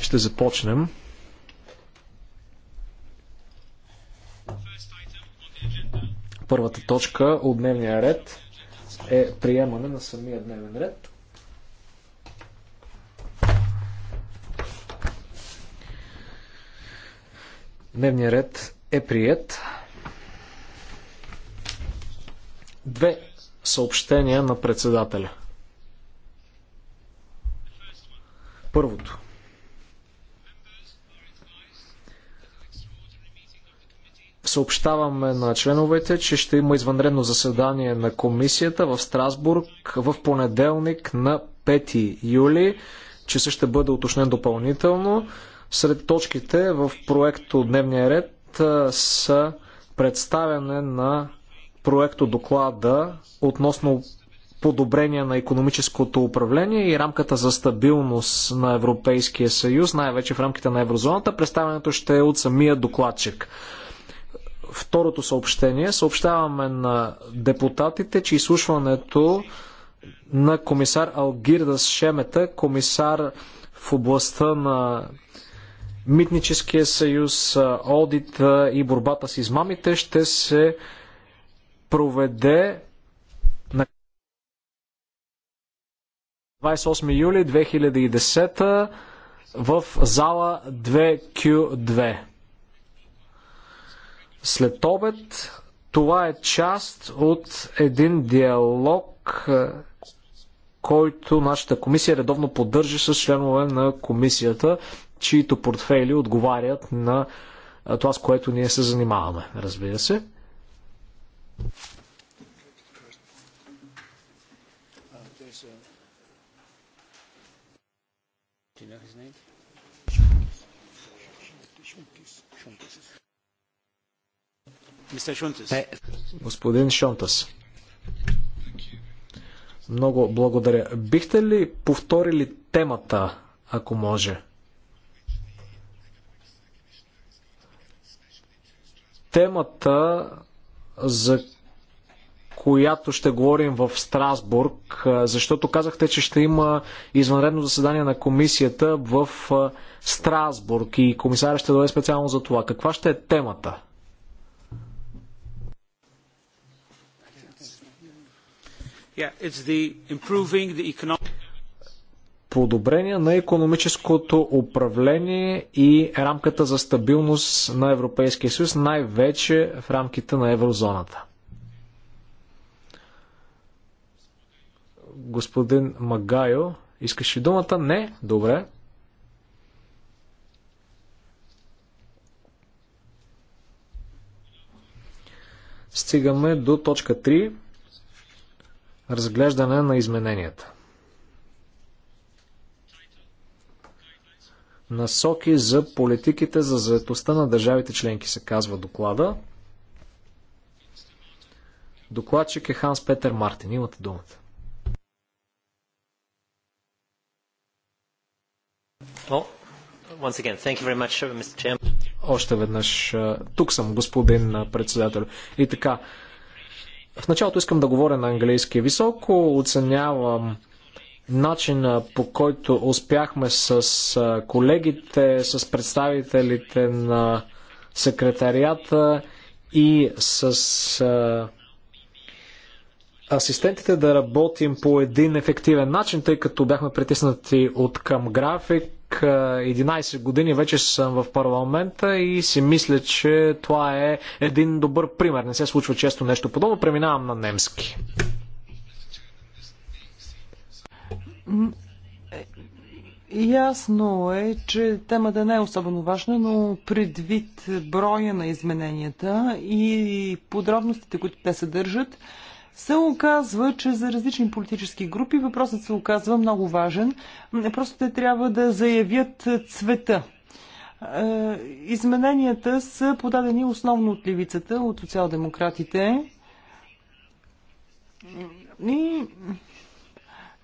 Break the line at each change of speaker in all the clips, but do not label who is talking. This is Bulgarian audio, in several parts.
Ще започнем. Първата точка от дневния ред е приемане на самия дневен ред. Дневния ред е прият. Две съобщения на председателя. Първото. Съобщаваме на членовете, че ще има извънредно заседание на комисията в Страсбург в понеделник на 5 юли. се ще бъде уточнен допълнително. Сред точките в проекто Дневния ред са представяне на проекто доклада относно подобрение на економическото управление и рамката за стабилност на Европейския съюз, най-вече в рамките на еврозоната. Представянето ще е от самия докладчик. Второто съобщение. Съобщаваме на депутатите, че изслушването на комисар Алгирдас Шемета, комисар в областта на Митническия съюз, одит и борбата с измамите ще се проведе 28 юли 2010 в зала 2Q2. След обед това е част от един диалог, е, който нашата комисия редовно поддържа с членове на комисията, чието портфели отговарят на е, това, с което ние се занимаваме, разбира се. Е, господин Шонтас. Много благодаря. Бихте ли повторили темата, ако може? Темата, за която ще говорим в Страсбург, е, защото казахте, че ще има извънредно заседание на комисията в е, Страсбург и комисаря ще дойде специално за това. Каква ще е темата? Подобрение на економическото управление и рамката за стабилност на Европейския съюз, най-вече в рамките на еврозоната. Господин Магайо, искаш ли думата? Не? Добре. Стигаме до точка 3 разглеждане на измененията. Насоки за политиките за заедостта на държавите членки се казва доклада. Докладчик е Ханс Петър Мартин. Имате думата. Oh, again, much, Още веднъж. Тук съм, господин председател. И така, в началото искам да говоря на английски. Високо оценявам начина по който успяхме с колегите, с представителите на секретарията и с асистентите да работим по един ефективен начин, тъй като бяхме притиснати от към график. 11 години вече съм в парламента и си мисля, че това е един добър пример. Не се случва често нещо подобно. Преминавам на немски.
Ясно е, че темата не е особено важна, но предвид броя на измененията и подробностите, които те съдържат, се оказва, че за различни политически групи въпросът се оказва много важен. Просто те трябва да заявят цвета. Е, измененията са подадени основно от левицата, от социал-демократите. И...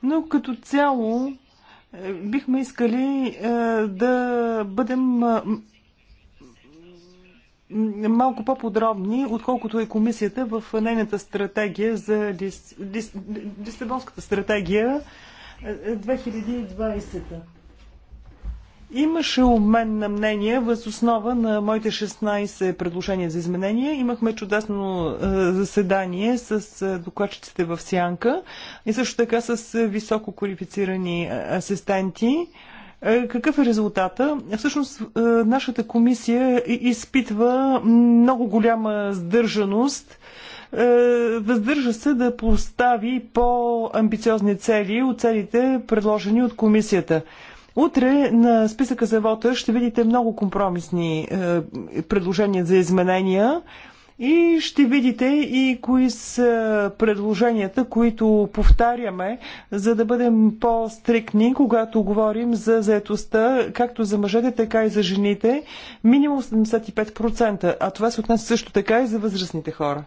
Но като цяло е, бихме искали е, да бъдем малко по-подробни, отколкото е комисията в нейната стратегия за Лис... Лис... Лисабонската стратегия 2020. Е, Имаше обмен на мнение, въз основа на моите 16 предложения за изменения. Имахме чудесно е, заседание с е, докладчиците в Сянка и също така с високо квалифицирани асистенти. Е, какъв е резултата? Всъщност, е, нашата комисия изпитва много голяма сдържаност. Е, въздържа се да постави по-амбициозни цели от целите, предложени от комисията. Утре на списъка за вота ще видите много компромисни предложения за изменения. И ще видите и кои са предложенията, които повтаряме, за да бъдем по-стрикни, когато говорим за заетостта, както за мъжете, така и за жените, минимум 75%, а това се отнася също така и за възрастните хора.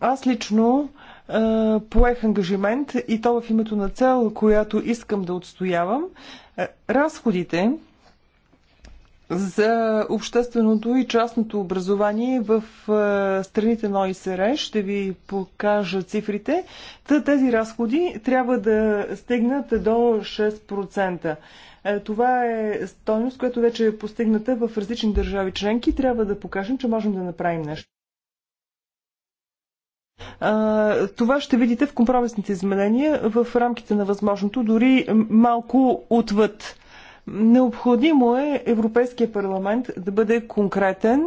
Аз лично поех ангажимент и то в името на цел, която искам да отстоявам. Е, разходите, за общественото и частното образование в е, страните на ОИСР. Ще ви покажа цифрите. Та тези разходи трябва да стигнат до 6%. Е, това е стойност, която вече е постигната в различни държави членки. Трябва да покажем, че можем да направим нещо. Е, това ще видите в компромисните изменения в рамките на възможното, дори малко отвъд. Необходимо е Европейския парламент да бъде конкретен,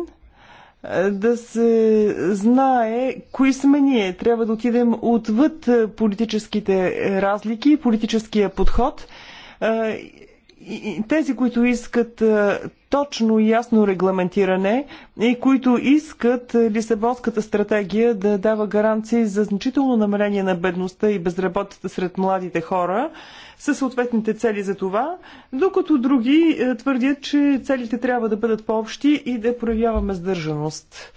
е, да се знае кои сме ние. Трябва да отидем отвъд е, политическите разлики политическия подход. Е, тези, които искат точно и ясно регламентиране и които искат Лисабонската стратегия да дава гаранции за значително намаление на бедността и безработицата сред младите хора, със съответните цели за това, докато други е, твърдят, че целите трябва да бъдат по-общи и да проявяваме сдържаност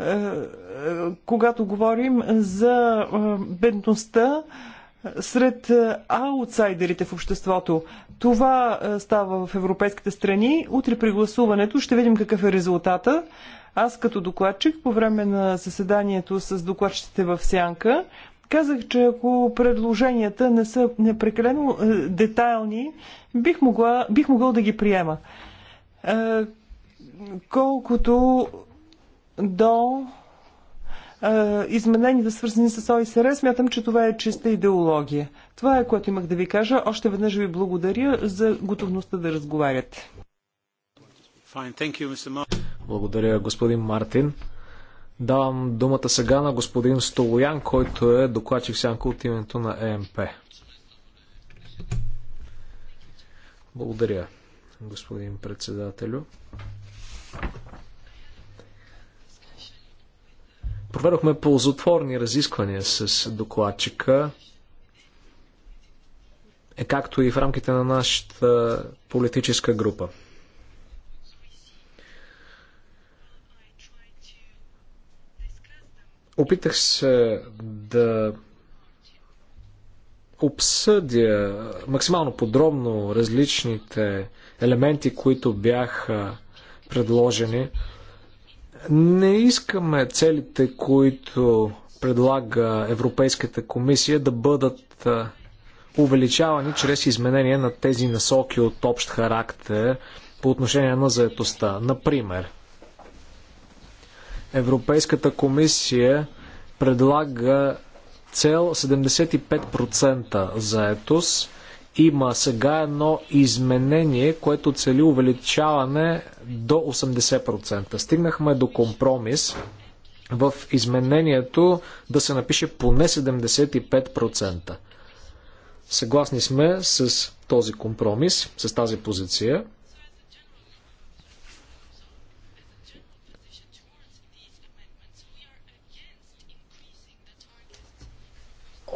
е, е, когато говорим за бедността сред аутсайдерите в обществото. Това става в европейските страни. Утре при гласуването ще видим какъв е резултата. Аз като докладчик по време на заседанието с докладчиците в Сянка Казах, че ако предложенията не са непрекалено е, детайлни, бих, могла, бих могъл да ги приема. Е, колкото до е, измененията, свързани с ОИСР, смятам, че това е чиста идеология. Това е което имах да ви кажа. Още веднъж ви благодаря за готовността да разговаряте.
Благодаря, господин Мартин. Давам думата сега на господин Столоян, който е докладчик сянка от името на ЕМП. Благодаря, господин председателю. Проведохме ползотворни разисквания с докладчика, е както и в рамките на нашата политическа група. Опитах се да обсъдя максимално подробно различните елементи, които бяха предложени. Не искаме целите, които предлага Европейската комисия да бъдат увеличавани чрез изменение на тези насоки от общ характер по отношение на заетостта. Например, Европейската комисия предлага цел 75% заетост. Има сега едно изменение, което цели увеличаване до 80%. Стигнахме до компромис в изменението да се напише поне 75%. Съгласни сме с този компромис, с тази позиция.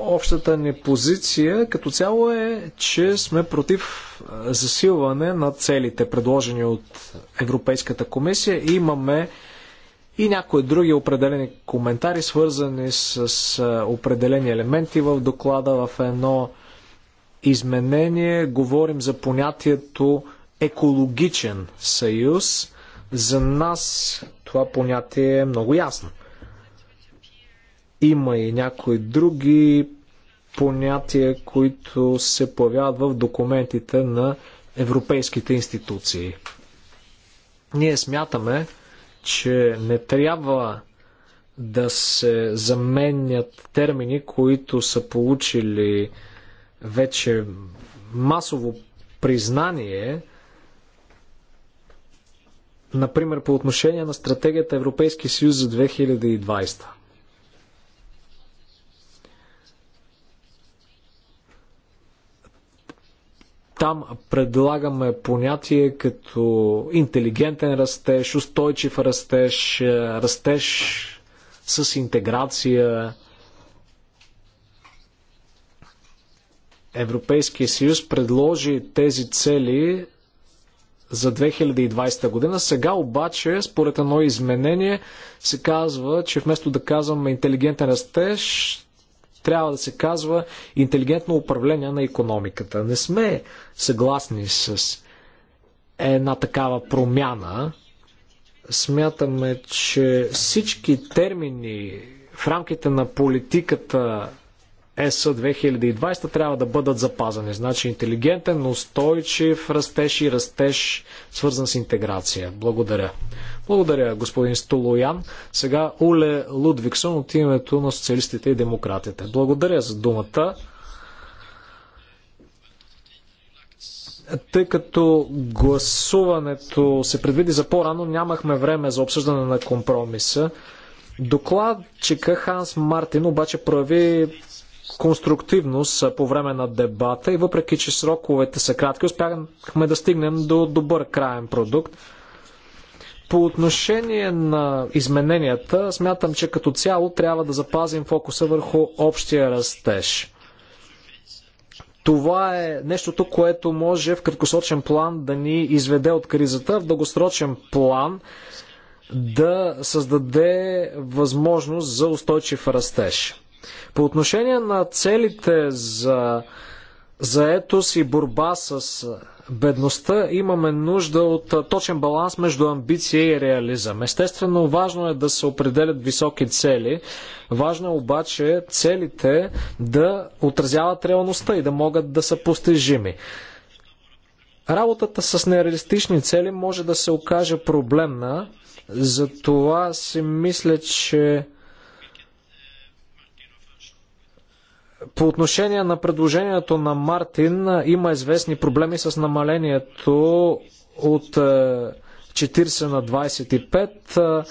Общата ни позиция като цяло е, че сме против засилване на целите, предложени от Европейската комисия. Имаме и някои други определени коментари, свързани с определени елементи в доклада. В едно изменение говорим за понятието екологичен съюз. За нас това понятие е много ясно. Има и някои други понятия, които се появяват в документите на европейските институции. Ние смятаме, че не трябва да се заменят термини, които са получили вече масово признание, например по отношение на стратегията Европейски съюз за 2020. Там предлагаме понятие като интелигентен растеж, устойчив растеж, е, растеж с интеграция. Европейския съюз предложи тези цели за 2020 година. Сега обаче, според едно изменение, се казва, че вместо да казваме интелигентен растеж, трябва да се казва интелигентно управление на економиката. Не сме съгласни с една такава промяна. Смятаме, че всички термини в рамките на политиката ЕС 2020 трябва да бъдат запазени. Значи интелигентен, устойчив растеж и растеж свързан с интеграция. Благодаря. Благодаря, господин Столоян. Сега Уле Лудвиксон от името на социалистите и демократите. Благодаря за думата. Тъй като гласуването се предвиди за по-рано, нямахме време за обсъждане на компромиса. Докладчика Ханс Мартин обаче прояви конструктивност по време на дебата и въпреки, че сроковете са кратки, успяхме да стигнем до добър краен продукт. По отношение на измененията, смятам, че като цяло трябва да запазим фокуса върху общия растеж. Това е нещото, което може в краткосрочен план да ни изведе от кризата, в дългосрочен план да създаде възможност за устойчив растеж. По отношение на целите за заетост и борба с бедността, имаме нужда от точен баланс между амбиция и реализъм. Естествено, важно е да се определят високи цели. Важно е обаче целите да отразяват реалността и да могат да са постижими. Работата с нереалистични цели може да се окаже проблемна, затова си мисля, че По отношение на предложението на Мартин, има известни проблеми с намалението от 40 е, на 25.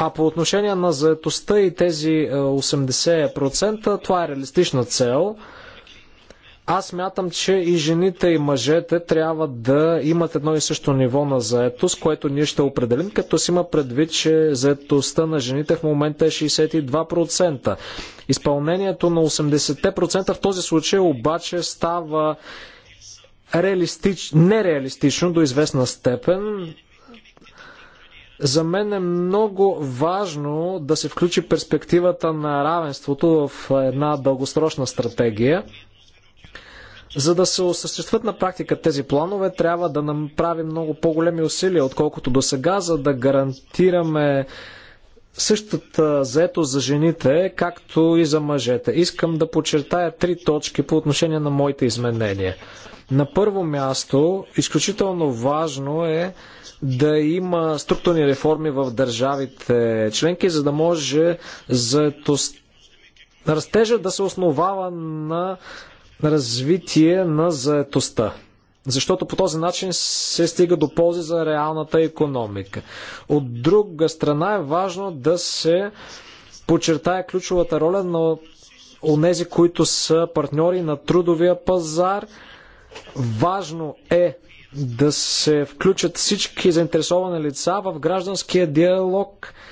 А по отношение на заетостта и тези 80%, е, това е реалистична цел. Аз мятам, че и жените и мъжете трябва да имат едно и също ниво на заетост, което ние ще определим, като си има предвид, че заетостта на жените в момента е 62%. Изпълнението на 80% в този случай обаче става реалистич... нереалистично до известна степен. За мен е много важно да се включи перспективата на равенството в една дългосрочна стратегия. За да се осъществят на практика тези планове, трябва да направим много по-големи усилия, отколкото до сега, за да гарантираме същата заето за жените, както и за мъжете. Искам да подчертая три точки по отношение на моите изменения. На първо място, изключително важно е да има структурни реформи в държавите членки, за да може заетост... растежа да се основава на развитие на заетостта. Защото по този начин се стига до ползи за реалната економика. От друга страна е важно да се подчертая ключовата роля на онези, които са партньори на трудовия пазар. Важно е да се включат всички заинтересовани лица в гражданския диалог –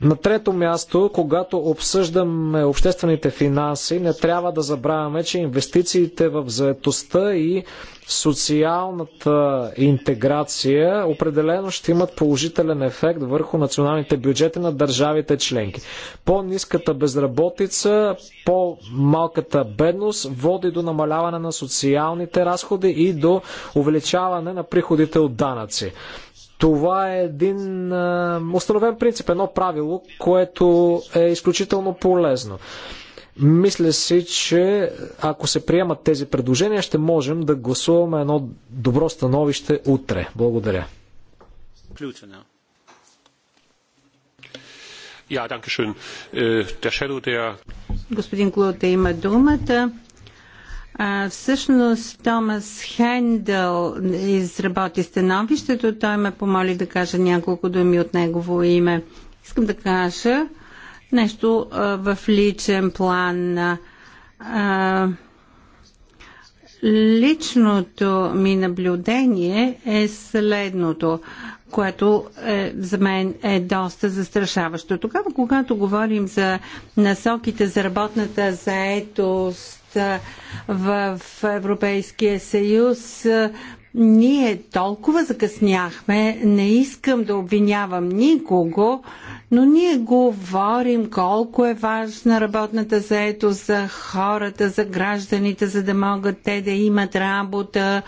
на трето място, когато обсъждаме обществените финанси, не трябва да забравяме, че инвестициите в заетостта и социалната интеграция определено ще имат положителен ефект върху националните бюджети на държавите членки. по низката безработица, по-малката бедност води до намаляване на социалните разходи и до увеличаване на приходите от данъци. Това е един установен принцип, едно правило, което е изключително полезно. Мисля си, че ако се приемат тези предложения, ще можем да гласуваме едно добро становище утре. Благодаря.
Äh,
Господин Клоте има думата всъщност Томас Хендъл изработи становището. Той ме помоли да кажа няколко думи от негово име. Искам да кажа нещо а, в личен план. А, Личното ми наблюдение е следното, което е, за мен е доста застрашаващо. Тогава, когато говорим за насоките за работната заетост е, в Европейския съюз, е, ние толкова закъсняхме, не искам да обвинявам никого, но ние говорим колко е важна работната заето за хората, за гражданите, за да могат те да имат работа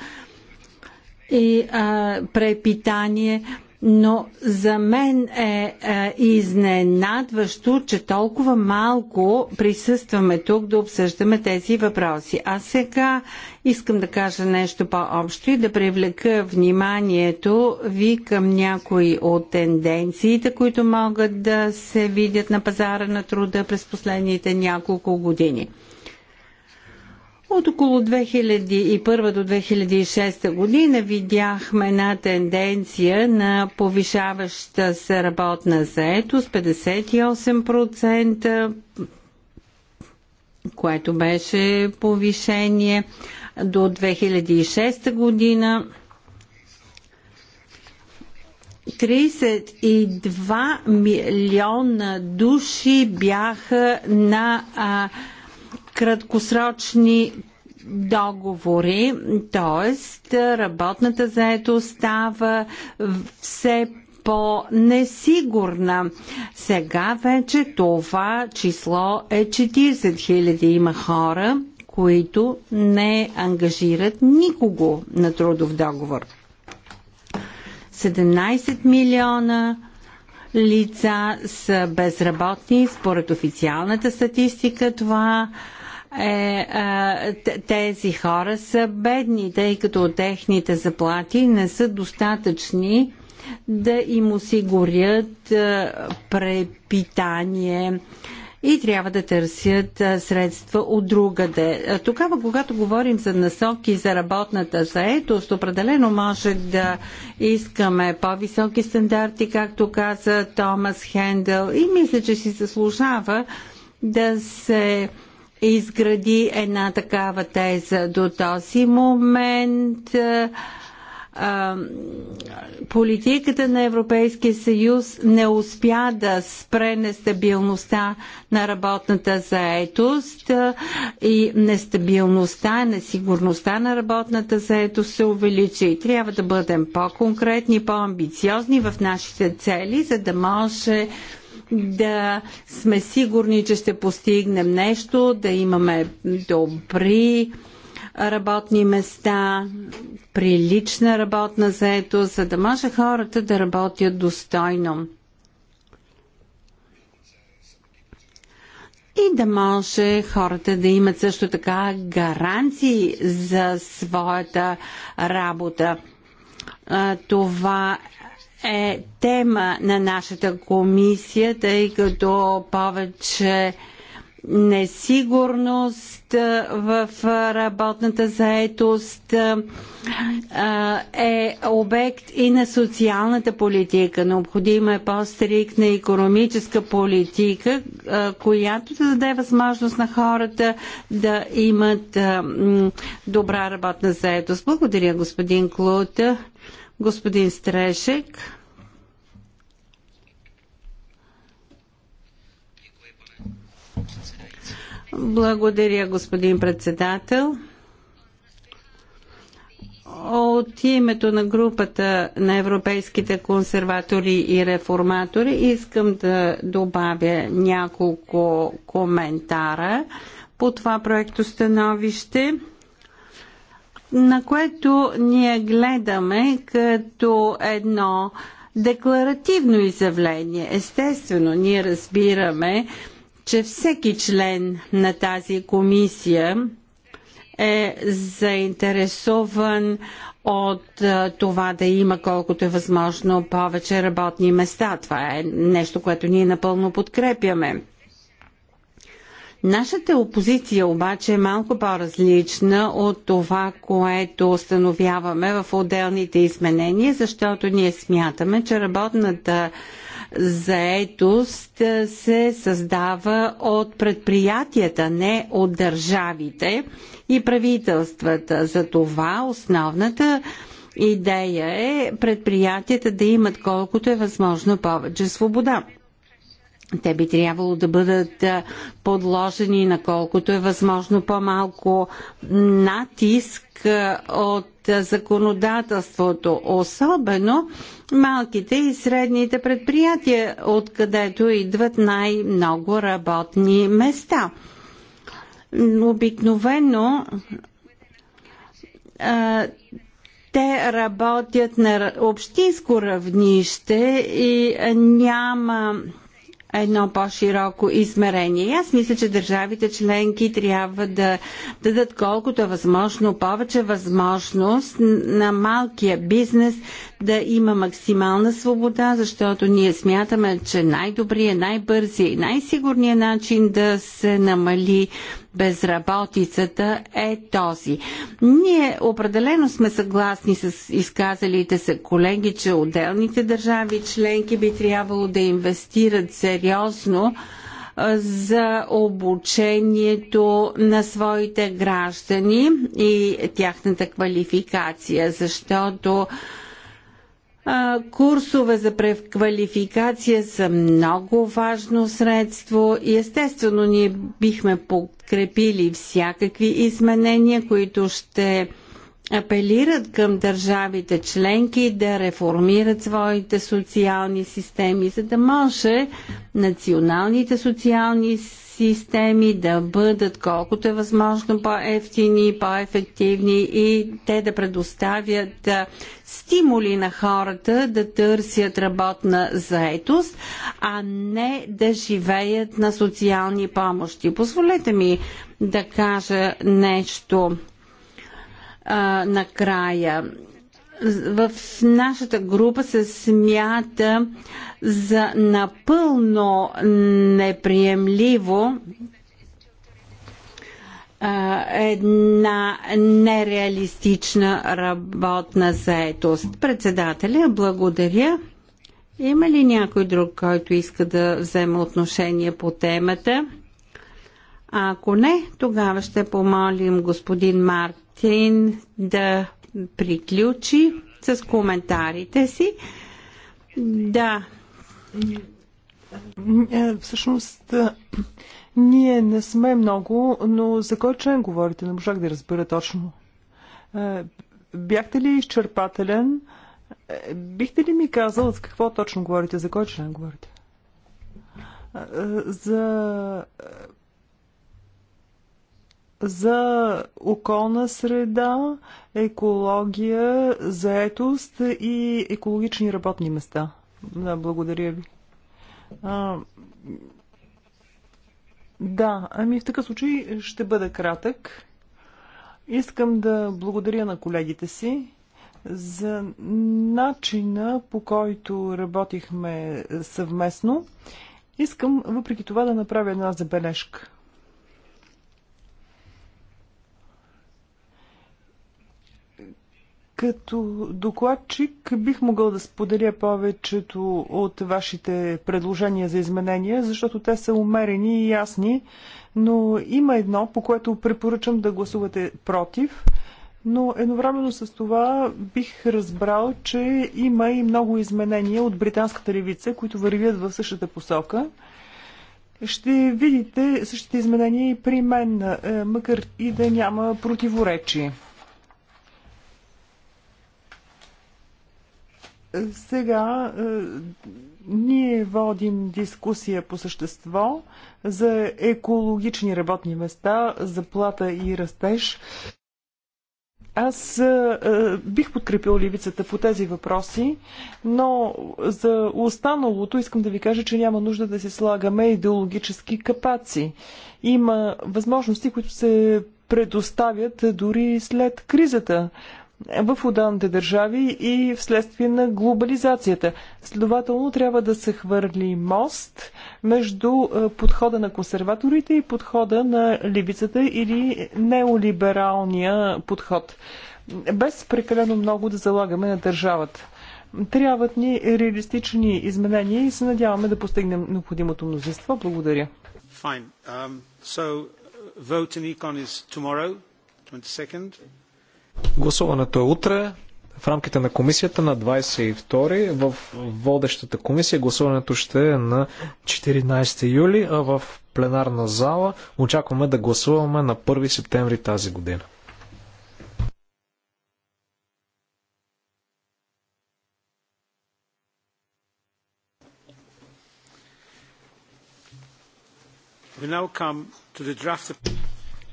и а, препитание но за мен е, е изненадващо, че толкова малко присъстваме тук да обсъждаме тези въпроси. А сега искам да кажа нещо по-общо и да привлека вниманието ви към някои от тенденциите, които могат да се видят на пазара на труда през последните няколко години. От около 2001 до 2006 година видяхме една тенденция на повишаваща се работна заетост 58%, което беше повишение до 2006 година. 32 милиона души бяха на а, краткосрочни договори, т.е. работната заетост става все по-несигурна. Сега вече това число е 40 000. Има хора, които не ангажират никого на трудов договор. 17 милиона лица са безработни. Според официалната статистика това е е, е, тези хора са бедни, тъй като техните заплати не са достатъчни да им осигурят препитание и трябва да търсят средства от другаде. Тогава, когато говорим за насоки за работната заетост, определено може да искаме по-високи стандарти, както каза Томас Хендел, и мисля, че си заслужава да се изгради една такава теза до този момент. Политиката на Европейския съюз не успя да спре нестабилността на работната заетост и нестабилността, несигурността на работната заетост се увеличи. И трябва да бъдем по-конкретни, по-амбициозни в нашите цели, за да може да сме сигурни, че ще постигнем нещо, да имаме добри работни места, прилична работна заето, за да може хората да работят достойно. И да може хората да имат също така гаранции за своята работа. Това е тема на нашата комисия, тъй като повече несигурност в работната заетост е обект и на социалната политика. Необходима е по-стрикна економическа политика, която да даде възможност на хората да имат добра работна заетост. Благодаря, господин Клута. Господин Стрешек. Благодаря, господин председател. От името на групата на европейските консерватори и реформатори искам да добавя няколко коментара по това проекто становище на което ние гледаме като едно декларативно изявление. Естествено, ние разбираме, че всеки член на тази комисия е заинтересован от това да има колкото е възможно повече работни места. Това е нещо, което ние напълно подкрепяме. Нашата опозиция обаче е малко по-различна от това, което установяваме в отделните изменения, защото ние смятаме, че работната заетост се създава от предприятията, не от държавите и правителствата. За това основната идея е предприятията да имат колкото е възможно повече свобода. Те би трябвало да бъдат подложени на колкото е възможно по-малко натиск от законодателството, особено малките и средните предприятия, откъдето идват най-много работни места. Обикновено те работят на общинско равнище и няма едно по-широко измерение. И аз мисля, че държавите членки трябва да дадат колкото е възможно повече възможност на малкия бизнес да има максимална свобода, защото ние смятаме, че най-добрият, най-бързият и най-сигурният начин да се намали безработицата е този. Ние определено сме съгласни с изказалите се колеги, че отделните държави членки би трябвало да инвестират сериозно за обучението на своите граждани и тяхната квалификация, защото курсове за преквалификация са много важно средство и естествено ние бихме подкрепили всякакви изменения, които ще апелират към държавите членки да реформират своите социални системи, за да може националните социални системи да бъдат колкото е възможно по-ефтини, по-ефективни и те да предоставят стимули на хората да търсят работна заетост, а не да живеят на социални помощи. Позволете ми да кажа нещо а, накрая в нашата група се смята за напълно неприемливо една нереалистична работна заетост. Председателя, благодаря. Има ли някой друг, който иска да вземе отношение по темата? А ако не, тогава ще помолим господин Марк Мартин да приключи с коментарите си. Да. Е, всъщност, е, ние не сме
много, но за кой член говорите? Не можах да разбера точно. Е, бяхте ли изчерпателен? Бихте ли ми казал с какво точно говорите? За кой член говорите? За за околна среда, екология, заетост и екологични работни места. Да, благодаря ви. А, да, ами в такъв случай ще бъда кратък. Искам да благодаря на колегите си за начина по който работихме съвместно. Искам въпреки това да направя една забележка. Като докладчик бих могъл да споделя повечето от вашите предложения за изменения, защото те са умерени и ясни, но има едно, по което препоръчам да гласувате против, но едновременно с това бих разбрал, че има и много изменения от британската левица, които вървят в същата посока. Ще видите същите изменения и при мен, е, макар и да няма противоречие. Сега е, ние водим дискусия по същество за екологични работни места, заплата и растеж. Аз е, е, бих подкрепил левицата по тези въпроси, но за останалото искам да ви кажа, че няма нужда да се слагаме идеологически капаци. Има възможности, които се предоставят дори след кризата в отделните държави и вследствие на глобализацията. Следователно трябва да се хвърли мост между е, подхода на консерваторите и подхода на левицата или неолибералния подход. Без прекалено много да залагаме на държавата. Трябват ни реалистични изменения и се надяваме да постигнем необходимото мнозинство. Благодаря.
Fine. Um, so, uh, vote in Econ is tomorrow, 22nd. Гласуването е утре в рамките на комисията на 22 в водещата комисия. Гласуването ще е на 14 юли, а в пленарна зала очакваме да гласуваме на 1 септември тази година.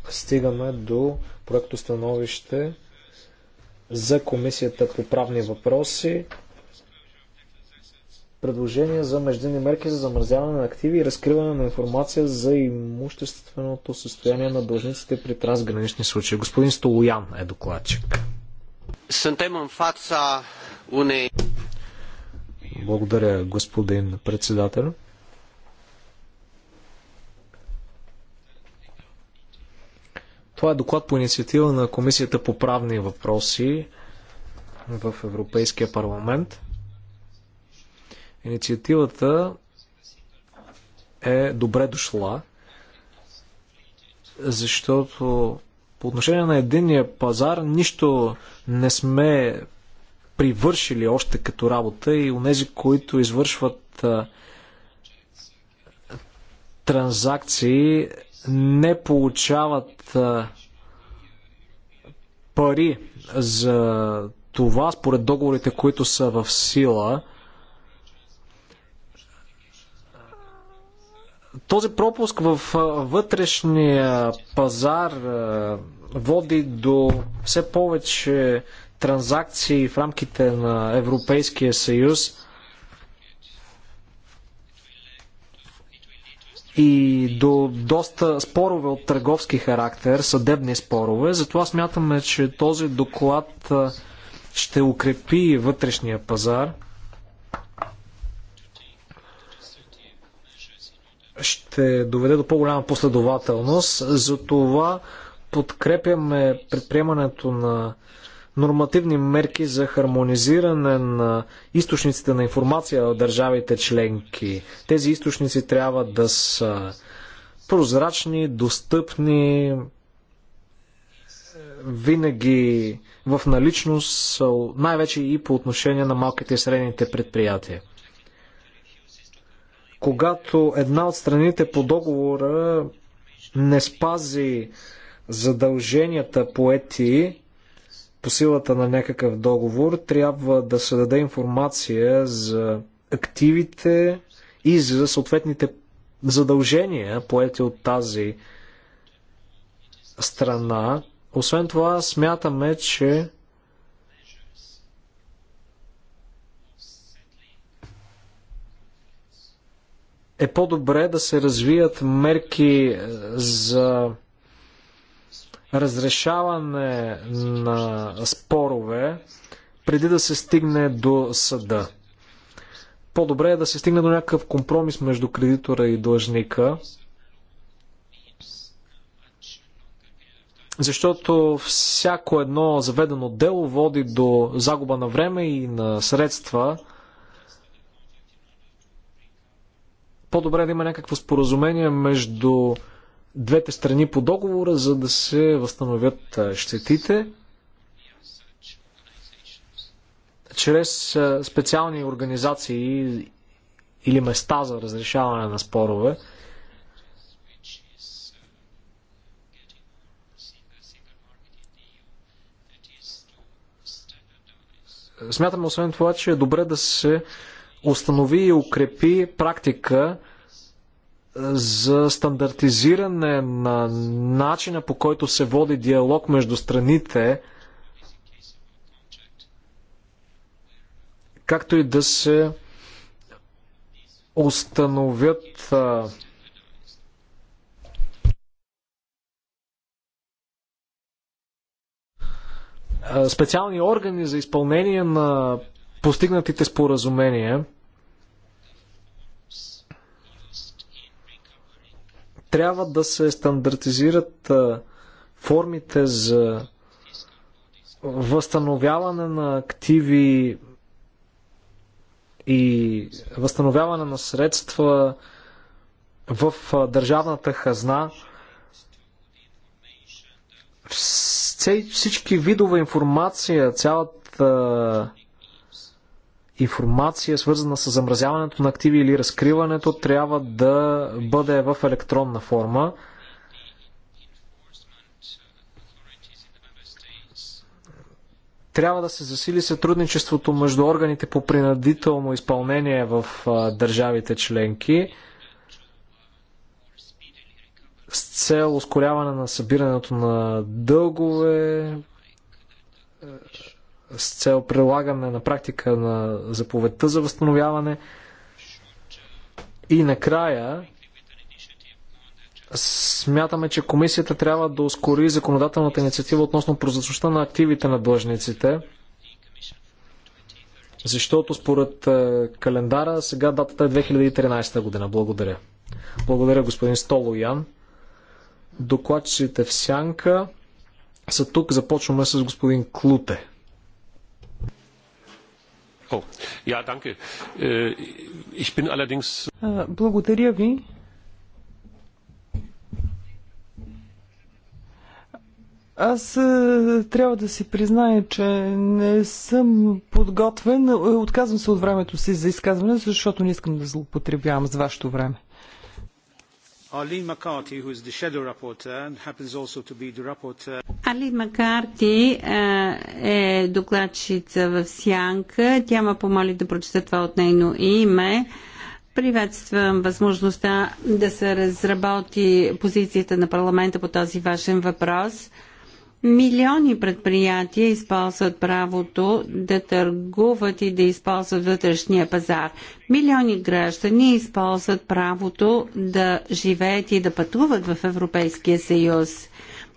Стигаме до проекто становище за Комисията по правни въпроси предложение за междинни мерки за замразяване на активи и разкриване на информация за имущественото състояние на дължниците при трансгранични случаи. Господин Столоян е докладчик. Благодаря, господин председател. Това е доклад по инициатива на Комисията по правни въпроси в Европейския парламент. Инициативата е добре дошла, защото по отношение на единния пазар нищо не сме привършили още като работа и онези, които извършват транзакции не получават пари за това, според договорите, които са в сила, този пропуск в вътрешния пазар води до все повече транзакции в рамките на Европейския съюз. и до доста спорове от търговски характер, съдебни спорове. Затова смятаме, че този доклад ще укрепи вътрешния пазар. Ще доведе до по-голяма последователност. Затова подкрепяме предприемането на нормативни мерки за хармонизиране на източниците на информация в държавите членки. Тези източници трябва да са прозрачни, достъпни, винаги в наличност, най-вече и по отношение на малките и средните предприятия. Когато една от страните по договора не спази задълженията поети, по силата на някакъв договор, трябва да се даде информация за активите и за съответните задължения, поети от тази страна. Освен това, смятаме, че е по-добре да се развият мерки е, за разрешаване на спорове преди да се стигне до съда. По-добре е да се стигне до някакъв компромис между кредитора и длъжника, защото всяко едно заведено дело води до загуба на време и на средства. По-добре е да има някакво споразумение между двете страни по договора, за да се възстановят щетите. Чрез специални организации или места за разрешаване на спорове. Смятам, освен това, че е добре да се установи и укрепи практика за стандартизиране на начина по който се води диалог между страните, както и да се установят специални органи за изпълнение на постигнатите споразумения. Трябва да се стандартизират формите за възстановяване на активи и възстановяване на средства в държавната хазна. Всички видове информация, цялата информация, свързана с замразяването на активи или разкриването, трябва да бъде в електронна форма. Трябва да се засили сътрудничеството между органите по принадително изпълнение в държавите членки с цел ускоряване на събирането на дългове, с цел прилагане на практика на заповедта за възстановяване. И накрая смятаме, че комисията трябва да ускори законодателната инициатива относно прозрачността на активите на длъжниците, защото според е, календара сега датата е 2013 година. Благодаря. Благодаря господин Столоян. Докладчите в сянка са тук. Започваме с господин Клуте.
Äh, э, благодаря ви. Аз э, трябва да си призная, че не съм подготвен. Отказвам се от времето си за изказване, защото не искам да
злоупотребявам с вашето време.
Arlene McCarthy, who is the shadow rapporteur and happens also to be the rapporteur.
Али Макарти е, е докладчица в Сянка. Тя ме помоли да прочета това от нейно име. Приветствам възможността да се разработи позицията на парламента по този важен въпрос – Милиони предприятия използват правото да търгуват и да използват вътрешния пазар. Милиони граждани използват правото да живеят и да пътуват в Европейския съюз.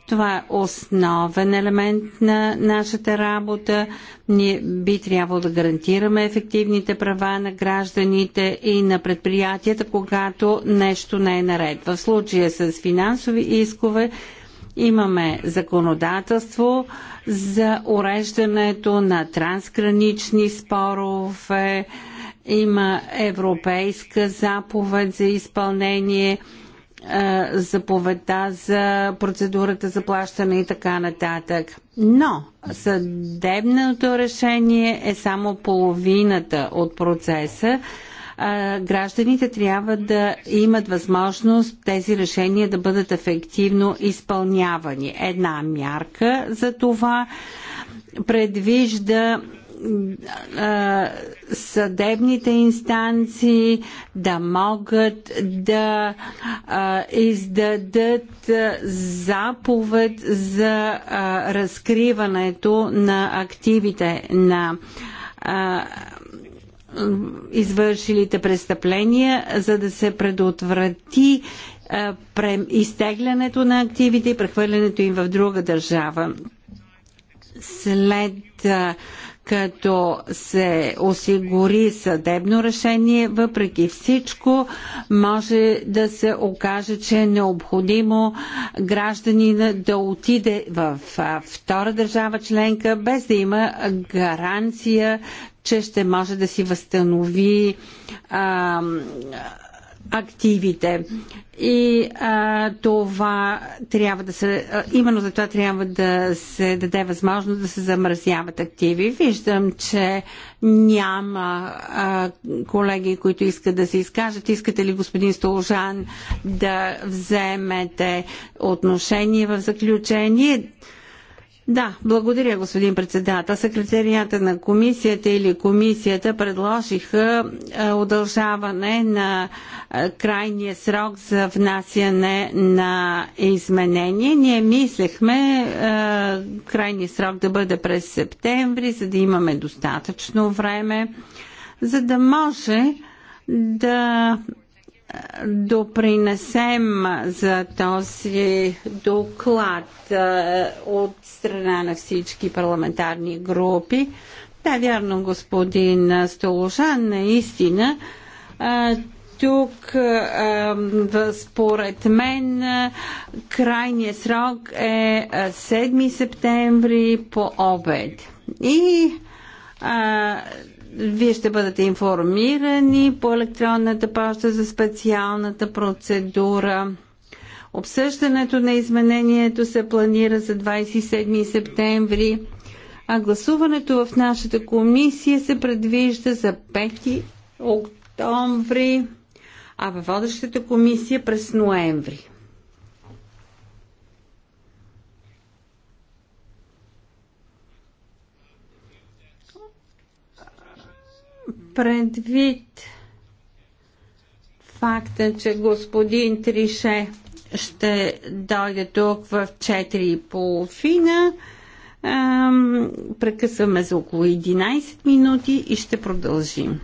Това е основен елемент на нашата работа. Ние би трябвало да гарантираме ефективните права на гражданите и на предприятията, когато нещо не е наред. В случая с финансови искове Имаме законодателство за уреждането на трансгранични спорове, има европейска заповед за изпълнение, е, заповедта за процедурата за плащане и така нататък. Но съдебното решение е само половината от процеса гражданите трябва да имат възможност тези решения да бъдат ефективно изпълнявани. Една мярка за това предвижда съдебните инстанции да могат да издадат заповед за разкриването на активите на извършилите престъпления, за да се предотврати е, изтеглянето на активите и прехвърлянето им в друга държава. След е, като се осигури съдебно решение, въпреки всичко може да се окаже, че е необходимо гражданина да отиде в втора държава членка, без да има гаранция, че ще може да си възстанови а, активите. И а, това трябва да се. А, именно за това трябва да се даде възможност да се замразяват активи. Виждам, че няма а, колеги, които искат да се изкажат. Искате ли, господин Столжан да вземете отношение в заключение? Да, благодаря, господин председател. Секретарията на комисията или комисията предложиха е, удължаване на е, крайния срок за внасяне на изменения. Ние мислехме е, крайния срок да бъде през септември, за да имаме достатъчно време, за да може да допринесем за този доклад от страна на всички парламентарни групи. Да, вярно, господин Столожан, наистина. Тук, според мен, крайният срок е 7 септември по обед. И вие ще бъдете информирани по електронната поща за специалната процедура. Обсъждането на изменението се планира за 27 септември, а гласуването в нашата комисия се предвижда за 5 октомври, а във водещата комисия през ноември. Предвид факта, че господин Трише ще дойде тук в 4.30, прекъсваме за около 11 минути и ще продължим.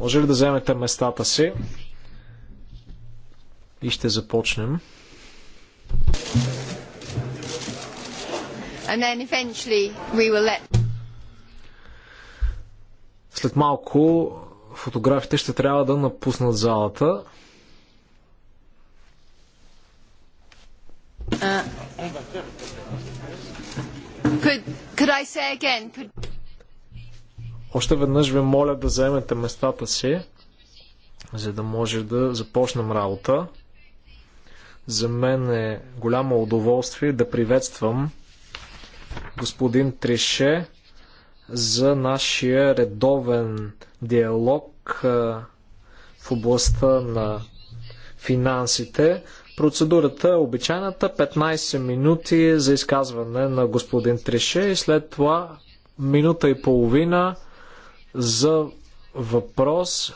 Може ли да вземете местата си? И ще започнем.
Let...
След малко фотографите ще трябва да напуснат залата.
Uh. Could, could I say again, could...
Още веднъж ви моля да заемете местата си, за да може да започнем работа. За мен е голямо удоволствие да приветствам господин Трише за нашия редовен диалог в областта на финансите. Процедурата е обичайната 15 минути за изказване на господин Трише и след това минута и половина за въпрос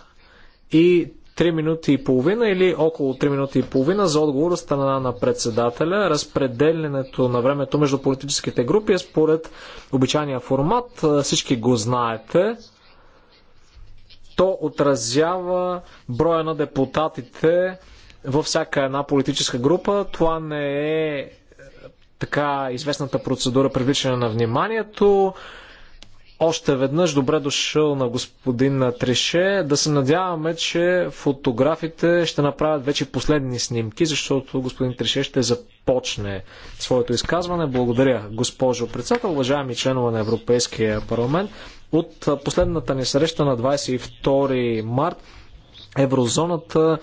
и 3 минути и половина или около 3 минути и половина за отговор от страна на председателя. Разпределянето на времето между политическите групи е според обичайния формат. Всички го знаете. То отразява броя на депутатите във всяка една политическа група. Това не е така известната процедура привличане на вниманието. Още веднъж добре дошъл на господин Трише. Да се надяваме, че фотографите ще направят вече последни снимки, защото господин Трише ще започне своето изказване. Благодаря, госпожо председател, уважаеми членове на Европейския парламент. От последната ни среща на 22 март еврозоната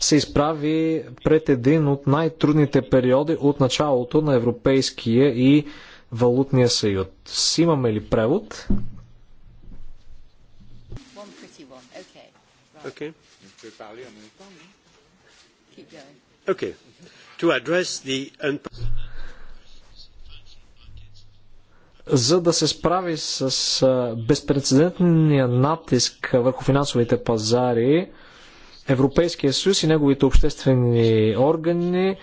се изправи пред един от най-трудните периоди от началото на европейския и валутния съюз. Имаме ли превод?
Okay.
To address the
за да се справи с безпредседентния натиск върху финансовите пазари, Европейския съюз и неговите обществени органи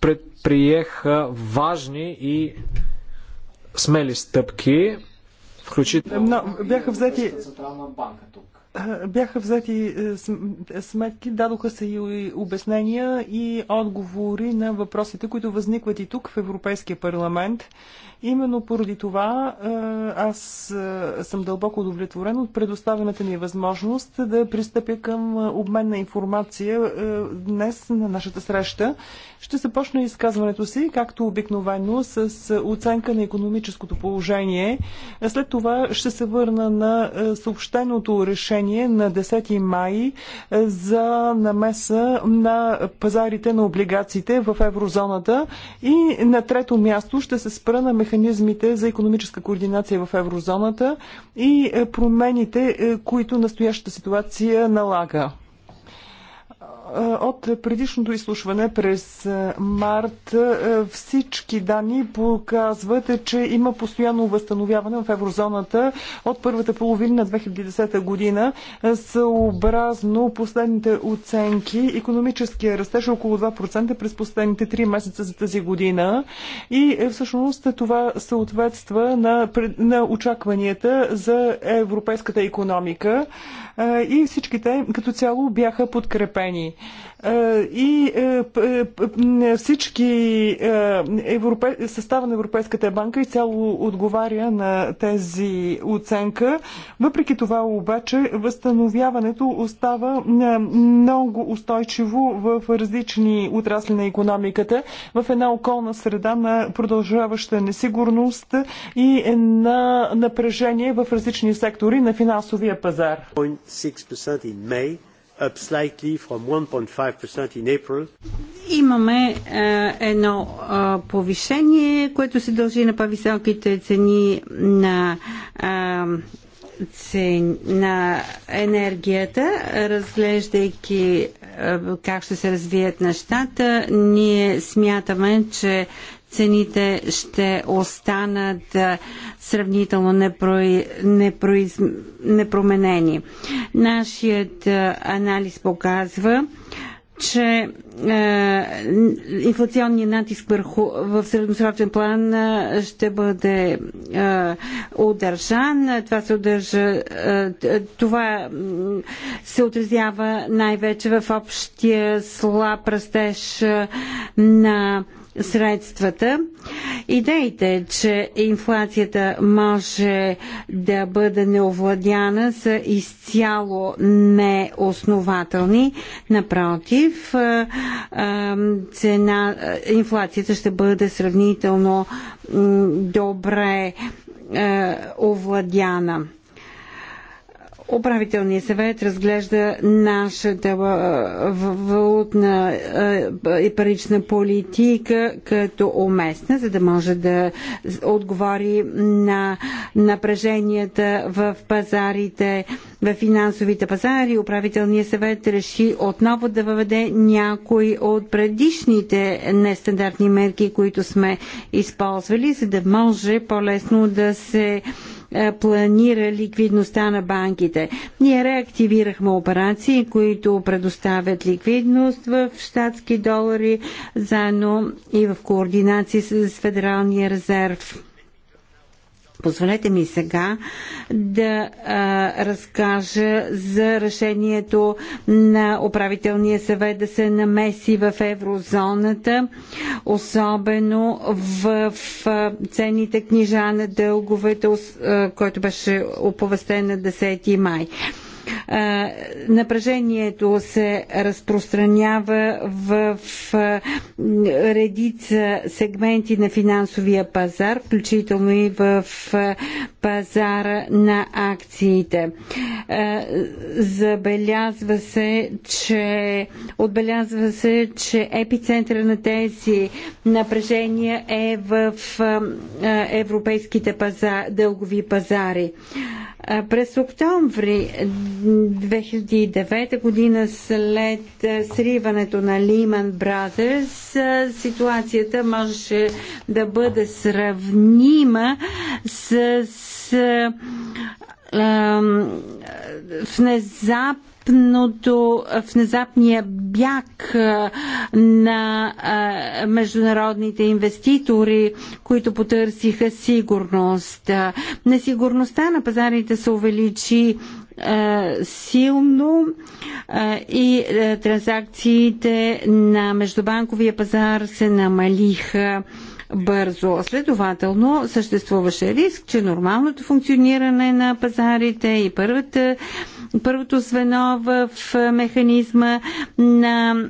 пред приеха важни и смели стъпки, включително бяха взети Централна банка тук
бяха взети е, е, сметки, дадоха се и обяснения и отговори на въпросите, които възникват и тук в Европейския парламент. Именно поради това е, аз съм дълбоко удовлетворен от предоставената ми възможност да пристъпя към обмен на информация днес на нашата среща. Ще започна изказването си, както обикновено, с оценка на економическото положение. След това ще се върна на съобщеното решение съобщение на 10 май е, за намеса на пазарите на облигациите в еврозоната и на трето място ще се спра на механизмите за економическа координация в еврозоната и е, промените, е, които настоящата ситуация налага. От предишното изслушване през март всички данни показват, че има постоянно възстановяване в еврозоната от първата половина на 2010 година. Съобразно последните оценки, економическия растеж е около 2% през последните 3 месеца за тази година. И е, всъщност това съответства на, на очакванията за европейската економика. И всичките като цяло бяха подкрепени и е, е, всички е, европе... състава на Европейската банка и цяло отговаря на тези оценка. Въпреки това обаче възстановяването остава много устойчиво в различни отрасли на економиката, в една околна среда на продължаваща несигурност и на напрежение в различни сектори на финансовия пазар. 0.6% in May up slightly from 1.5% in April.
Имаме е, едно е, повишение, което се дължи на по-високите цени на е, цен, на енергията, разглеждайки е, как ще се развият нещата, ние смятаме, че цените ще останат сравнително непроменени. Нашият анализ показва, че е, инфлационният натиск върху, в средносрочен план е, ще бъде е, удържан. Това се, удържа, е, това се отразява най-вече в общия слаб растеж на е, средствата. Идеите, че инфлацията може да бъде неовладяна са изцяло неоснователни. Напротив, цена, инфлацията ще бъде сравнително добре овладяна. Управителният съвет разглежда нашата валутна и парична политика като уместна, за да може да отговори на напреженията в пазарите, в финансовите пазари. Управителният съвет реши отново да въведе някои от предишните нестандартни мерки, които сме използвали, за да може по-лесно да се е, планира ликвидността на банките. Ние реактивирахме операции, които предоставят ликвидност в щатски долари, заедно и в координация с Федералния резерв. Позволете ми сега да а, разкажа за решението на управителния съвет да се намеси в еврозоната, особено в, в ценните книжа на дълговете, който беше оповестен на 10 май напрежението се разпространява в редица сегменти на финансовия пазар, включително и в пазара на акциите. Забелязва се, че отбелязва се, че епицентъра на тези напрежения е в европейските пазар, дългови пазари. През октомври 2009 година след сриването на Lehman Brothers ситуацията можеше да бъде сравнима с, с внезапното, внезапния бяг на международните инвеститори, които потърсиха сигурност. Несигурността на пазарите се увеличи е, силно е, и е, транзакциите на междубанковия пазар се намалиха бързо. Следователно, съществуваше риск, че нормалното функциониране на пазарите и първата, първото звено в механизма на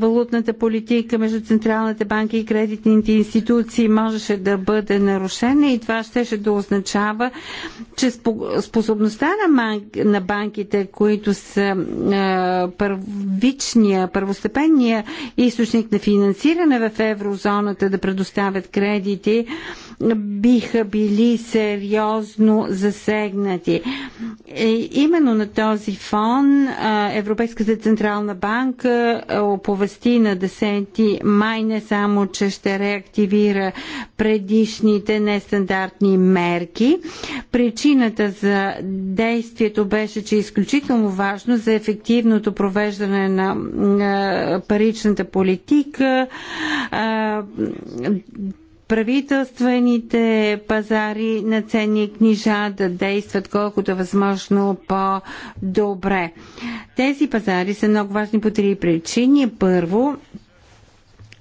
валутната политика между Централната банка и кредитните институции можеше да бъде нарушена и това щеше да означава, че способността на банките, които са първичния, първостепенния източник на финансиране в еврозоната да предоставят правят кредити биха били сериозно засегнати. И именно на този фон Европейската централна банка оповести на 10 май не само, че ще реактивира предишните нестандартни мерки. Причината за действието беше, че е изключително важно за ефективното провеждане на паричната политика правителствените пазари на ценни книжа да действат колкото е възможно по-добре. Тези пазари са много важни по три причини. Първо,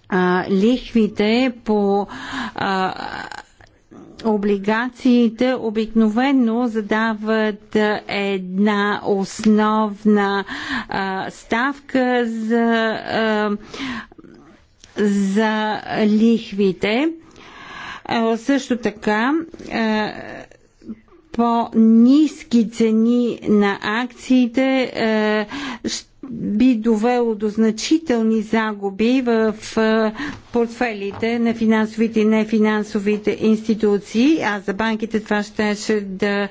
а, лихвите по а, облигациите обикновено задават една основна а, ставка за, а, за лихвите. Също така по-низки цени на акциите би довело до значителни загуби в портфелите на финансовите и нефинансовите институции, а за банките това щеше да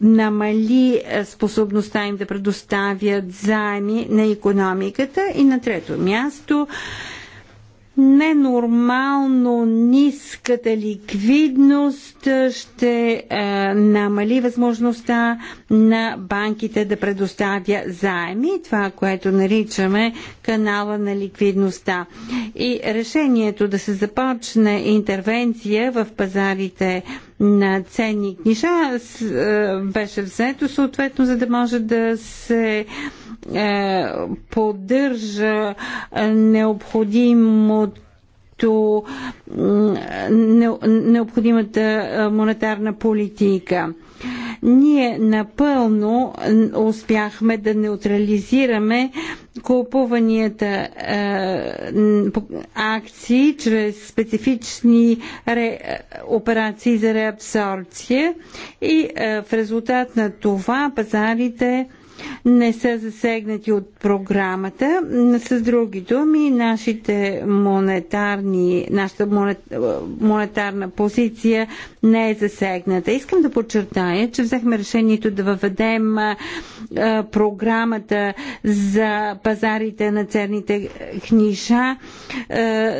намали способността им да предоставят заеми на економиката. И на трето място ненормално ниската ликвидност ще е, намали възможността на банките да предоставя заеми, това, което наричаме канала на ликвидността. И решението да се започне интервенция в пазарите на ценни книжа е, беше взето съответно, за да може да се е, поддържа необходимото е, необходимата монетарна политика. Ние напълно успяхме да неутрализираме купуванията е, акции чрез специфични ре, е, операции за реабсорбция и е, в резултат на това пазарите не са засегнати от програмата. С други думи, нашите монетарни, нашата монет, монетарна позиция не е засегната. Искам да подчертая, че взехме решението да въведем а, програмата за пазарите на ценните книжа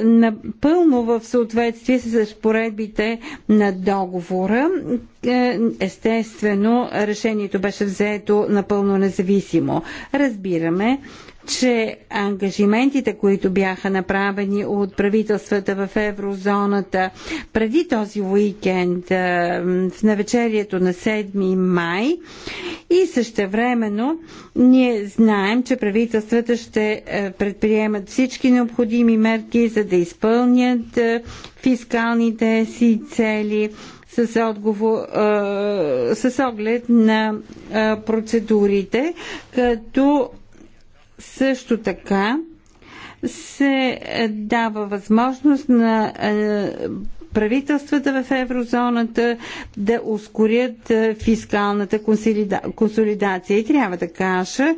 напълно в съответствие с разпоредбите на договора. Е, естествено, решението беше взето напълно независимо. Разбираме, че ангажиментите, които бяха направени от правителствата в еврозоната преди този уикенд е, в навечерието на 7 май и същевременно ние знаем, че правителствата ще е, предприемат всички необходими мерки, за да изпълнят фискалните си цели с, отговор, с оглед на процедурите, като също така се дава възможност на правителствата в еврозоната да ускорят е, фискалната консолидация. И трябва да кажа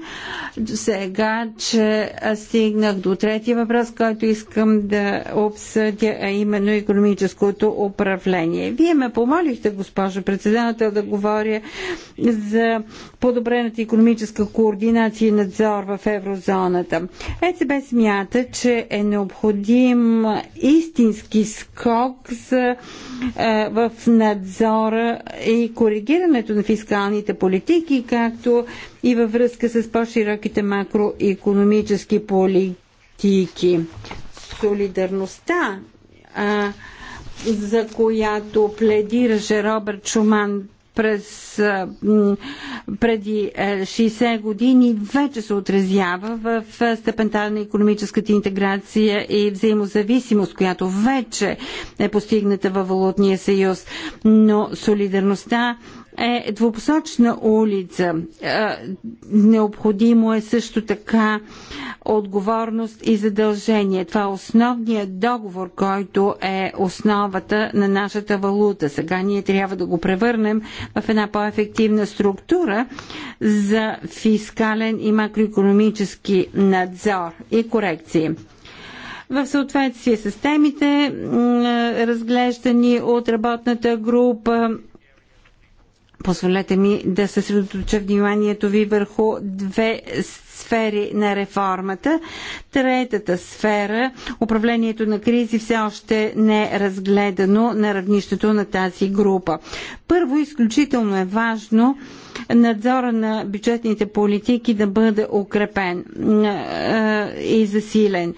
сега, че стигнах до третия въпрос, който искам да обсъдя, а именно економическото управление. Вие ме помолихте, госпожо председател, да говоря за подобрената економическа координация и надзор в еврозоната. ЕЦБ смята, че е необходим истински скок за, е, в надзора и коригирането на фискалните политики, както и във връзка с по-широките макроекономически политики. Солидарността за която пледираше Робърт Шуман през, преди 60 е, години вече се отразява в степента на економическата интеграция и взаимозависимост, която вече е постигната във Валутния съюз. Но солидарността е двупосочна улица. Е, необходимо е също така отговорност и задължение. Това е основният договор, който е основата на нашата валута. Сега ние трябва да го превърнем в една по-ефективна структура за фискален и макроекономически надзор и корекции в съответствие с темите, разглеждани от работната група Позволете ми да се средоточа вниманието ви върху две сфери на реформата. Третата сфера, управлението на кризи, все още не е разгледано на равнището на тази група. Първо, изключително е важно надзора на бюджетните политики да бъде укрепен и засилен.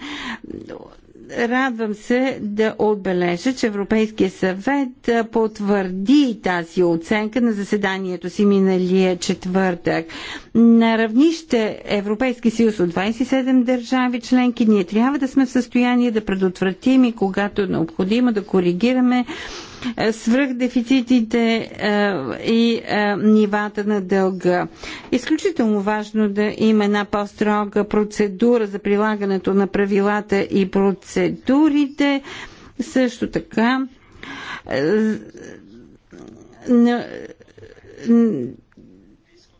Радвам се да отбележа, че Европейския съвет потвърди тази оценка на заседанието си миналия четвъртък. На равнище Европейски съюз от 27 държави членки ние трябва да сме в състояние да предотвратим и когато е необходимо да коригираме свръхдефицитите е, и е, нивата на дълга. Изключително важно да има една по-строга процедура за прилагането на правилата и процедурите. Също така е,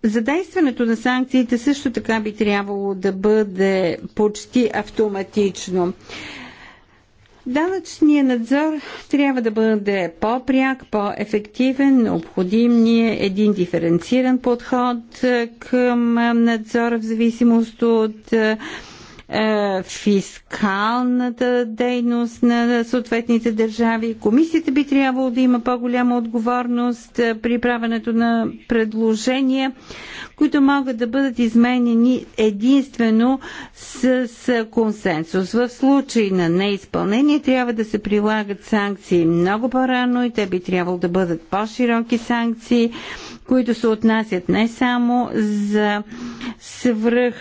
Задействането на санкциите също така би трябвало да бъде почти автоматично. Данъчният надзор трябва да бъде по-пряк, по-ефективен, необходим ни е един диференциран подход към надзора в зависимост от е, фискалната дейност на съответните държави. Комисията би трябвало да има по-голяма отговорност е, при правенето на предложения, които могат да бъдат изменени единствено с, с консенсус. В случай на неизпълнение трябва да се прилагат санкции много по-рано и те би трябвало да бъдат по-широки санкции които се отнасят не само за свръх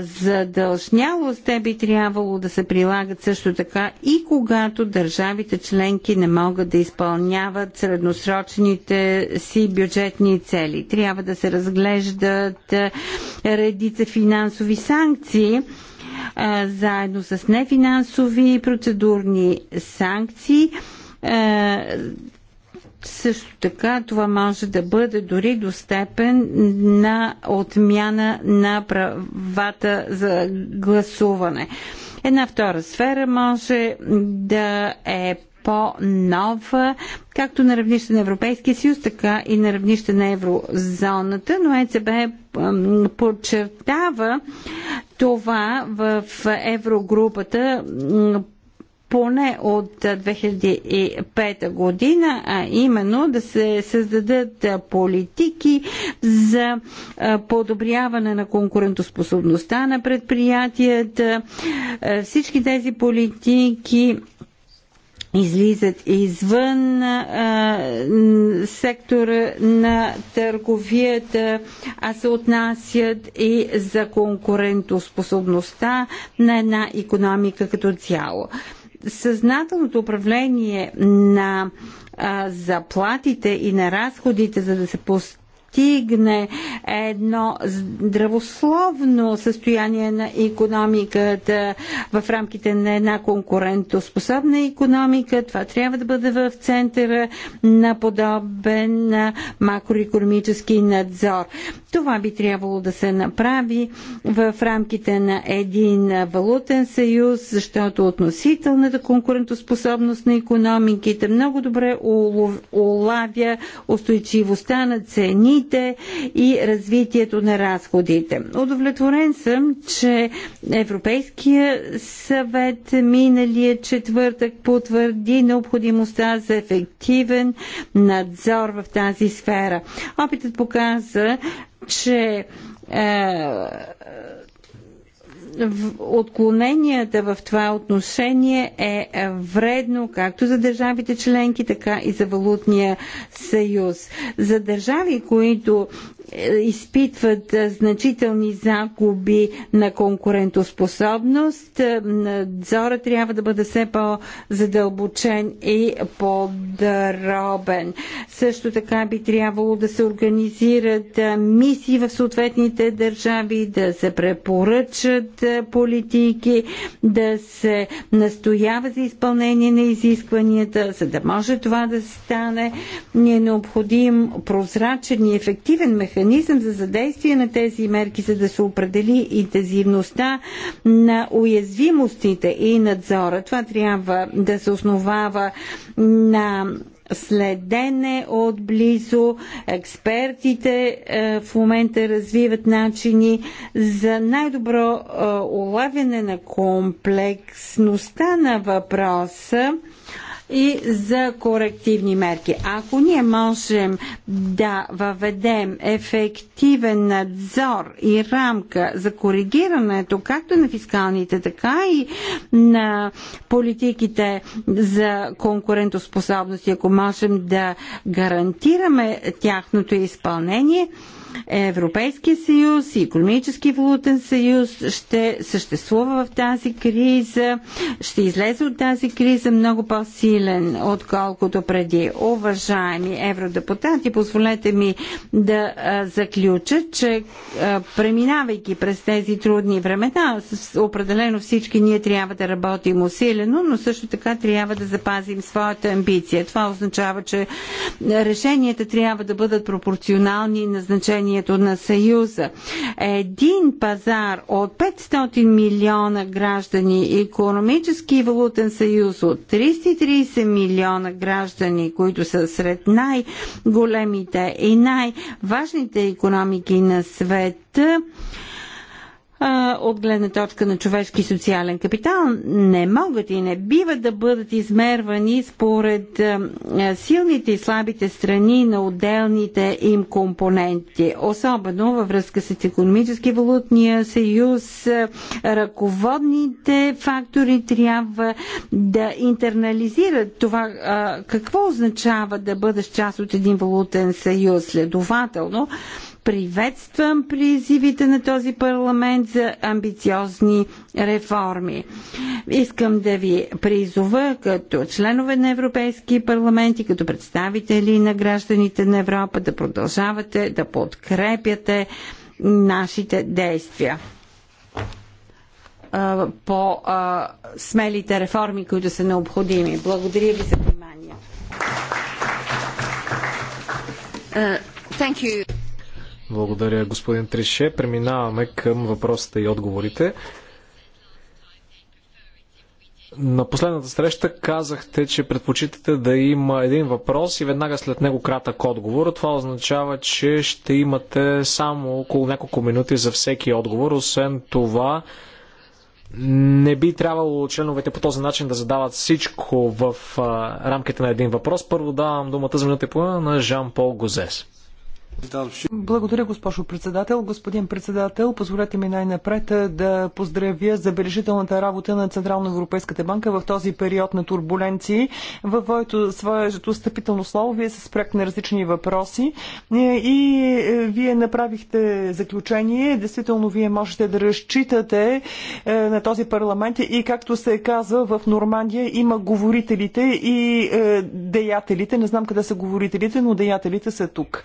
задължнялост, те би трябвало да се прилагат също така и когато държавите членки не могат да изпълняват средносрочните си бюджетни цели. Трябва да се разглеждат редица финансови санкции, заедно с нефинансови процедурни санкции също така това може да бъде дори до степен на отмяна на правата за гласуване. Една втора сфера може да е по-нова, както на равнище на Европейския съюз, така и на равнище на еврозоната, но ЕЦБ подчертава това в еврогрупата поне от 2005 година, а именно да се създадат политики за подобряване на конкурентоспособността на предприятията. Всички тези политики излизат извън а, сектора на търговията, а се отнасят и за конкурентоспособността на една економика като цяло съзнателното управление на а, заплатите и на разходите, за да се постигне едно здравословно състояние на економиката в рамките на една конкурентоспособна економика. Това трябва да бъде в центъра на подобен макроекономически надзор. Това би трябвало да се направи в рамките на един валутен съюз, защото относителната конкурентоспособност на економиките много добре улавя устойчивостта на цените и развитието на разходите. Удовлетворен съм, че Европейския съвет миналия четвъртък потвърди необходимостта за ефективен надзор в тази сфера. Опитът показа, че е, отклоненията в това отношение е вредно както за държавите членки, така и за валутния съюз. За държави, които е, изпитват е, значителни загуби на конкурентоспособност, е, надзора трябва да бъде все по-задълбочен и по по-дробен. Също така би трябвало да се организират мисии в съответните държави, да се препоръчат политики, да се настоява за изпълнение на изискванията, за да може това да стане. Ни е необходим прозрачен и ефективен механизъм за задействие на тези мерки, за да се определи интензивността на уязвимостите и надзора. Това трябва да се основава на следене отблизо. Експертите е, в момента развиват начини за най-добро е, улавяне на комплексността на въпроса и за корективни мерки. Ако ние можем да въведем ефективен надзор и рамка за коригирането както на фискалните, така и на политиките за конкурентоспособност, ако можем да гарантираме тяхното изпълнение, Европейския съюз и економически валутен съюз ще съществува в тази криза, ще излезе от тази криза много по-силен, отколкото преди. Уважаеми евродепутати, позволете ми да заключа, че преминавайки през тези трудни времена, определено всички ние трябва да работим усилено, но също така трябва да запазим своята амбиция. Това означава, че решенията трябва да бъдат пропорционални на значението населението на Съюза. Един пазар от 500 милиона граждани, економически и валутен съюз от 330 милиона граждани, които са сред най-големите и най-важните економики на света, а, от гледна точка на човешки и социален капитал не могат и не биват да бъдат измервани според а, силните и слабите страни на отделните им компоненти, особено във връзка с економически валутния съюз. Ръководните фактори трябва да интернализират това а, какво означава да бъдеш част от един валутен съюз. Следователно, Приветствам призивите на този парламент за амбициозни реформи. Искам да ви призова като членове на Европейски парламент и като представители на гражданите на Европа да продължавате да подкрепяте нашите действия по а, смелите реформи, които са необходими. Благодаря ви за внимание. Uh,
благодаря, господин Трише. Преминаваме към въпросите и отговорите. На последната среща казахте, че предпочитате да има един въпрос и веднага след него кратък отговор. Това означава, че ще имате само около няколко минути за всеки отговор. Освен това, не би трябвало членовете по този начин да задават всичко в а, рамките на един въпрос. Първо давам думата за минута и половина на Жан-Пол Гозес.
Благодаря, госпожо председател. Господин председател, позволете ми най-напред да поздравя забележителната работа на Централно-Европейската банка в този период на турбуленции, В своето стъпително слово вие се спректе на различни въпроси е, и е, вие направихте заключение. Действително, вие можете да разчитате е, на този парламент и както се казва в Нормандия има говорителите и деятелите. Не знам къде са говорителите, но деятелите са тук.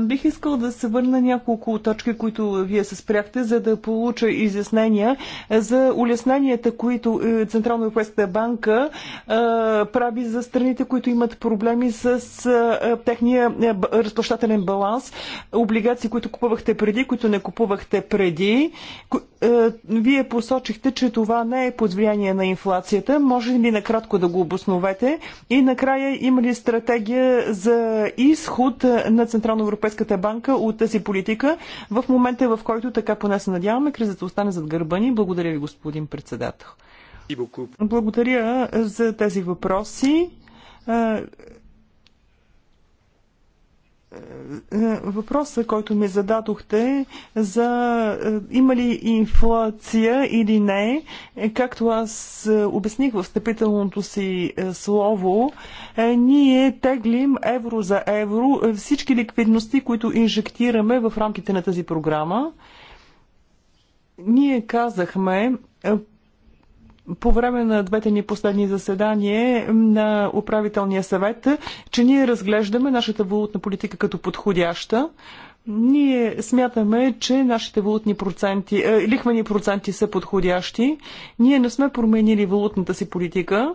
Бих Бих искал да се върна няколко точки, които вие се спряхте, за да получа изяснения за улесненията, които е, Централна Европейската банка е, прави за страните, които имат проблеми с е, техния разплащателен баланс, облигации, които купувахте преди, които не купувахте преди. Вие посочихте, че това не е под влияние на инфлацията. Може ли накратко да го обосновете? И накрая има ли стратегия за изход на европейската? Европейската банка от тази политика в момента, е в който така поне се надяваме, кризата остане зад гърба ни. Благодаря ви, господин председател. Благодаря за тези въпроси. Е, въпроса, който ми зададохте за е, има ли инфлация или не, е, както аз обясних в стъпителното си слово, ние теглим евро за евро всички ликвидности, които инжектираме в рамките на тази програма. Ние казахме по време на двете ни последни заседания на управителния съвет, че ние разглеждаме нашата валутна политика като подходяща. Ние смятаме, че нашите валутни проценти, е, лихвени проценти са подходящи. Ние не сме променили валутната си политика.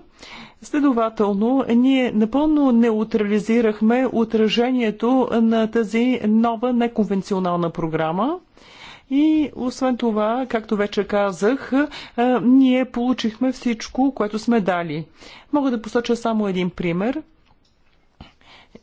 Следователно, ние напълно неутрализирахме отражението на тази нова неконвенционална програма. И освен това, както вече казах, е, ние получихме всичко, което сме дали. Мога да посоча само един пример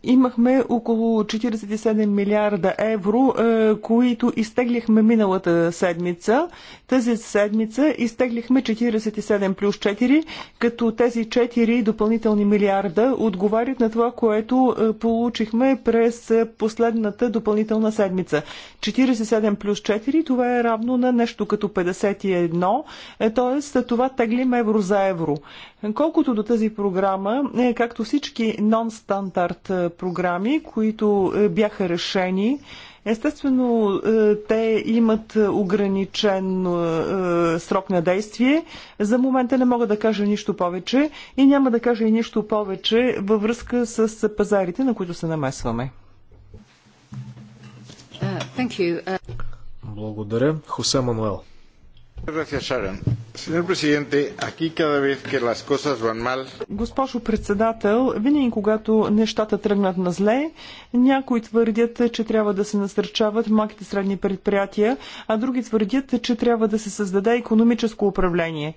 имахме около 47 милиарда евро, е, които изтеглихме миналата седмица. Тази седмица изтеглихме 47 плюс 4, като тези 4 допълнителни милиарда отговарят на това, което е, получихме през последната допълнителна седмица. 47 плюс 4 това е равно на нещо като 51, е, т.е. това теглим евро за евро. Колкото до тази програма, е, както всички нон-стандарт е, програми, които е, бяха решени, Естествено, те имат ограничен срок на действие. За момента не мога да кажа нищо повече и няма да кажа и нищо повече във връзка с пазарите, на които се намесваме.
Uh, uh,
Благодаря. Хосе Мануел. Госпожо
председател, винаги когато нещата тръгнат на зле, някои твърдят, че трябва да се насърчават малките средни предприятия, а други твърдят, че трябва да се създаде економическо управление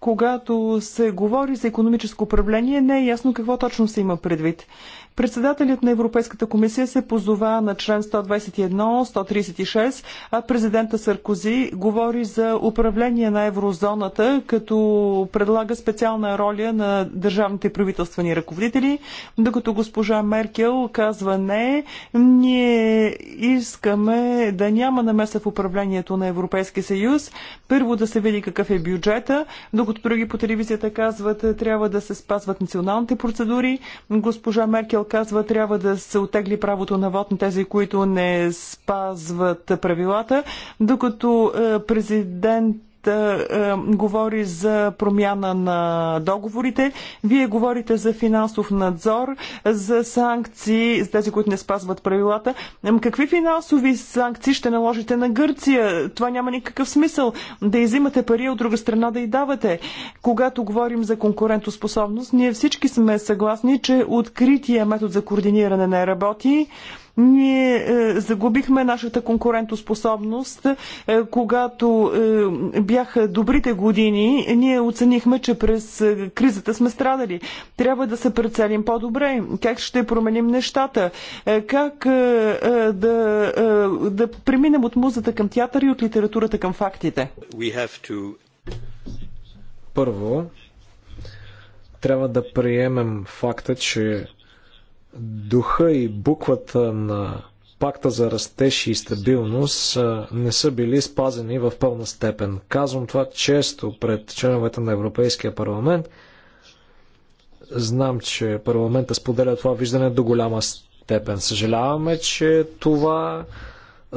когато се говори за економическо управление, не е ясно какво точно се има предвид. Председателят на Европейската комисия се позова на член 121-136, а президента Саркози говори за управление на еврозоната, като предлага специална роля на държавните правителствени ръководители, докато госпожа Меркел казва не, ние искаме да няма намеса в управлението на Европейския съюз, първо да се види какъв е бюджета, докато други по телевизията казват трябва да се спазват националните процедури. Госпожа Меркел Брюксел казва, трябва да се отегли правото на вод на тези, които не спазват правилата, докато е, президент е, е, говори за промяна на договорите. Вие говорите за финансов надзор, за санкции, за тези, които не спазват правилата. Какви финансови санкции ще наложите на Гърция? Това няма никакъв смисъл да изимате пари, от друга страна да и давате. Когато говорим за конкурентоспособност, ние всички сме съгласни, че открития метод за координиране не работи. Ние е, загубихме нашата конкурентоспособност, е, когато е, бяха добрите години, ние оценихме, че през кризата сме страдали. Трябва да се прецелим по-добре. Как ще променим нещата? Как да, да преминем от музата към театър и от литературата към фактите?
To... Първо, трябва да приемем факта, че духа и буквата на пакта за растеж и стабилност не са били спазени в пълна степен. Казвам това често пред членовете на Европейския парламент. Знам, че парламента споделя това виждане до голяма степен. Съжаляваме, че това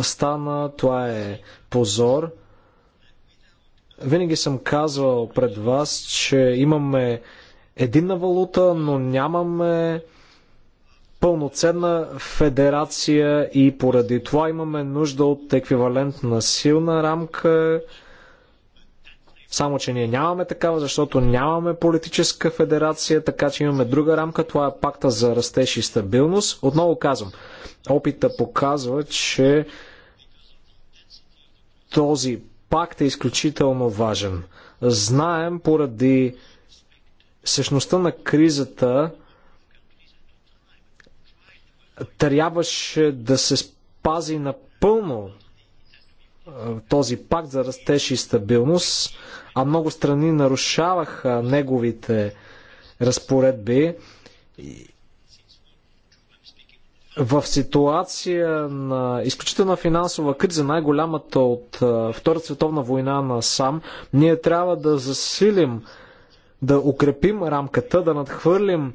стана, това е позор. Винаги съм казвал пред вас, че имаме единна валута, но нямаме пълноценна федерация и поради това имаме нужда от еквивалентна силна рамка. Само, че ние нямаме такава, защото нямаме политическа федерация, така че имаме друга рамка. Това е пакта за растеж и стабилност. Отново казвам, опита показва, че този пакт е изключително важен. Знаем поради същността на кризата, трябваше да се спази напълно този пакт за растеж и стабилност, а много страни нарушаваха неговите разпоредби. В ситуация на изключителна финансова криза, най-голямата от Втората световна война на сам, ние трябва да засилим, да укрепим рамката, да надхвърлим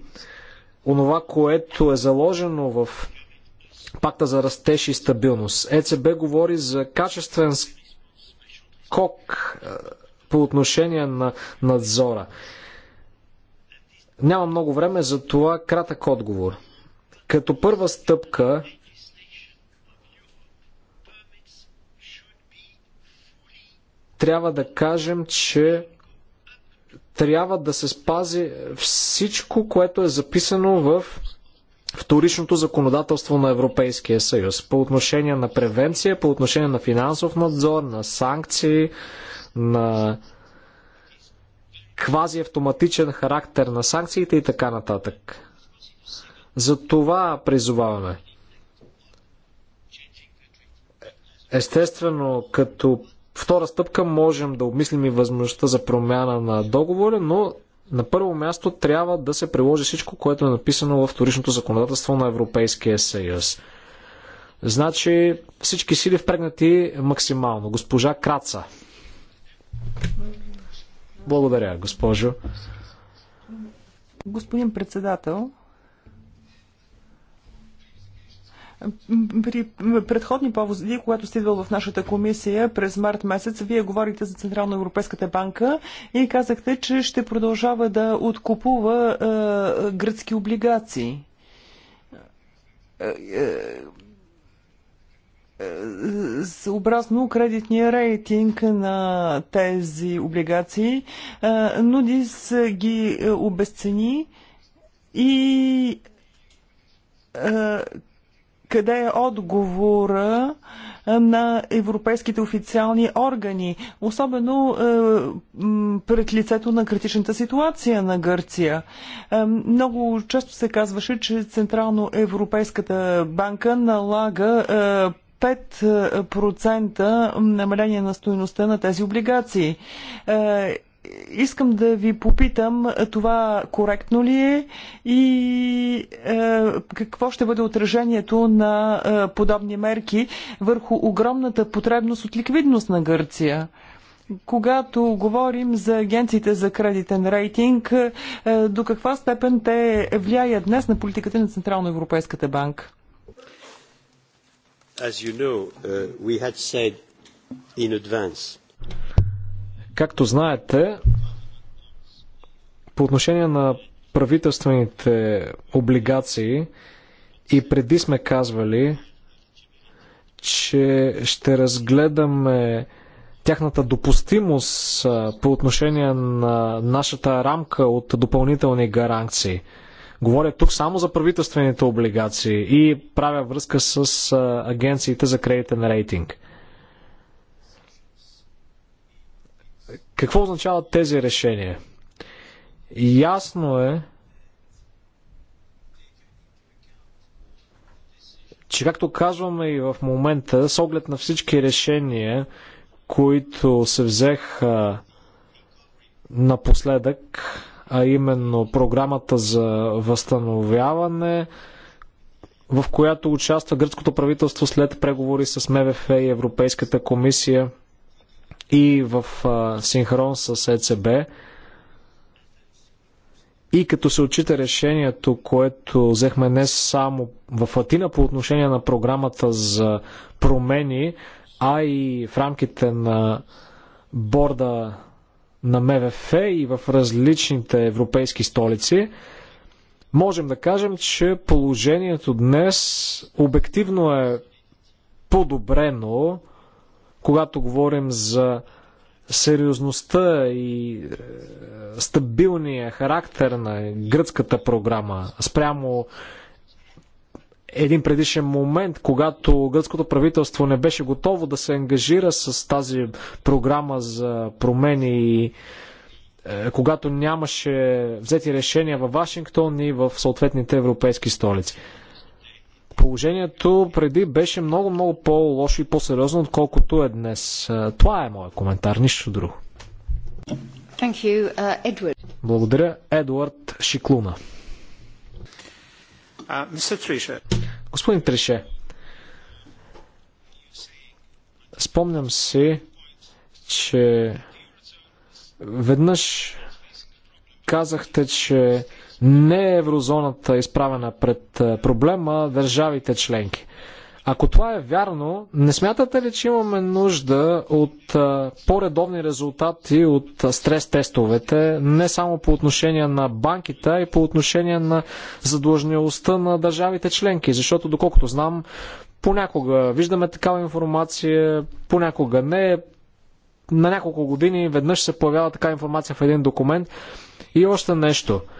онова, което е заложено в пакта за растеж и стабилност. ЕЦБ говори за качествен скок е, по отношение на надзора. Няма много време за това кратък отговор. Като първа стъпка трябва да кажем, че трябва да се спази всичко, което е записано в вторичното законодателство на Европейския съюз по отношение на превенция, по отношение на финансов надзор, на санкции, на квазиавтоматичен характер на санкциите и така нататък. За това призоваваме. Естествено, като втора стъпка можем да обмислим и възможността за промяна на договора, но на първо място трябва да се приложи всичко, което е написано в вторичното законодателство на Европейския съюз. Значи всички сили впрегнати максимално. Госпожа Краца. Благодаря, госпожо.
Господин председател, При предходни поводи, когато сте идвал в нашата комисия през март месец, вие говорите за Централна Европейската банка и казахте, че ще продължава да откупува е, гръцки облигации. съобразно кредитния рейтинг на тези облигации, Нудис ги обесцени и къде е отговора на европейските официални органи, особено е, пред лицето на критичната ситуация на Гърция. Е, много често се казваше, че Централно Европейската банка налага е, 5% е, намаление на стоеността на тези облигации. Е, искам да ви попитам е, това коректно ли е и е, какво ще бъде отражението на е, подобни мерки върху огромната потребност от ликвидност на Гърция. Когато говорим за агенциите за кредитен рейтинг, е, до каква степен те влияят днес на политиката на Централно Европейската банка?
As you know, uh, we had said in advance
Както знаете, по отношение на правителствените облигации и преди сме казвали, че ще разгледаме тяхната допустимост по отношение на нашата рамка от допълнителни гаранции. Говоря тук само за правителствените облигации и правя връзка с агенциите за кредитен рейтинг. Какво означават тези решения? Ясно е, че както казваме и в момента, с оглед на всички решения, които се взеха напоследък, а именно програмата за възстановяване, в която участва гръцкото правителство след преговори с МВФ и Европейската комисия – и в синхрон с ЕЦБ. И като се отчита решението, което взехме не само в Атина по отношение на програмата за промени, а и в рамките на борда на МВФ и в различните европейски столици, можем да кажем, че положението днес обективно е подобрено когато говорим за сериозността и е, стабилния характер на гръцката програма спрямо един предишен момент, когато гръцкото правителство не беше готово да се ангажира с тази програма за промени и е, когато нямаше взети решения във Вашингтон и в съответните европейски столици положението преди беше много, много по-лошо и по-сериозно, отколкото е днес. Това е моят коментар, нищо друго.
You, uh,
Благодаря, Едуард Шиклуна. Uh, Господин Трише, спомням си, че веднъж казахте, че не е еврозоната е изправена пред проблема, държавите членки. Ако това е вярно, не смятате ли, че имаме нужда от по-редовни резултати от стрес-тестовете, не само по отношение на банките, а и по отношение на задлъжнялостта на държавите членки? Защото, доколкото знам, понякога виждаме такава информация, понякога не. На няколко години веднъж се появява такава информация в един документ. И още нещо –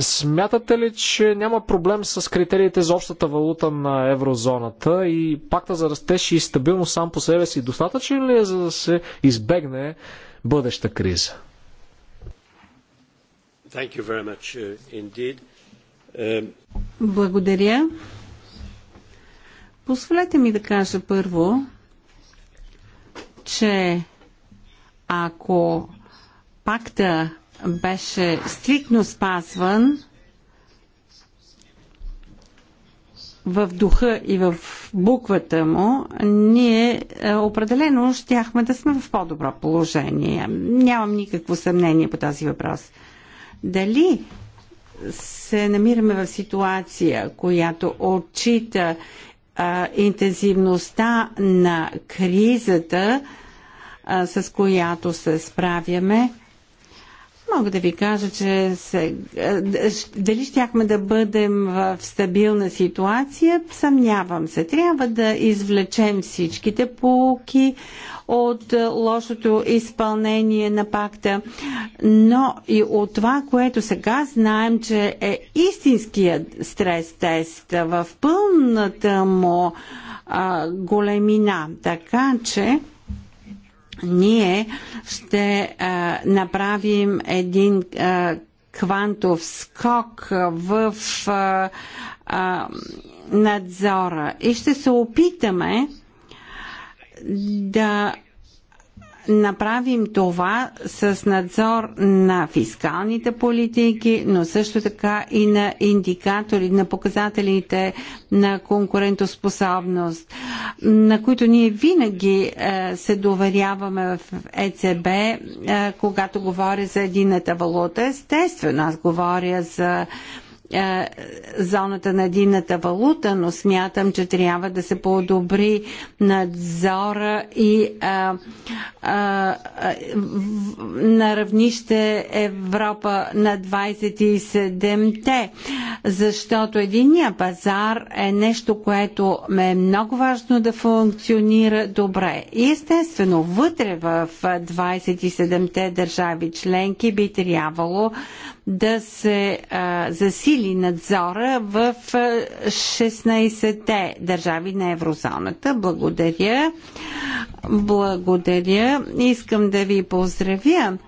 Смятате ли, че няма проблем с критериите за общата валута на еврозоната и пакта за растеж и стабилност сам по себе си достатъчен ли е, за да се избегне бъдеща криза? Uh,
um, Благодаря. Позволете ми да кажа първо, че ако пакта беше стриктно спазван в духа и в буквата му, ние е, определено щяхме да сме в по-добро положение. Нямам никакво съмнение по този въпрос. Дали се намираме в ситуация, която отчита а, интензивността на кризата, а, с която се справяме, Мога да ви кажа, че се, е, е, дали щяхме да бъдем в стабилна ситуация, съмнявам се. Трябва да извлечем всичките полки от е, лошото изпълнение на пакта, но и от това, което сега знаем, че е истинският стрес тест в пълната му а, големина. Така че ние ще а, направим един а, квантов скок в а, а, надзора и ще се опитаме да направим това с надзор на фискалните политики, но също така и на индикатори, на показателите на конкурентоспособност, на които ние винаги е, се доверяваме в ЕЦБ, е, когато говоря за едината валута. Естествено, аз говоря за е, зоната на единната валута, но смятам, че трябва да се подобри надзора и а, е, а, е, на равнище Европа на 27-те, защото единия пазар е нещо, което ме е много важно да функционира добре. И естествено, вътре в 27-те държави членки би трябвало да се а, засили надзора в 16-те държави на еврозоната. Благодаря. Благодаря. Искам да ви поздравя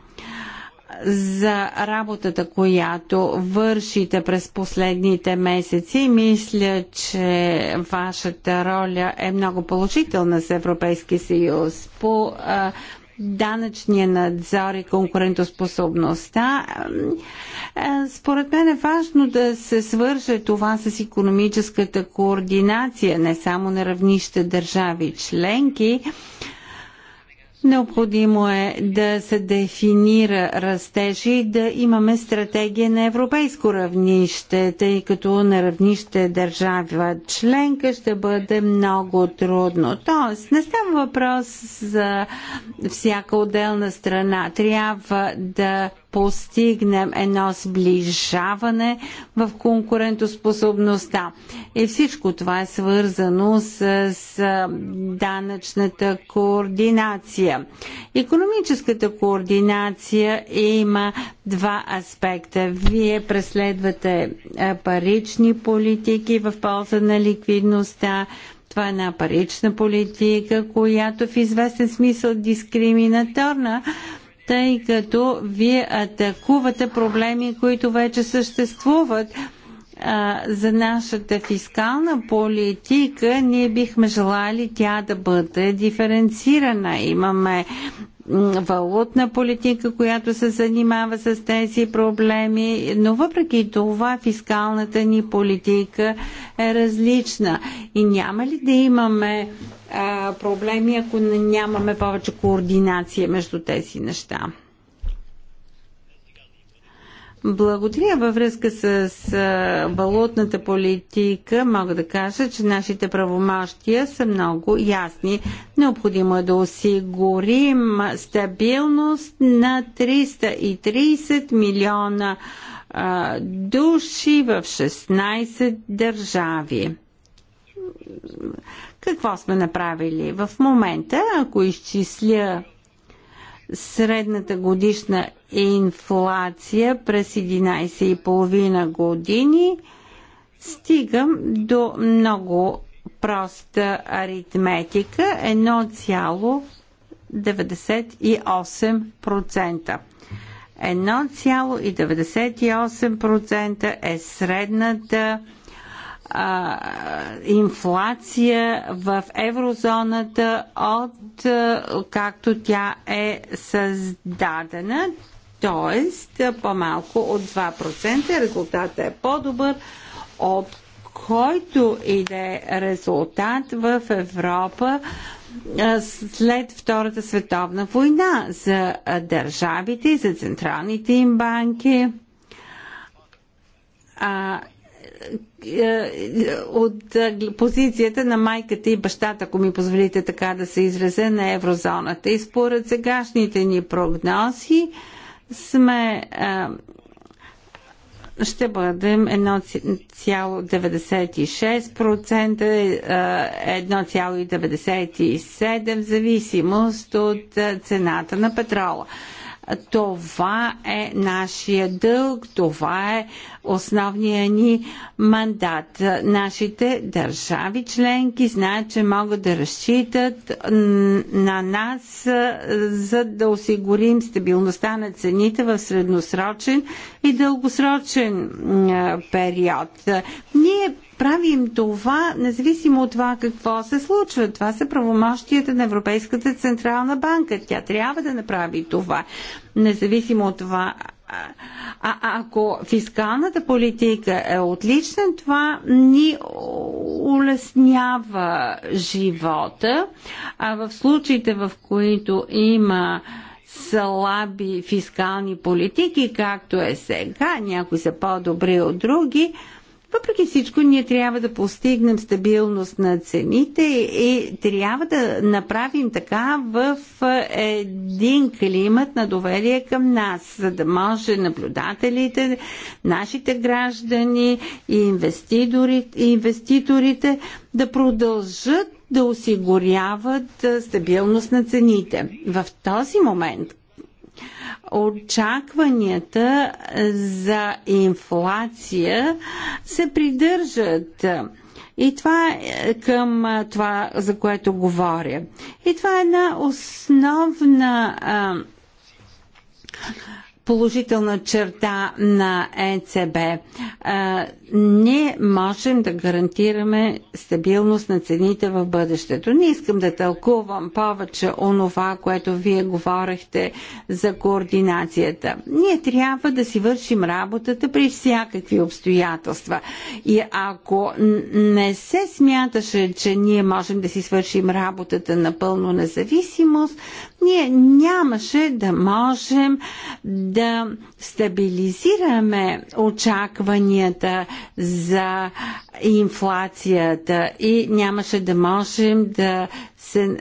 за работата, която вършите през последните месеци. Мисля, че вашата роля е много положителна с Европейски съюз. По а, данъчния надзор и конкурентоспособността. Е, според мен е важно да се свърже това с економическата координация, не само на равнище държави членки, Необходимо е да се дефинира растежи и да имаме стратегия на европейско равнище, тъй като на равнище държава членка ще бъде много трудно. Тоест, не става въпрос за всяка отделна страна. Трябва да постигнем едно сближаване в конкурентоспособността. И всичко това е свързано с, с данъчната координация. Економическата координация има два аспекта. Вие преследвате е, парични политики в полза на ликвидността, това е една парична политика, която в известен смисъл е дискриминаторна, тъй като вие атакувате проблеми, които вече съществуват за нашата фискална политика ние бихме желали тя да бъде диференцирана. Имаме валутна политика, която се занимава с тези проблеми, но въпреки това фискалната ни политика е различна. И няма ли да имаме а, проблеми, ако нямаме повече координация между тези неща? Благодаря. Във връзка с валутната политика мога да кажа, че нашите правомощия са много ясни. Необходимо е да осигурим стабилност на 330 милиона души в 16 държави. Какво сме направили? В момента, ако изчисля средната годишна инфлация през 11,5 години, стигам до много проста аритметика 1,98%. 1,98% е средната а, инфлация в еврозоната от а, както тя е създадена, т.е. по-малко от 2%. Резултатът е по-добър от който и да е резултат в Европа след Втората световна война за държавите и за централните им банки. А, от позицията на майката и бащата, ако ми позволите така да се изразе на еврозоната. И според сегашните ни прогнози сме ще бъдем 1,96%, 1,97% в зависимост от цената на петрола. Това е нашия дълг, това е основния ни мандат. Нашите държави членки знаят, че могат да разчитат на нас, за да осигурим стабилността на цените в средносрочен и дългосрочен период. Ние правим това, независимо от това какво се случва. Това са правомощията на Европейската Централна банка. Тя трябва да направи това, независимо от това. А ако фискалната политика е отлична, това ни улеснява живота. А в случаите, в които има слаби фискални политики, както е сега, някои са по-добри от други, въпреки всичко, ние трябва да постигнем стабилност на цените и трябва да направим така в един климат на доверие към нас, за да може наблюдателите, нашите граждани и инвеститорите, инвеститорите да продължат да осигуряват стабилност на цените. В този момент, очакванията за инфлация се придържат. И това е към това, за което говоря. И това е една основна а, положителна черта на ЕЦБ. Е, ние можем да гарантираме стабилност на цените в бъдещето. Не искам да тълкувам повече онова, което вие говорихте за координацията. Ние трябва да си вършим работата при всякакви обстоятелства. И ако не се смяташе, че ние можем да си свършим работата на пълно независимост, ние нямаше да можем да стабилизираме очакванията за инфлацията и нямаше да можем да се е,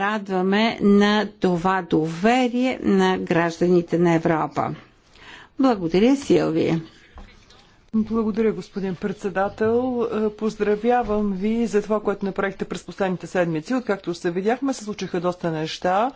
радваме на това доверие на гражданите на Европа. Благодаря, Силвия.
Благодаря, господин председател. Е, поздравявам ви за това, което направихте през последните седмици. Откакто се видяхме, се случиха доста неща.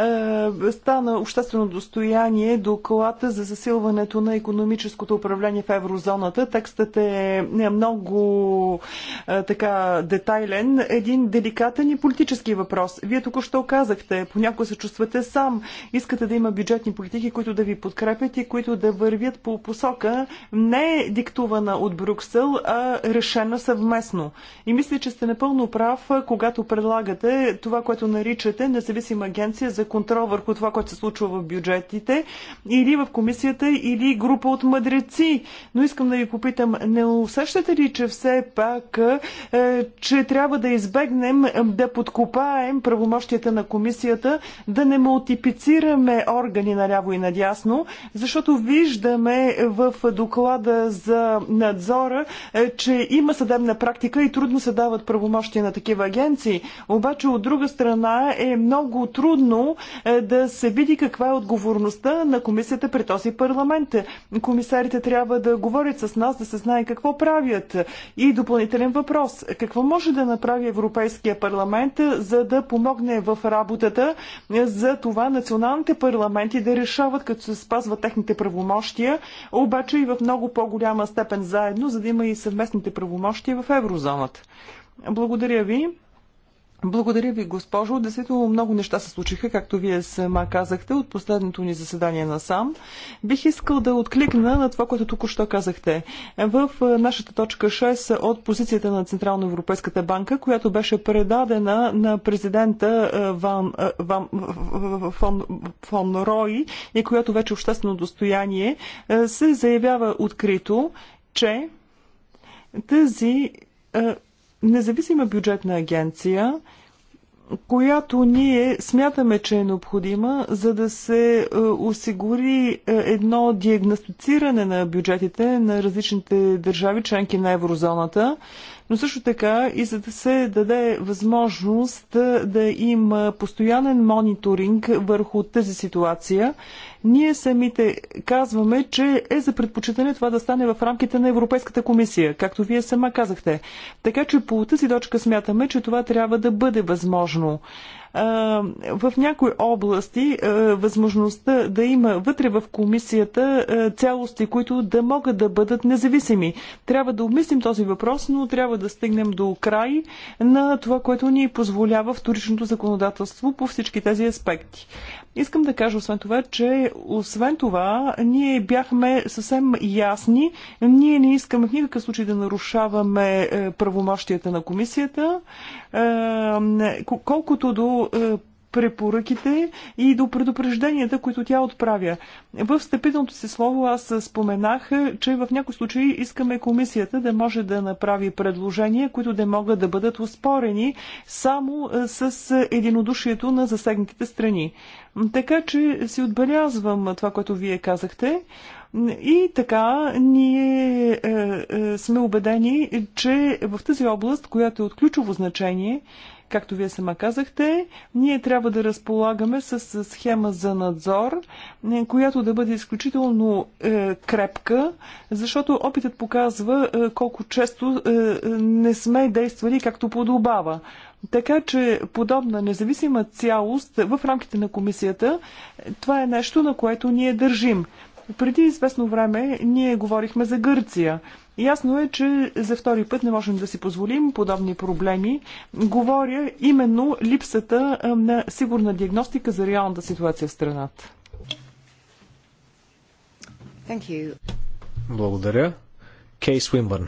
Е, стана обществено достояние доклада за засилването на економическото управление в еврозоната. Текстът е, е много така детайлен. Един деликатен и политически въпрос. Вие тук що оказахте, понякога се чувствате сам. Искате да има бюджетни политики, които да ви подкрепят и които да вървят по посока не диктувана от Брюксел, а решена съвместно. И мисля, че сте напълно прав, когато предлагате това, което наричате независима агенция за контрол върху това, което се случва в бюджетите, или в комисията, или група от мъдреци. Но искам да ви попитам, не усещате ли, че все пак, е, че трябва да избегнем да подкопаем правомощията на комисията, да не мултипицираме органи наляво и надясно, защото виждаме в доклада за за надзора, е, че има съдебна практика и трудно се дават правомощи на такива агенции. Обаче от друга страна е много трудно е, да се види каква е отговорността на комисията при този парламент. Комисарите трябва да говорят с нас, да се знае какво правят. И допълнителен въпрос. Какво може да направи Европейския парламент, е, за да помогне в работата за това националните парламенти да решават, като се спазват техните правомощия, обаче и в много по-голям голяма степен заедно, за да има и съвместните правомощи в еврозоната. Благодаря ви. Благодаря ви, госпожо. Действително много неща се случиха, както вие сама казахте, от последното ни заседание на сам. Бих искал да откликна на това, което току-що казахте. В нашата точка 6 от позицията на Централно Европейската банка, която беше предадена на президента Ван, Ван, фон, фон Рой и която вече обществено достояние, се заявява открито, че тази независима бюджетна агенция, която ние смятаме, че е необходима, за да се е, осигури е, едно диагностициране на бюджетите на различните държави, членки на еврозоната, но също така и за да се даде възможност е, да има постоянен мониторинг върху тази ситуация ние самите казваме, че е за предпочитане това да стане в рамките на Европейската комисия, както вие сама казахте. Така че по тази точка смятаме, че това трябва да бъде възможно в някои области възможността да има вътре в комисията цялости, които да могат да бъдат независими. Трябва да обмислим този въпрос, но трябва да стигнем до край на това, което ни позволява вторичното законодателство по всички тези аспекти. Искам да кажа освен това, че освен това ние бяхме съвсем ясни. Ние не искаме в никакъв случай да нарушаваме е, правомощията на комисията. Е, колкото до е, препоръките и до предупрежденията, които тя отправя. В степителното си слово аз споменах, че в някои случаи искаме комисията да може да направи предложения, които да могат да бъдат успорени само с единодушието на засегнатите страни. Така че си отбелязвам това, което вие казахте. И така, ние е, е, сме убедени, че в тази област, която е от ключово значение, както вие сама казахте, ние трябва да разполагаме с схема за надзор, е, която да бъде изключително е, крепка, защото опитът показва е, колко често е, е не сме действали както подобава. Така че подобна независима цялост в рамките на комисията, това е нещо, на което ние държим. Преди известно време ние говорихме за Гърция. Ясно е, че за втори път не можем да си позволим подобни проблеми. Говоря именно липсата на сигурна диагностика за реалната ситуация в страната.
Благодаря. Кейс Уимбърн.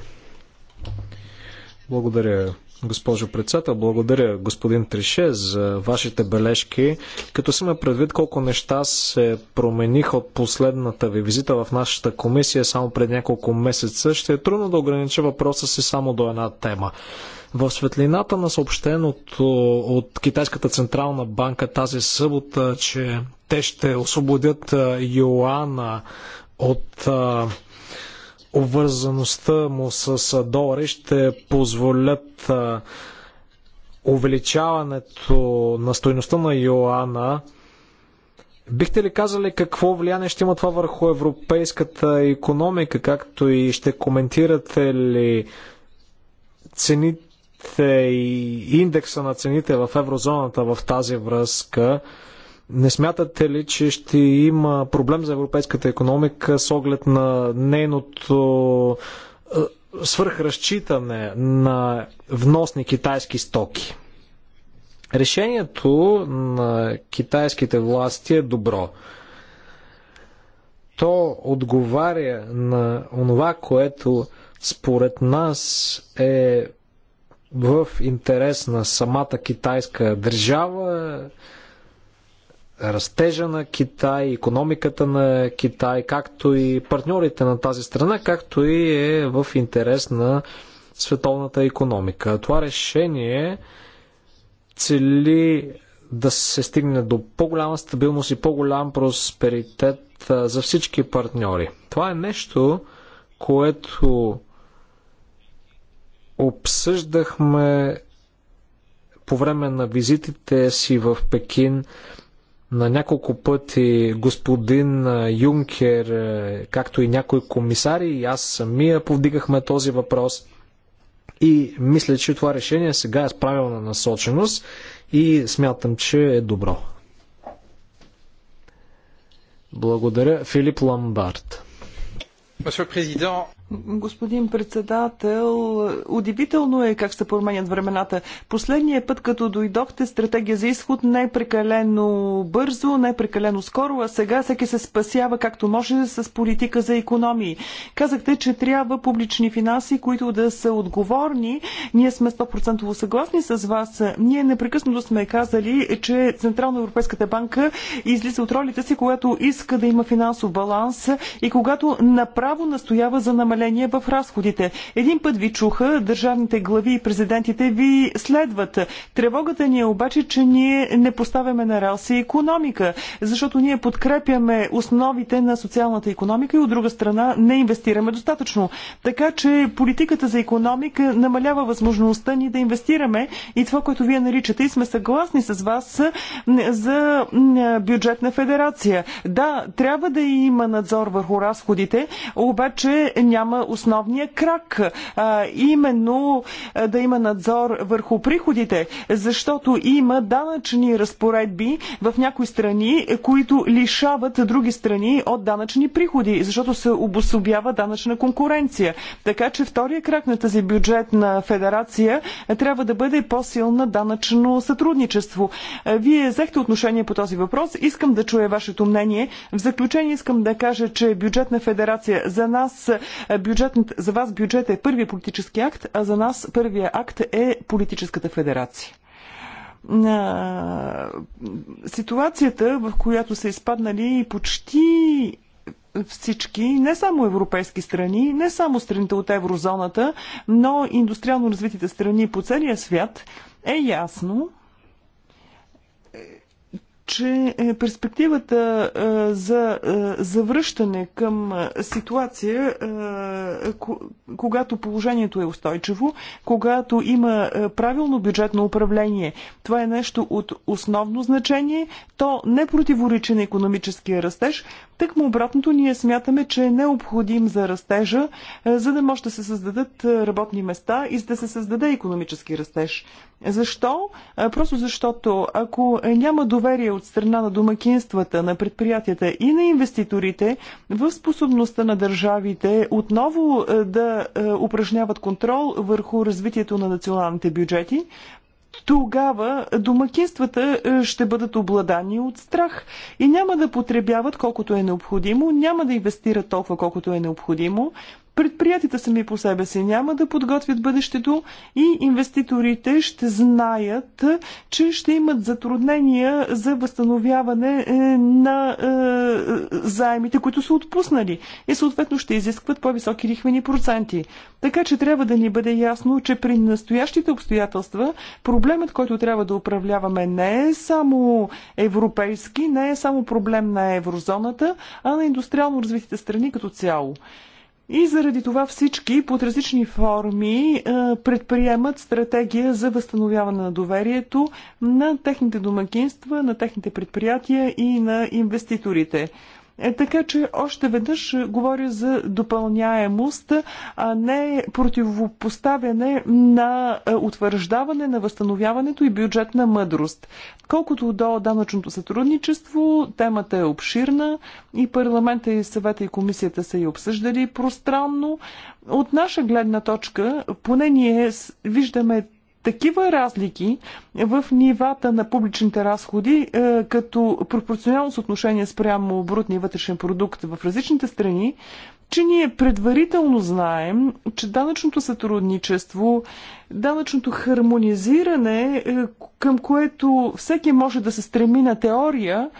Благодаря, Госпожо председател, благодаря господин Трише за вашите бележки. Като сме предвид колко неща се промениха от последната ви визита в нашата комисия само пред няколко месеца, ще е трудно да огранича въпроса си само до една тема. В светлината на съобщеното от Китайската централна банка тази събота, че те ще освободят юана от обвързаността му с долари ще позволят увеличаването на стоеността на Йоана. Бихте ли казали какво влияние ще има това върху европейската економика, както и ще коментирате ли цените и индекса на цените в еврозоната в тази връзка? Не смятате ли, че ще има проблем за европейската економика с оглед на нейното е, свърхразчитане на вносни китайски стоки? Решението на китайските власти е добро. То отговаря на онова, което според нас е в интерес на самата китайска държава, растежа на Китай, економиката на Китай, както и партньорите на тази страна, както и е в интерес на световната економика. Това решение цели да се стигне до по-голяма стабилност и по-голям просперитет за всички партньори. Това е нещо, което обсъждахме по време на визитите си в Пекин на няколко пъти господин Юнкер, както и някои комисари, и аз самия повдигахме този въпрос. И мисля, че това решение сега е с правилна насоченост и смятам, че е добро. Благодаря, Филип Ламбард.
Господин президент,
Господин председател, удивително е как се променят времената. Последния път, като дойдохте, стратегия за изход не е прекалено бързо, не е прекалено скоро, а сега всеки се спасява както може с политика за економии. Казахте, че трябва публични финанси, които да са отговорни. Ние сме 100% съгласни с вас. Ние непрекъснато сме казали, че Централна Европейската банка излиза от ролите си, когато иска да има финансов баланс и когато направо настоява за намаление намаление в разходите. Един път ви чуха, държавните глави и президентите ви следват. Тревогата ни е обаче, че ние не поставяме на релси економика, защото ние подкрепяме основите на социалната економика и от друга страна не инвестираме достатъчно. Така че политиката за економика намалява възможността ни да инвестираме и това, което вие наричате и сме съгласни с вас за бюджетна федерация. Да, трябва да има надзор върху разходите, обаче няма няма основния крак, а, именно да има надзор върху приходите, защото има данъчни разпоредби в някои страни, които лишават други страни от данъчни приходи, защото се обособява данъчна конкуренция. Така че втория крак на тази бюджетна федерация трябва да бъде по-силна данъчно сътрудничество. Вие взехте отношение по този въпрос. Искам да чуя вашето мнение. В заключение искам да кажа, че бюджетна федерация за нас бюджетът, за вас бюджет е първият политически акт, а за нас първият акт е политическата федерация на ситуацията, в която са изпаднали почти всички, не само европейски страни, не само страните от еврозоната, но индустриално развитите страни по целия свят, е ясно, че е, перспективата е, за е, завръщане към ситуация, когато положението е устойчиво, когато има правилно бюджетно управление, това е нещо от основно значение, то не противоречи на економическия растеж. Тъкмо обратното, ние смятаме, че е необходим за растежа, за да може да се създадат работни места и за да се създаде економически растеж. Защо? Просто защото ако няма доверие от страна на домакинствата, на предприятията и на инвеститорите в способността на държавите отново да упражняват контрол върху развитието на националните бюджети, тогава домакинствата ще бъдат обладани от страх и няма да потребяват колкото е необходимо, няма да инвестират толкова колкото е необходимо, Предприятията сами по себе си няма да подготвят бъдещето и инвеститорите ще знаят, че ще имат затруднения за възстановяване е, на е, заемите, които са отпуснали и съответно ще изискват по-високи лихвени проценти. Така че трябва да ни бъде ясно, че при настоящите обстоятелства проблемът, който трябва да управляваме не е само европейски, не е само проблем на еврозоната, а на индустриално развитите страни като цяло. И заради това всички под различни форми предприемат стратегия за възстановяване на доверието на техните домакинства, на техните предприятия и на инвеститорите. Е, така че още веднъж говоря за допълняемост, а не противопоставяне на е, утвърждаване на възстановяването и бюджетна мъдрост. Колкото до данъчното сътрудничество, темата е обширна и парламента и съвета и комисията са и обсъждали пространно. От наша гледна точка, поне ние виждаме такива разлики в нивата на публичните разходи, е, като пропорционално съотношение спрямо брутния вътрешен продукт в различните страни, че ние предварително знаем, че данъчното сътрудничество, данъчното хармонизиране, е, към което всеки може да се стреми на теория,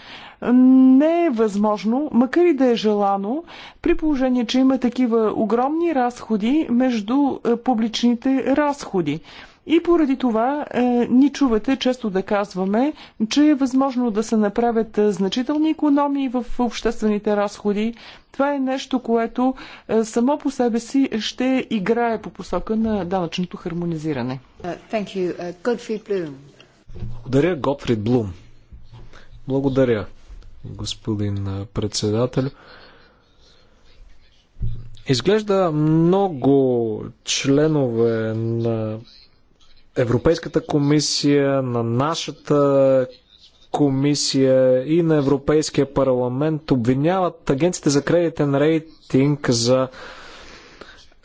не е възможно, макар и да е желано, при положение, че има такива огромни разходи между е, публичните разходи. И поради това е, ни чувате често да казваме, че е възможно да се направят е, значителни економии в обществените разходи. Това е нещо, което е, само по себе си ще играе по посока на данъчното хармонизиране.
Uh, uh,
Благодаря, Готфрид Блум. Благодаря, господин председател. Изглежда много членове на Европейската комисия, на нашата комисия и на Европейския парламент обвиняват агенците за кредитен рейтинг за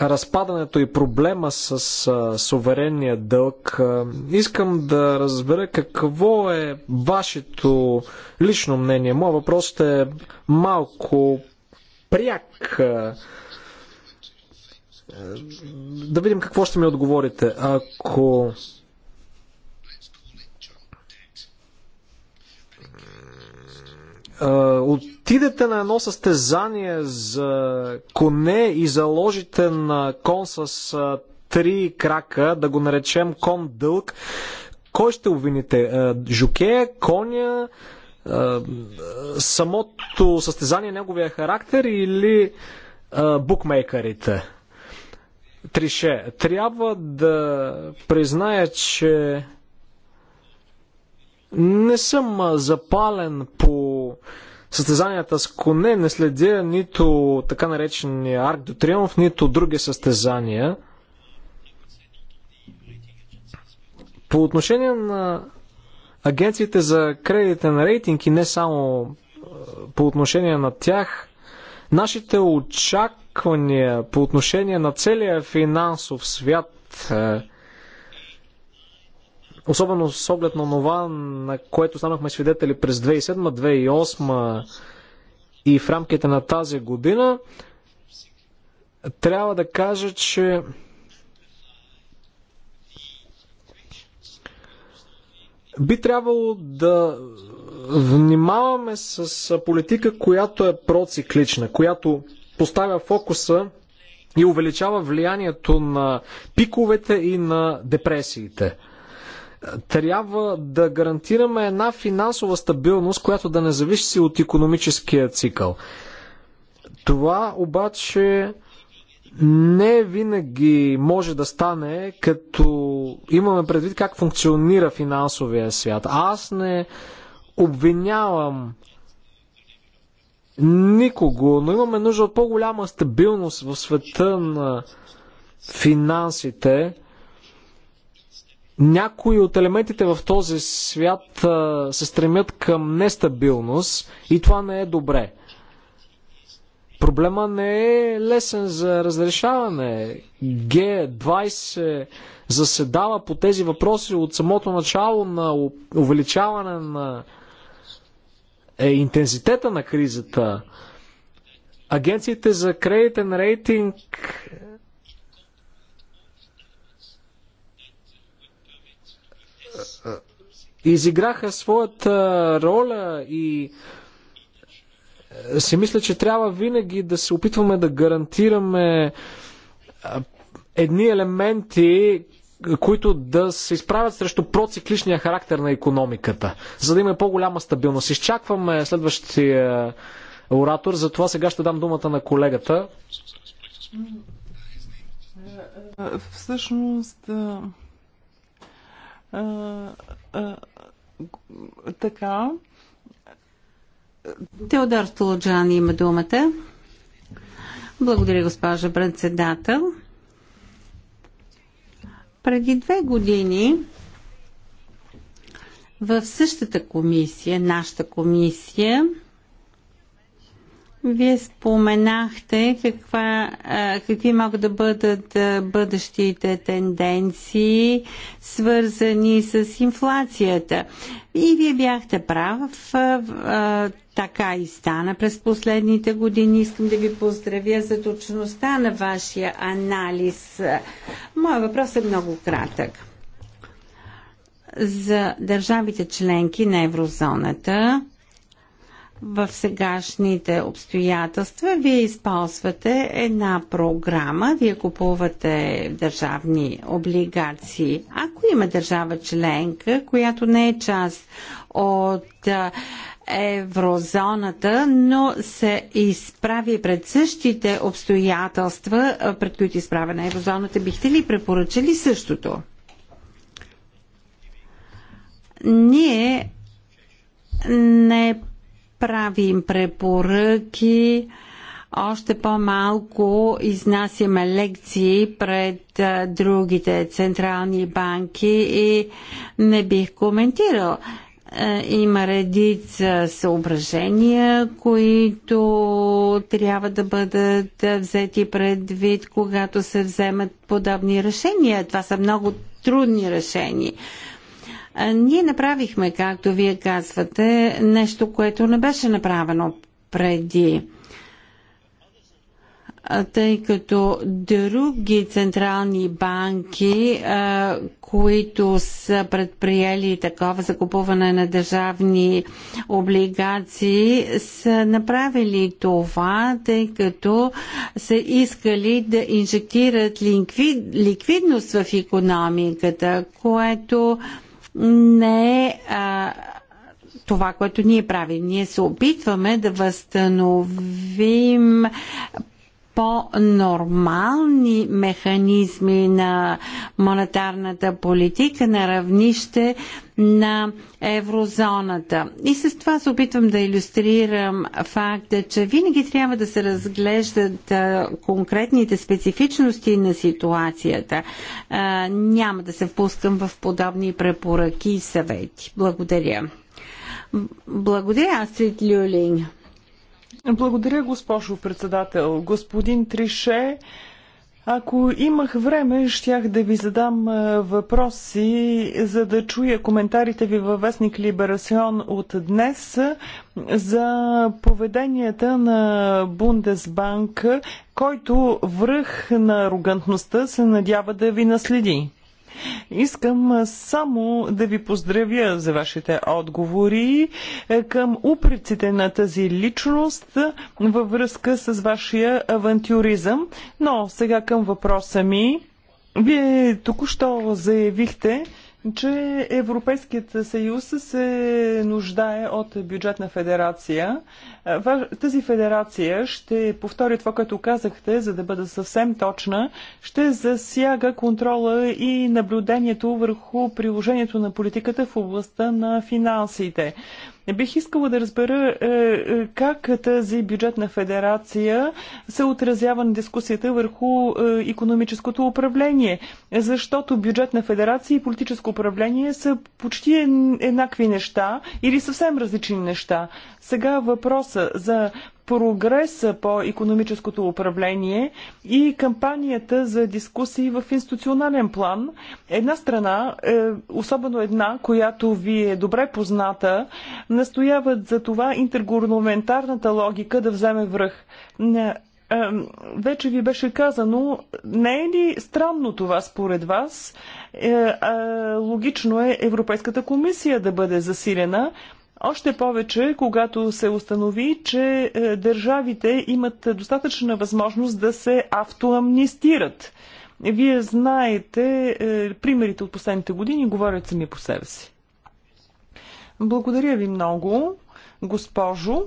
разпадането и проблема с а, суверенния дълг. А, искам да разбера какво е вашето лично мнение. Моя въпрос е малко пряк. А, да видим какво ще ми отговорите. Ако отидете на едно състезание за коне и заложите на кон с три крака, да го наречем кон дълг, кой ще обвините? Жукея, коня, самото състезание, неговия характер или букмейкерите? Трише, трябва да призная, че не съм запален по състезанията с коне, не следя нито така наречения Арк до Триумф, нито други състезания. По отношение на агенциите за кредитен рейтинг и не само по отношение на тях, нашите очаквания очаквания по отношение на целия финансов свят, е, особено с оглед на това, на което станахме свидетели през 2007-2008 и в рамките на тази година, трябва да кажа, че би трябвало да внимаваме с политика, която е проциклична, която поставя фокуса и увеличава влиянието на пиковете и на депресиите. Трябва да гарантираме една финансова стабилност, която да не зависи от економическия цикъл. Това обаче не винаги може да стане, като имаме предвид как функционира финансовия свят. Аз не обвинявам никого, но имаме нужда от по-голяма стабилност в света на финансите. Някои от елементите в този свят се стремят към нестабилност и това не е добре. Проблема не е лесен за разрешаване. Г20 заседава по тези въпроси от самото начало на увеличаване на е интензитета на кризата. Агенциите за кредитен рейтинг е, е, изиграха своята роля и е, си мисля, че трябва винаги да се опитваме да гарантираме едни елементи, които да се изправят срещу процикличния характер на економиката, за да има по-голяма стабилност. Изчакваме следващия е, оратор, затова сега ще дам думата на колегата.
Всъщност, а, е, а,
е, така. Теодор Столоджан има думата. Благодаря, госпожа председател. Преди две години в същата комисия, нашата комисия, вие споменахте каква, какви могат да бъдат бъдещите тенденции, свързани с инфлацията. И вие бяхте прав, така и стана през последните години. Искам да ви поздравя за точността на вашия анализ. Моя въпрос е много кратък. За държавите членки на еврозоната, в сегашните обстоятелства вие използвате една програма, вие купувате държавни облигации. Ако има държава членка, която не е част от еврозоната, но се изправи пред същите обстоятелства, пред които изправя на еврозоната, бихте ли препоръчали същото? Ние не правим препоръки, още по-малко изнасяме лекции пред другите централни банки и не бих коментирал. Има редица съображения, които трябва да бъдат взети предвид, когато се вземат подобни решения. Това са много трудни решения. Ние направихме, както вие казвате, нещо, което не беше направено преди тъй като други централни банки, които са предприели такова закупуване на държавни облигации, са направили това, тъй като са искали да инжектират ликвид, ликвидност в економиката, което не е а, това, което ние правим. Ние се опитваме да възстановим по-нормални механизми на монетарната политика на равнище на еврозоната. И с това се опитвам да иллюстрирам факта, че винаги трябва да се разглеждат конкретните специфичности на ситуацията. Няма да се впускам в подобни препоръки и съвети. Благодаря. Благодаря, Астрид Люлинг.
Благодаря, госпожо председател. Господин Трише, ако имах време, щях да ви задам въпроси, за да чуя коментарите ви във вестник Либерасион от днес за поведенията на Бундесбанк, който връх на арогантността се надява да ви наследи. Искам само да ви поздравя за вашите отговори е, към упреците на тази личност във връзка с вашия авантюризъм. Но сега към въпроса ми. Вие току-що заявихте, че Европейският съюз се нуждае от бюджетна федерация. Тази федерация, ще повторя това, като казахте, за да бъда съвсем точна, ще засяга контрола и наблюдението върху приложението на политиката в областта на финансите. Бих искала да разбера е, е, как тази бюджетна федерация се отразява на дискусията върху економическото управление, защото бюджетна федерация и политическо управление са почти еднакви неща или съвсем различни неща. Сега въпроса за прогреса по економическото управление и кампанията за дискусии в институционален план. Една страна, е, особено една, която ви е добре позната, настояват за това интергурнаментарната логика да вземе връх е, вече ви беше казано, не е ли странно това според вас? Е, логично е Европейската комисия да бъде засилена, още повече, когато се установи, че е, държавите имат достатъчна възможност да се автоамнистират. Вие знаете, е, примерите от последните години говорят сами по себе си. Благодаря ви много, госпожо.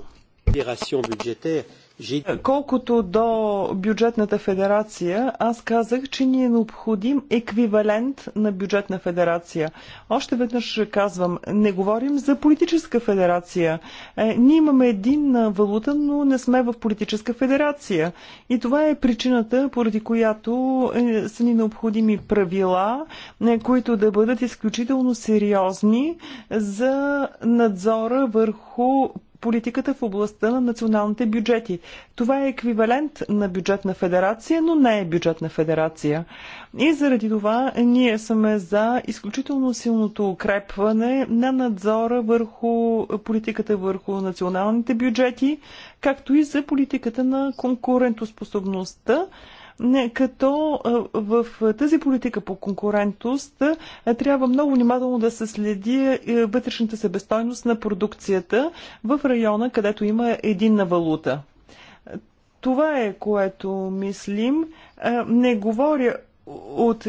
Колкото до бюджетната федерация, аз казах, че ни е необходим еквивалент на бюджетна федерация. Още веднъж казвам, не говорим за политическа федерация. Е, ние имаме един валута, но не сме в политическа федерация. И това е причината, поради която е, са ни необходими правила, е, които да бъдат изключително сериозни за надзора върху политиката в областта на националните бюджети. Това е еквивалент на бюджетна федерация, но не е бюджетна федерация. И заради това ние сме за изключително силното укрепване на надзора върху политиката върху националните бюджети, както и за политиката на конкурентоспособността не като в тази политика по конкурентност трябва много внимателно да се следи вътрешната себестойност на продукцията в района, където има единна валута. Това е което мислим. Не говоря от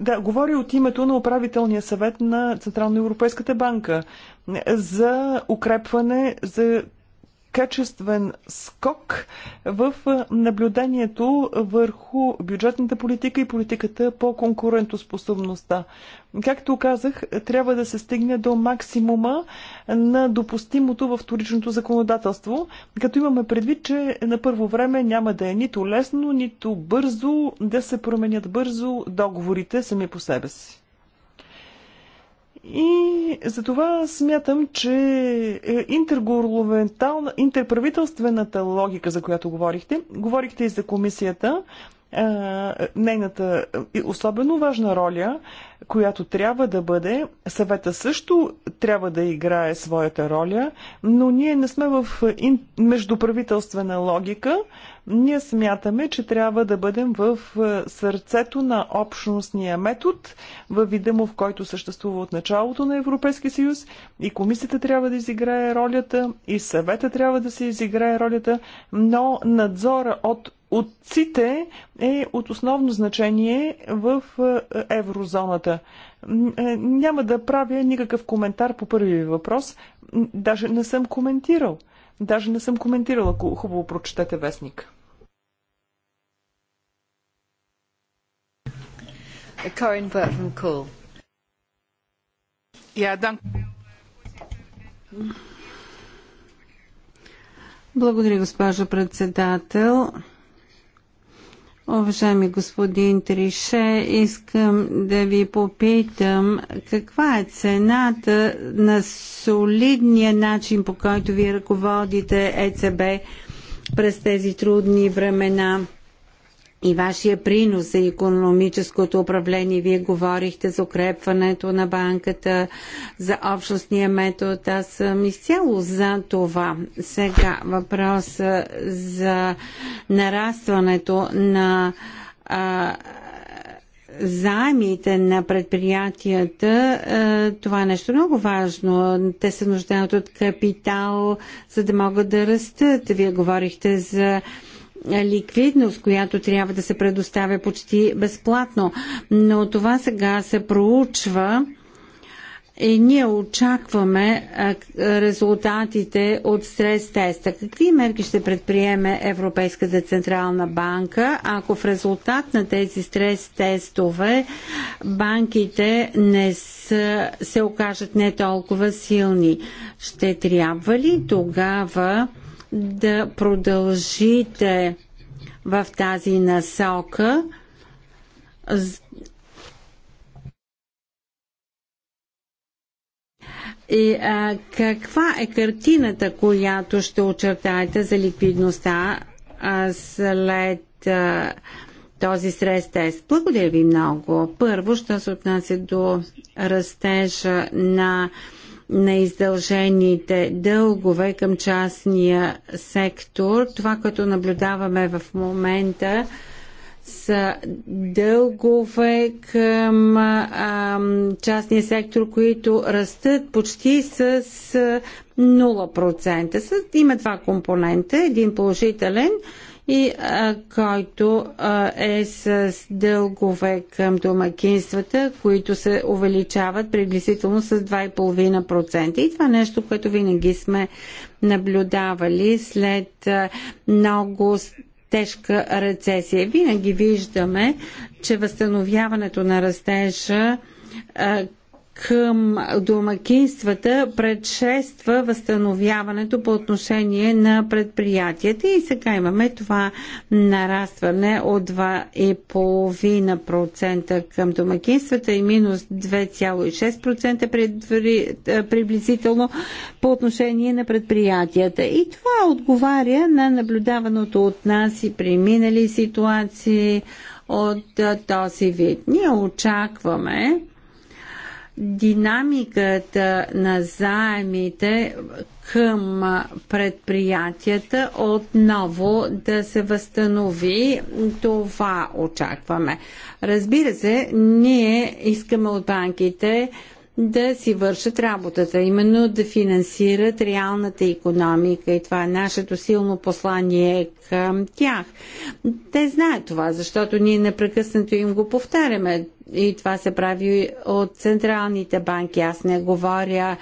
да, говори от името на управителния съвет на Централно Европейската банка за укрепване, за качествен скок в наблюдението върху бюджетната политика и политиката по конкурентоспособността. Както казах, трябва да се стигне до максимума на допустимото във вторичното законодателство, като имаме предвид, че на първо време няма да е нито лесно, нито бързо да се променят бързо договорите сами по себе си. И затова смятам, че е, интерправителствената логика, за която говорихте, говорихте и за комисията, е, нейната е, особено важна роля, която трябва да бъде. Съвета също трябва да играе своята роля, но ние не сме в е, междуправителствена логика. Ние смятаме, че трябва да бъдем в сърцето на общностния метод, във вида му, в който съществува от началото на Европейския съюз. И комисията трябва да изиграе ролята, и съвета трябва да се изиграе ролята, но надзора от Отците е от основно значение в е, еврозоната. Е, няма да правя никакъв коментар по първия въпрос. Даже не съм коментирал. Даже не съм коментирал, ако хубаво прочетете вестник.
Кул. Благодаря, госпожо председател. Уважаеми господин Трише, искам да ви попитам каква е цената на солидния начин, по който ви ръководите ЕЦБ през тези трудни времена и вашия принос за економическото управление. Вие говорихте за укрепването на банката, за общностния метод. Аз съм изцяло за това. Сега въпрос за нарастването на а, заемите на предприятията, това е нещо много важно. Те се нуждаят от капитал, за да могат да растат. Вие говорихте за ликвидност, която трябва да се предоставя почти безплатно. Но това сега се проучва и ние очакваме е, резултатите от стрес-теста. Какви мерки ще предприеме Европейската централна банка, ако в резултат на тези стрес-тестове банките не са, се окажат не толкова силни? Ще трябва ли тогава да продължите в тази насока. И а, каква е картината, която ще очертаете за ликвидността а, след а, този стрес тест? Благодаря ви много. Първо, що се отнася до растежа на а, на издължените дългове към частния сектор. Това, което наблюдаваме в момента, са дългове към а, частния сектор, които растат почти с 0%. Има два компонента. Един положителен – и а, който а, е с дългове към домакинствата, които се увеличават приблизително с 2,5%. И това нещо, което винаги сме наблюдавали след а, много тежка рецесия. Винаги виждаме, че възстановяването на растежа към домакинствата предшества възстановяването по отношение на предприятията и сега имаме това нарастване от 2,5% към домакинствата и минус 2,6% е, приблизително по отношение на предприятията. И това отговаря на наблюдаваното от нас и при минали ситуации от е, този вид. Ние очакваме динамиката на заемите към предприятията отново да се възстанови. Това очакваме. Разбира се, ние искаме от банките да си вършат работата, именно да финансират реалната економика и това е нашето силно послание към тях. Те знаят това, защото ние непрекъснато им го повтаряме и това се прави от централните банки. Аз не говоря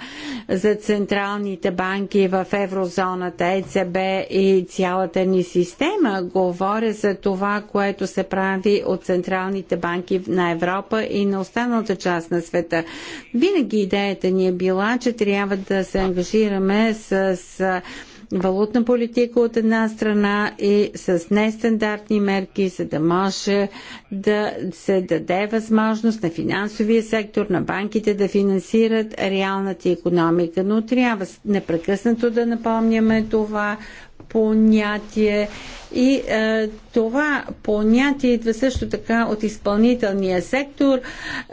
за централните банки в еврозоната, ЕЦБ и цялата ни система. Говоря за това, което се прави от централните банки на Европа и на останалата част на света. Винаги идеята ни е била, че трябва да се ангажираме с валутна политика от една страна и с нестандартни мерки, за да може да се даде възможност на финансовия сектор, на банките да финансират реалната економика. Но трябва непрекъснато да напомняме това понятие и е, това понятие идва също така от изпълнителния сектор,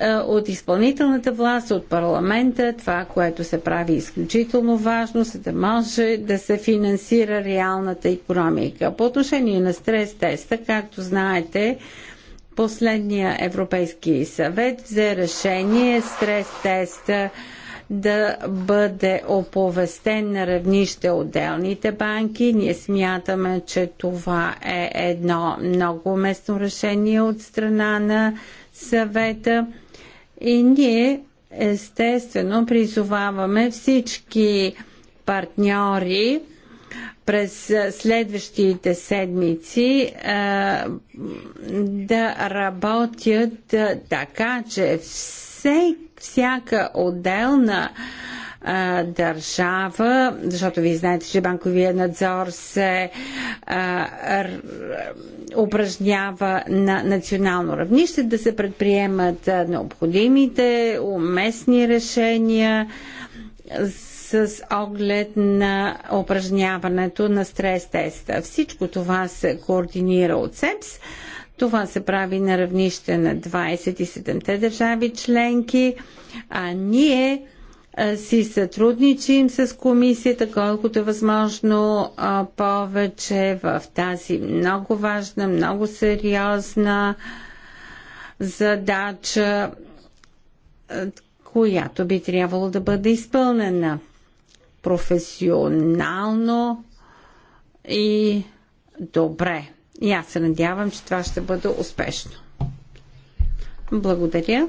е, от изпълнителната власт, от парламента, това, което се прави изключително важно, за да може да се финансира реалната економика. По отношение на стрес теста, както знаете, последния Европейски съвет взе решение стрес теста да бъде оповестен на равнище отделните банки. Ние смятаме, че това е едно много уместно решение от страна на съвета. И ние естествено призоваваме всички партньори през следващите седмици е, да работят е, така, че всеки всяка отделна а, държава, защото вие знаете, че банковия надзор се а, р, упражнява на национално равнище, да се предприемат необходимите уместни решения с оглед на упражняването на стрес теста. Всичко това се координира от СЕПС. Това се прави на равнище на 27-те държави членки, а ние си сътрудничим с комисията, колкото е възможно повече в тази много важна, много сериозна задача, която би трябвало да бъде изпълнена професионално и добре. И аз се надявам, че това ще бъде успешно. Благодаря.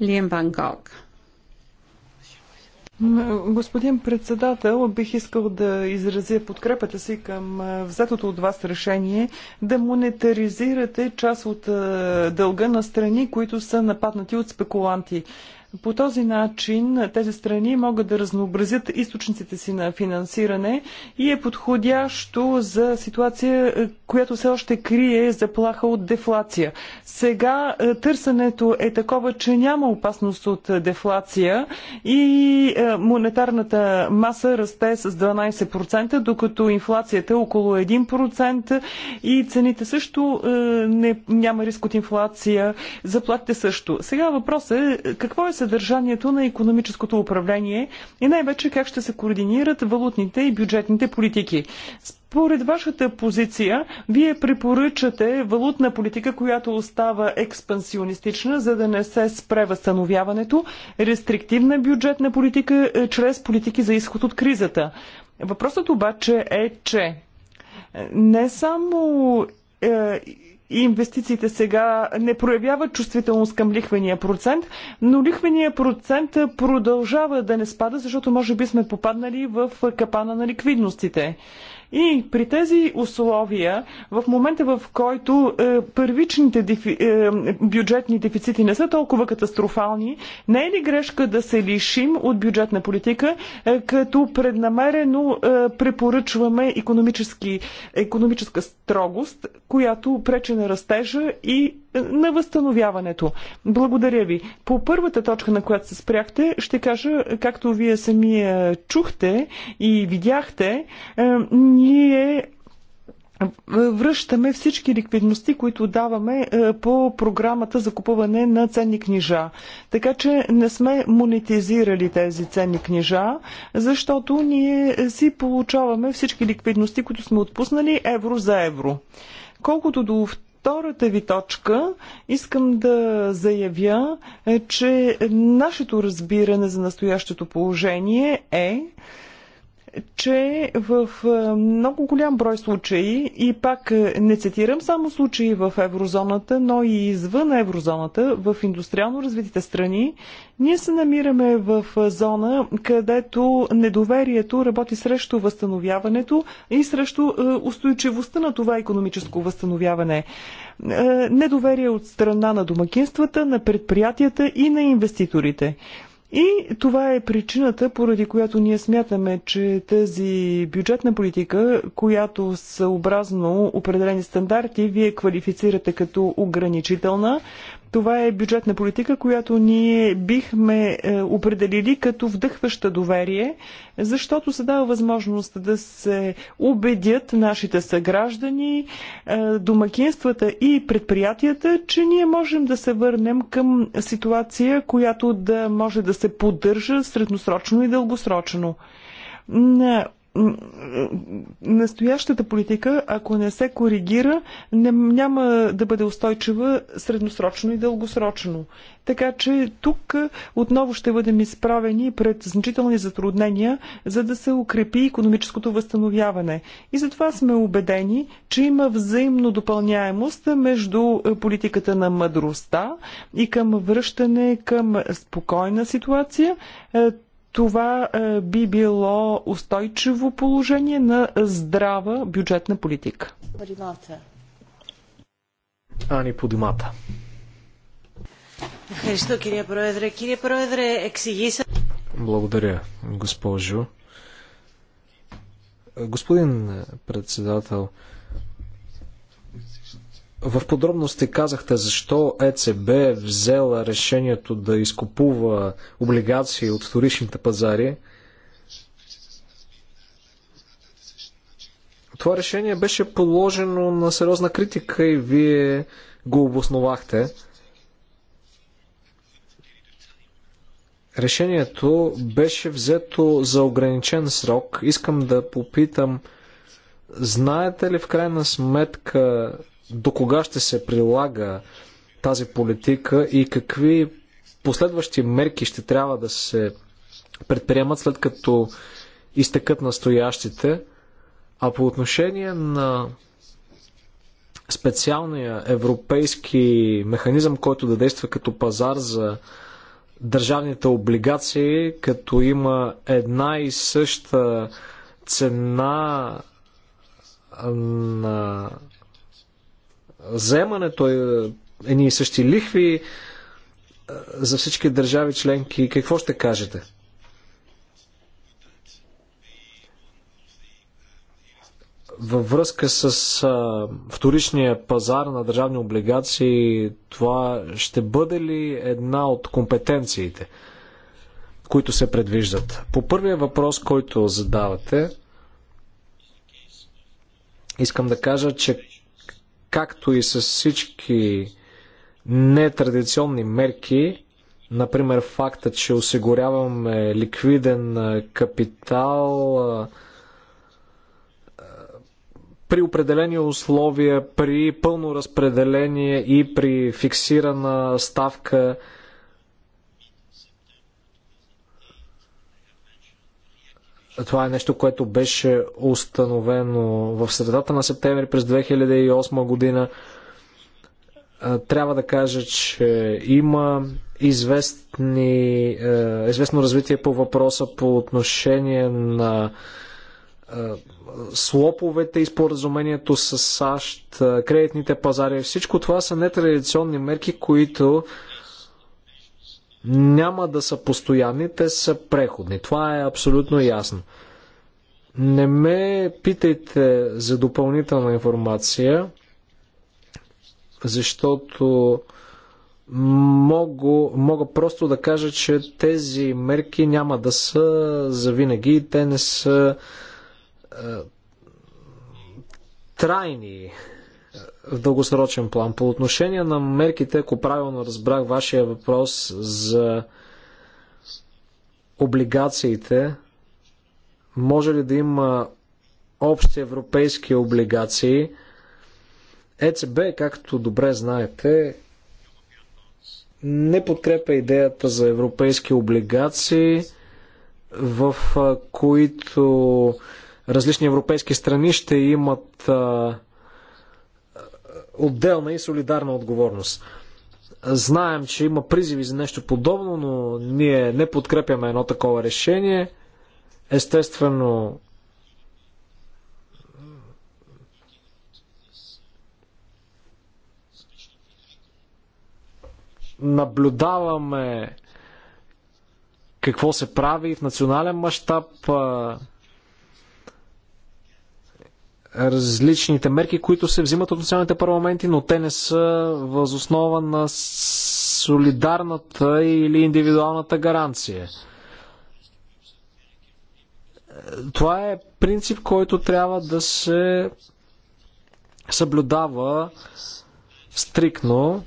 Лиен Ван Гог.
Господин председател, бих искал да изразя подкрепата си към взетото от вас решение да монетаризирате част от дълга на страни, които са нападнати от спекуланти. По този начин тези страни могат да разнообразят източниците си на финансиране и е подходящо за ситуация, е, която все още крие заплаха от дефлация. Сега е, търсенето е такова, че няма опасност от дефлация и е, монетарната маса расте с 12%, докато инфлацията е около 1% и цените също не, няма риск от инфлация, заплатите също. Сега въпрос е какво е съдържанието на економическото управление и най-вече как ще се координират валутните и бюджетните политики. Според вашата позиция, вие препоръчате валутна политика, която остава експансионистична, за да не се спре възстановяването, рестриктивна бюджетна политика е, чрез политики за изход от кризата. Въпросът обаче е, че е, не само е, инвестициите сега не проявяват чувствителност към лихвения процент, но лихвения процент продължава да не спада, защото може би сме попаднали в капана на ликвидностите. И при тези условия, в момента в който е, първичните дефи, е, бюджетни дефицити не са толкова катастрофални, не е ли грешка да се лишим от бюджетна политика, е, като преднамерено е, препоръчваме економическа строгост, която пречи на растежа и на възстановяването. Благодаря ви. По първата точка, на която се спряхте, ще кажа, както вие самия чухте и видяхте, е, ние връщаме всички ликвидности, които даваме е, по програмата за купуване на ценни книжа. Така че не сме монетизирали тези ценни книжа, защото ние си получаваме всички ликвидности, които сме отпуснали евро за евро. Колкото до втората ви точка искам да заявя, е, че нашето разбиране за настоящето положение е, че в много голям брой случаи, и пак не цитирам само случаи в еврозоната, но и извън еврозоната, в индустриално развитите страни, ние се намираме в зона, където недоверието работи срещу възстановяването и срещу устойчивостта на това економическо възстановяване. Недоверие от страна на домакинствата, на предприятията и на инвеститорите. И това е причината, поради която ние смятаме, че тази бюджетна политика, която съобразно определени стандарти вие квалифицирате като ограничителна, това е бюджетна политика, която ние бихме е, определили като вдъхваща доверие, защото се дава възможност да се убедят нашите съграждани, е, домакинствата и предприятията, че ние можем да се върнем към ситуация, която да може да се поддържа средносрочно и дългосрочно. Е, настоящата политика, ако не се коригира, не, няма да бъде устойчива средносрочно и дългосрочно. Така че тук отново ще бъдем изправени пред значителни затруднения, за да се укрепи економическото възстановяване. И затова сме убедени, че има взаимно допълняемост между е, политиката на мъдростта и към връщане към спокойна ситуация, е, това е, би било устойчиво положение на здрава
бюджетна политика. Подимата. Ани Подимата. Благодаря, госпожо. Господин председател, в подробности казахте защо ЕЦБ е взела решението да изкупува облигации от вторичните пазари. Това решение беше подложено на сериозна критика и вие го обосновахте. Решението беше взето за ограничен срок. Искам да попитам, знаете ли в крайна сметка до кога ще се прилага тази политика и какви последващи мерки ще трябва да се предприемат след като изтекат настоящите. А по отношение на специалния европейски механизъм, който да действа като пазар за държавните облигации, като има една и съща цена на вземането, е, е едни и същи лихви е, за всички държави членки. Какво ще кажете? Във връзка с а, вторичния пазар на държавни облигации, това ще бъде ли една от компетенциите, които се предвиждат? По първия въпрос, който задавате, искам да кажа, че както и с всички нетрадиционни мерки, например факта, че осигуряваме ликвиден капитал при определени условия, при пълно разпределение и при фиксирана ставка – Това е нещо, което беше установено в средата на септември през 2008 година. Трябва да кажа, че има известни, е, известно развитие по въпроса по отношение на е, слоповете и споразумението с САЩ, е, кредитните пазари. Всичко това са нетрадиционни мерки, които няма да са постоянни, те са преходни. Това е абсолютно ясно. Не ме питайте за допълнителна информация, защото мога, мога просто да кажа, че тези мерки няма да са завинаги и те не са е, трайни в дългосрочен план. По отношение на мерките, ако правилно разбрах вашия въпрос за облигациите, може ли да има общи европейски облигации? ЕЦБ, както добре знаете, не подкрепя идеята за европейски облигации, в които различни европейски страни ще имат отделна и солидарна отговорност. Знаем, че има призиви за нещо подобно, но ние не подкрепяме едно такова решение. Естествено, наблюдаваме какво се прави в национален мащаб различните мерки, които се взимат от националните парламенти, но те не са възоснова на солидарната или индивидуалната гаранция. Това е принцип, който трябва да се съблюдава стрикно,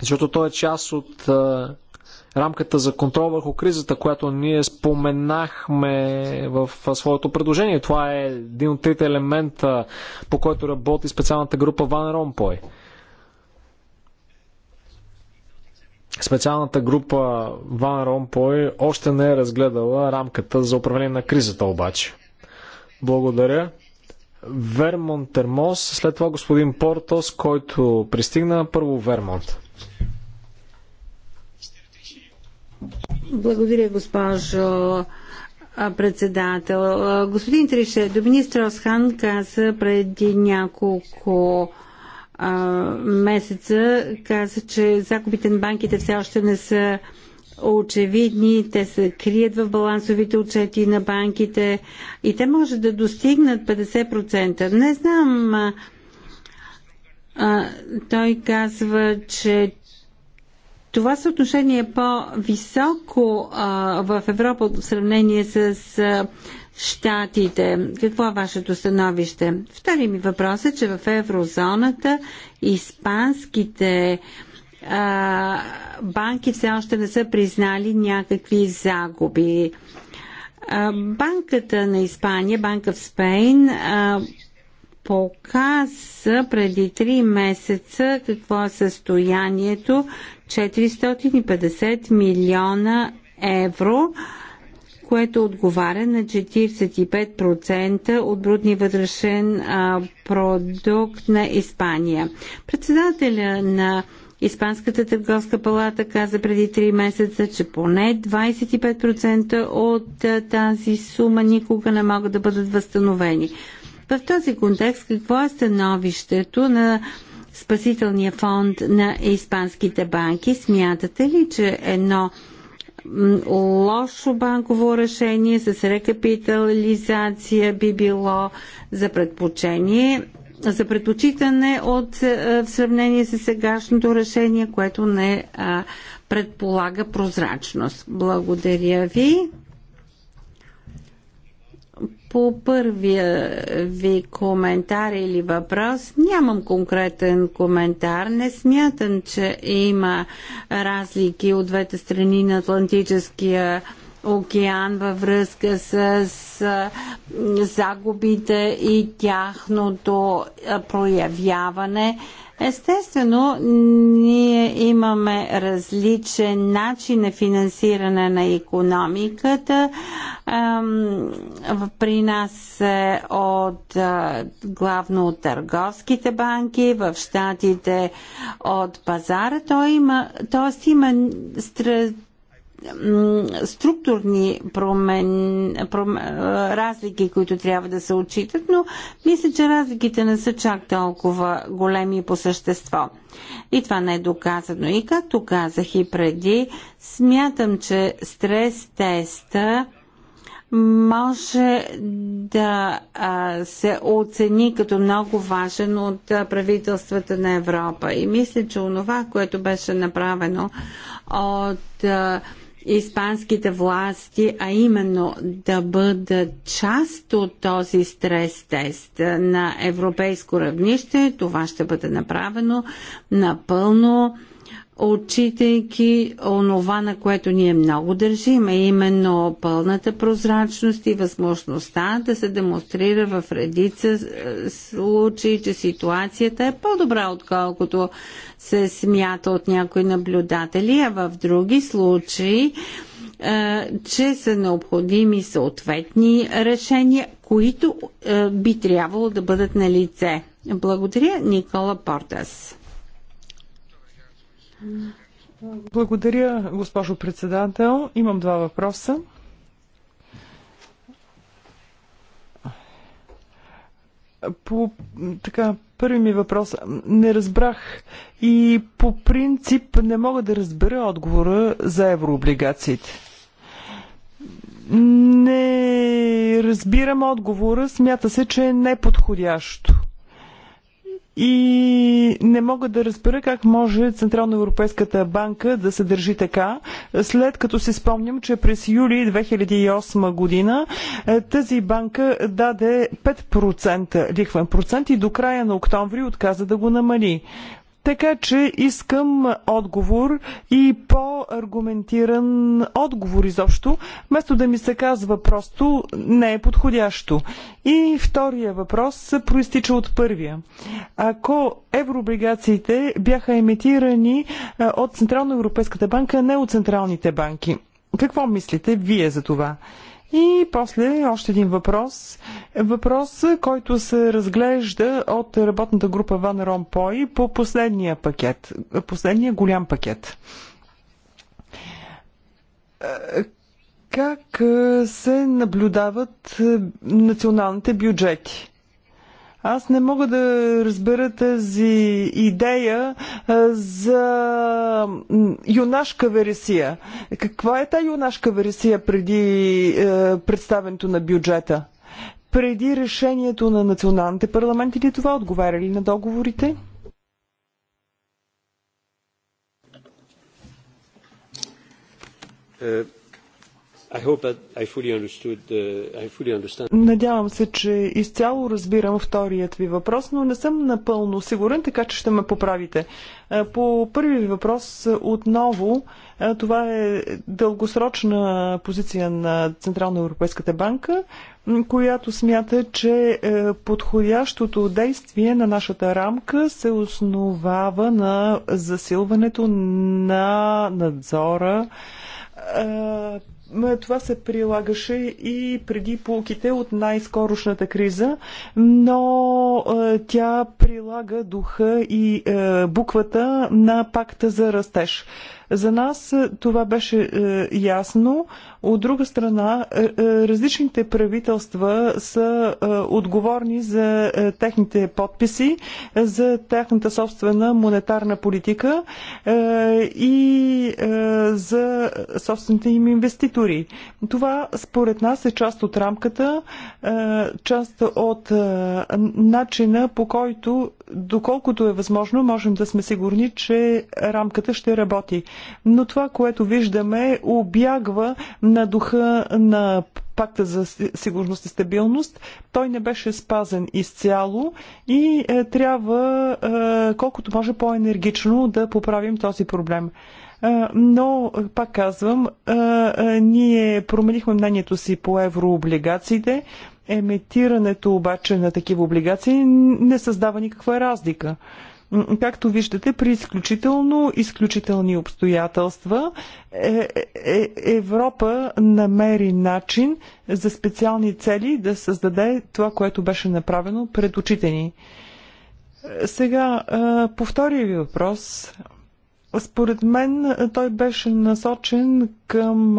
защото той е част от рамката за контрол върху кризата, която ние споменахме в своето предложение. Това е един от трите елемента, по който работи специалната група Ван Ромпой. Специалната група Ван Ромпой още не е разгледала рамката за управление на кризата обаче. Благодаря. Вермонт Термос, след това господин Портос, който пристигна първо Вермонт.
Благодаря, госпожо председател. Господин Трише, Доминистр Осхан каза преди няколко а, месеца, каза, че закупите на банките все още не са очевидни, те се крият в балансовите отчети на банките и те може да достигнат 50%. Не знам а, той казва, че това съотношение е по-високо в Европа в сравнение с а, Штатите. Какво е вашето становище? Втори ми въпрос е, че в еврозоната испанските а, банки все още не са признали някакви загуби. А, банката на Испания, Банка в Спейн, а, показа преди 3 месеца какво е състоянието 450 милиона евро, което отговаря на 45% от брудния вътрешен продукт на Испания. Председателя на Испанската търговска палата каза преди 3 месеца, че поне 25% от тази сума никога не могат да бъдат възстановени. В този контекст какво е становището на спасителния фонд на испанските банки. Смятате ли, че едно лошо банково решение с рекапитализация би било за предпочение за предпочитане от, е, в сравнение с сегашното решение, което не предполага прозрачност. Благодаря ви. По първия ви коментар или въпрос нямам конкретен коментар. Не смятам, че има разлики от двете страни на Атлантическия океан във връзка с загубите и тяхното проявяване Естествено, ние имаме различен начин на финансиране на економиката. При нас е от главно от търговските банки, в щатите от пазара. Той има, т.е. има стратегия структурни промен, пром, разлики, които трябва да се отчитат, но мисля, че разликите не са чак толкова големи по същество. И това не е доказано. И както казах и преди, смятам, че стрес теста може да се оцени като много важен от правителствата на Европа. И мисля, че онова, което беше направено от испанските власти, а именно да бъдат част от този стрес тест на европейско равнище. Това ще бъде направено напълно отчитайки онова, на което ние много държим, е именно пълната прозрачност и възможността да се демонстрира в редица е, случаи, че ситуацията е по-добра, отколкото се смята от някои наблюдатели, а в други случаи е, че са необходими съответни решения, които е, би трябвало да бъдат на лице. Благодаря, Никола Портас.
Благодаря, госпожо председател. Имам два въпроса. По така, първи ми въпрос не разбрах и по принцип не мога да разбера отговора за еврооблигациите. Не разбирам отговора, смята се, че е неподходящо. И не мога да разбера как може Централно Европейската банка да се държи така, след като си спомням, че през юли 2008 година е, тази банка даде 5% лихвен процент и до края на октомври отказа да го намали. Така че искам отговор и по-аргументиран отговор изобщо, вместо да ми се казва просто не е подходящо. И втория въпрос проистича от първия. Ако еврооблигациите бяха емитирани от Централно Европейската банка, а не от централните банки, какво мислите вие за това? И после още един въпрос. Въпрос, който се разглежда от работната група Ван Ромпой по последния пакет, последния голям пакет. Как се наблюдават националните бюджети? Аз не мога да разбера тази идея за юнашка вересия. Каква е тази юнашка вересия преди е, представенето на бюджета? Преди решението на националните парламенти ли е това отговаря ли на договорите?
Е... Uh, Надявам
се, че изцяло разбирам вторият ви въпрос, но не съм напълно сигурен, така че ще ме поправите. Е, по първи ви въпрос е, отново, е, това е дългосрочна позиция на Централна Европейската банка, която смята, че подходящото действие на нашата рамка се основава на засилването на надзора това се прилагаше и преди полките от най-скорошната криза, но е, тя прилага духа и е, буквата на пакта за растеж. За нас е, това беше е, ясно. От друга страна, е, различните правителства са отговорни за техните подписи, за тяхната собствена монетарна политика и за собствените им инвеститори. Това, според нас, е част от рамката, част от начина по който доколкото е възможно, можем да сме сигурни, че рамката ще работи. Но това, което виждаме, обягва на духа на пакта за сигурност и стабилност. Той не беше спазен изцяло и е, трябва е, колкото може по-енергично да поправим този проблем е, но пак казвам, е, е, ние променихме мнението си по еврооблигациите. Емитирането обаче на такива облигации не създава никаква разлика. Както виждате, при изключително изключителни обстоятелства е, е, е, Европа намери начин за специални цели да създаде това, което беше направено пред очите ни. Сега, по втория ви въпрос, според мен той беше насочен към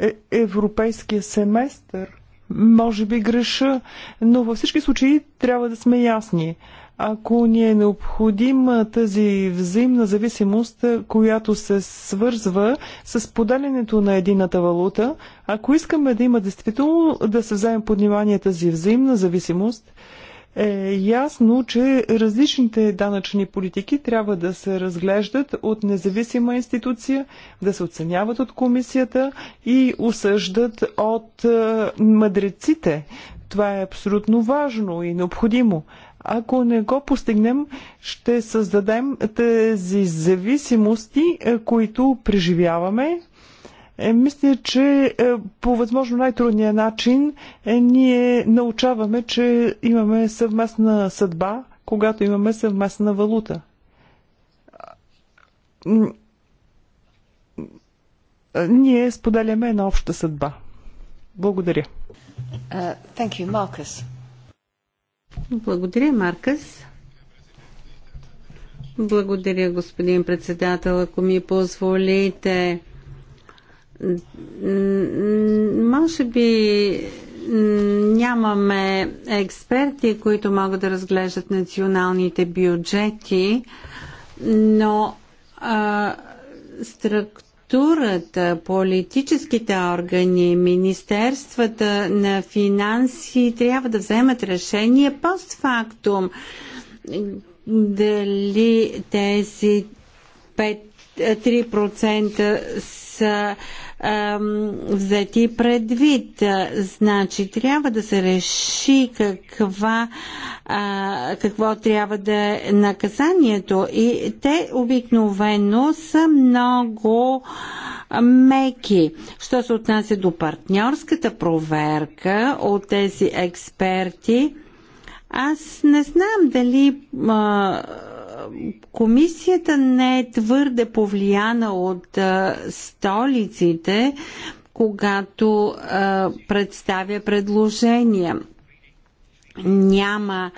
е европейския семестър. Може би греша, но във всички случаи трябва да сме ясни. Ако ни е необходима тази взаимна зависимост, която се свързва с поделянето на едината валута, ако искаме да има действително да се вземе под внимание тази взаимна зависимост, е ясно, че различните данъчни политики трябва да се разглеждат от независима институция, да се оценяват от комисията и осъждат от е, мъдреците. Това е абсолютно важно и необходимо. Ако не го постигнем, ще създадем тези зависимости, е, които преживяваме е, мисля, че е, по възможно най-трудния начин е, ние научаваме, че имаме съвместна съдба, когато имаме съвместна валута ние споделяме една обща съдба.
Благодаря. Uh, thank you, Marcus. Благодаря, Маркъс. Благодаря, господин председател. Ако ми позволите, може би нямаме експерти, които могат да разглеждат националните бюджети, но а, структурата, политическите органи, Министерствата на финанси трябва да вземат решение постфактум дали тези 5, 3% са взети предвид. Значи трябва да се реши каква, какво трябва да е наказанието. И те обикновено са много меки. Що се отнася до партньорската проверка от тези експерти, аз не знам дали а, комисията не е твърде повлияна от а, столиците, когато а, представя предложения. Няма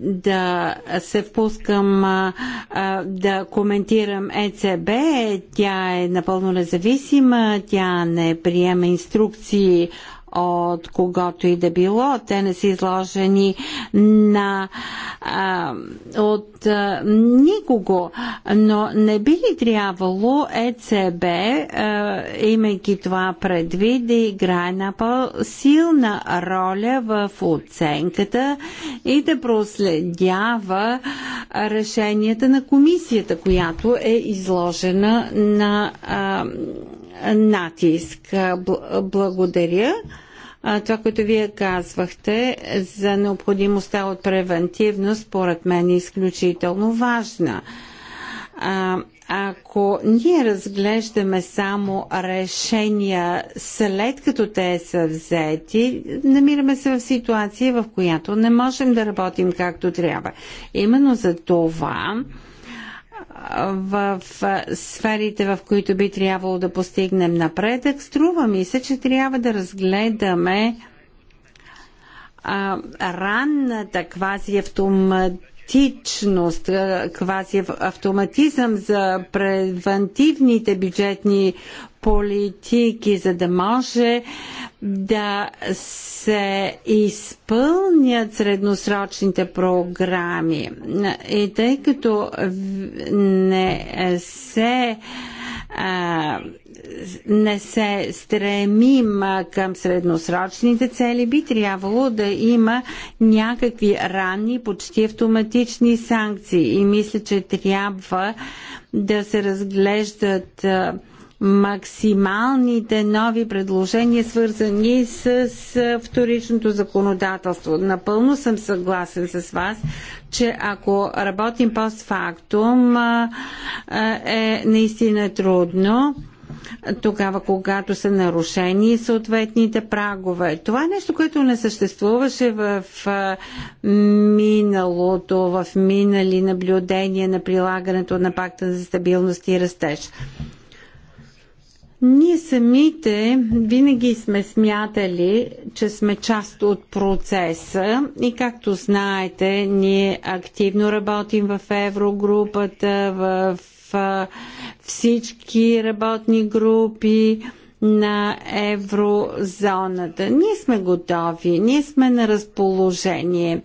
да се впускам да коментирам ЕЦБ. Тя е напълно независима, тя не приема инструкции от когото и да било. Те не са изложени на, а, от а, никого, но не би ли трябвало ЕЦБ, а, имайки това предвид, да играе една по-силна роля в оценката и да проследява решенията на комисията, която е изложена на а, натиск. Благодаря. Това, което вие казвахте за необходимостта от превентивност, според мен е изключително важна. А, ако ние разглеждаме само решения след като те са взети, намираме се в ситуация, в която не можем да работим както трябва. Именно за това в сферите, в които би трябвало да постигнем напредък, струва ми се, че трябва да разгледаме а, ранната квази автоматизация автоматичност, квази автоматизъм за превентивните бюджетни политики, за да може да се изпълнят средносрочните програми. И тъй като не се а, не се стремим към средносрочните цели, би трябвало да има някакви ранни, почти автоматични санкции. И мисля, че трябва да се разглеждат максималните нови предложения, свързани с вторичното законодателство. Напълно съм съгласен с вас, че ако работим постфактум е наистина трудно тогава, когато са нарушени съответните прагове. Това е нещо, което не съществуваше в миналото, в минали наблюдения на прилагането на пакта за стабилност и растеж. Ние самите винаги сме смятали, че сме част от процеса и както знаете, ние активно работим в Еврогрупата, в всички работни групи на еврозоната. Ние сме готови, ние сме на разположение.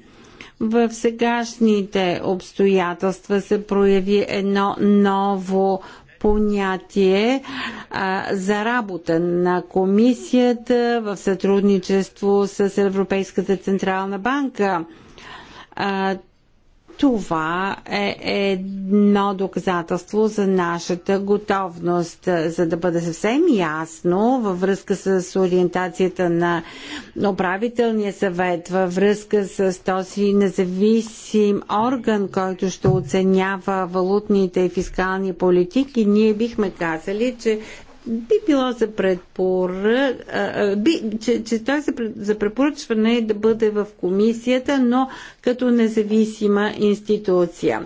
В сегашните обстоятелства се прояви едно ново понятие а, за работа на комисията в сътрудничество с Европейската централна банка. А, това е едно доказателство за нашата готовност, за да бъде съвсем ясно във връзка с ориентацията на управителния съвет, във връзка с този независим орган, който ще оценява валутните и фискални политики. Ние бихме казали, че би било за предпоръ... би, че, че той за, препоръчване да бъде в комисията, но като независима институция.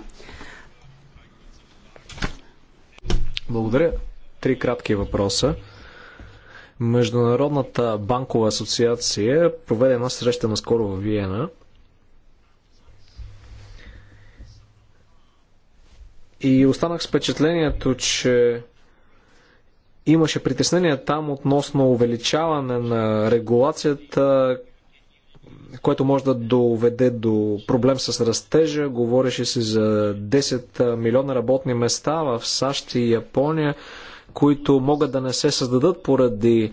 Благодаря. Три кратки въпроса. Международната банкова асоциация проведе една среща наскоро в Виена. И останах с впечатлението, че Имаше притеснения там относно увеличаване на регулацията, което може да доведе до проблем с растежа. Говореше се за 10 милиона работни места в САЩ и Япония, които могат да не се създадат поради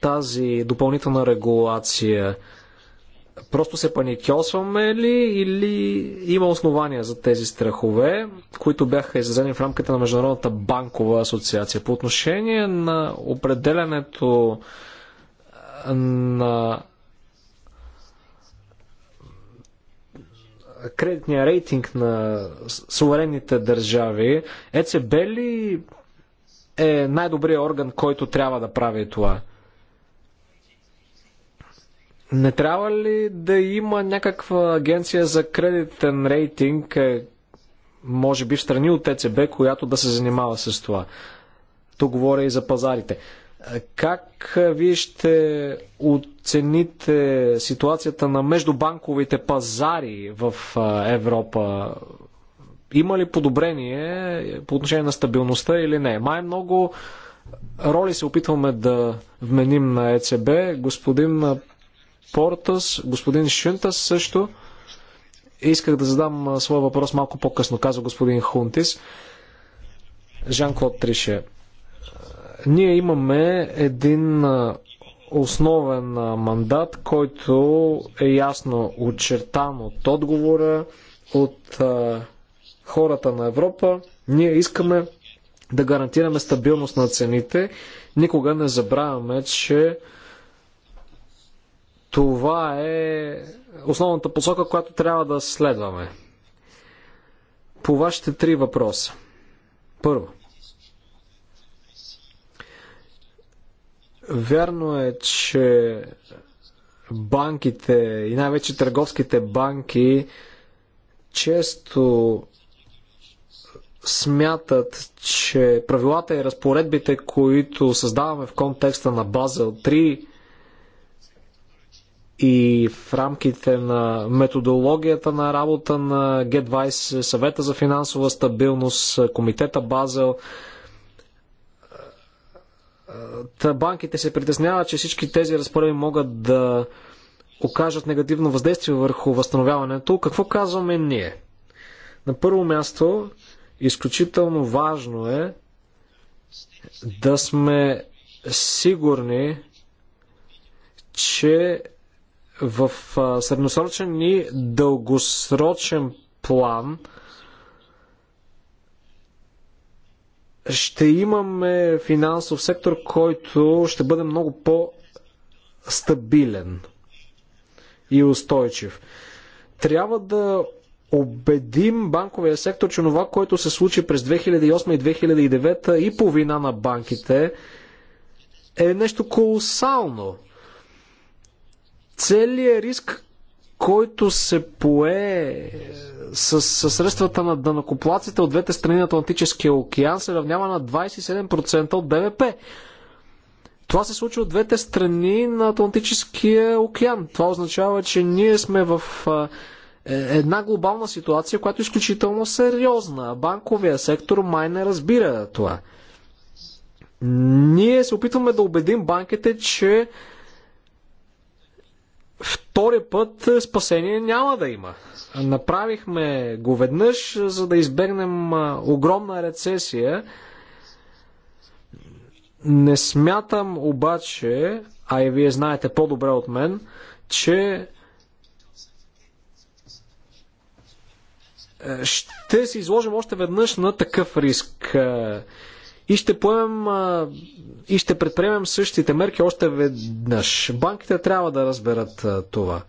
тази допълнителна регулация. Просто се паникьосваме ли или има основания за тези страхове, които бяха изразени в рамките на Международната банкова асоциация? По отношение на определенето на кредитния рейтинг на суверенните държави, ЕЦБ ли е най-добрият орган, който трябва да прави това? Не трябва ли да има някаква агенция за кредитен рейтинг, е, може би в страни от ЕЦБ, която да се занимава с това? То говоря и за пазарите. Е, как е, вие ще оцените ситуацията на междубанковите пазари в Европа? Има ли подобрение по отношение на стабилността или не? Май много роли се опитваме да вменим на ЕЦБ. Господин Портас, господин Шунтас също. Исках да задам своя въпрос малко по-късно, каза господин Хунтис. Жан-Клод Трише. Ние имаме един основен мандат, който е ясно очертан от отговора от хората на Европа. Ние искаме да гарантираме стабилност на цените. Никога не забравяме, че това е основната посока, която трябва да следваме. По вашите три въпроса. Първо. Вярно е, че банките и най-вече търговските банки често смятат, че правилата и разпоредбите, които създаваме в контекста на база 3, и в рамките на методологията на работа на G20, съвета за финансова стабилност, комитета Базел. Та банките се притесняват, че всички тези разпореди могат да окажат негативно въздействие върху възстановяването. Какво казваме ние? На първо място, изключително важно е да сме сигурни, че в средносрочен и дългосрочен план ще имаме финансов сектор, който ще бъде много по-стабилен и устойчив. Трябва да убедим банковия сектор, че това, което се случи през 2008 и 2009 и по вина на банките, е нещо колосално целият риск, който се пое е, с, с средствата на данакоплаците от двете страни на Атлантическия океан, се равнява на 27% от БВП. Това се случва от двете страни на Атлантическия океан. Това означава, че ние сме в е, една глобална ситуация, която е изключително сериозна. Банковия сектор май не разбира това. Ние се опитваме да убедим банките, че втори път е, спасение няма да има. Направихме го веднъж, е, за да избегнем е, огромна рецесия. Не смятам обаче, а и вие знаете по-добре от мен, че ще се изложим още веднъж на такъв риск. И ще поемем и ще предприемем същите мерки още веднъж. Банките трябва да разберат това.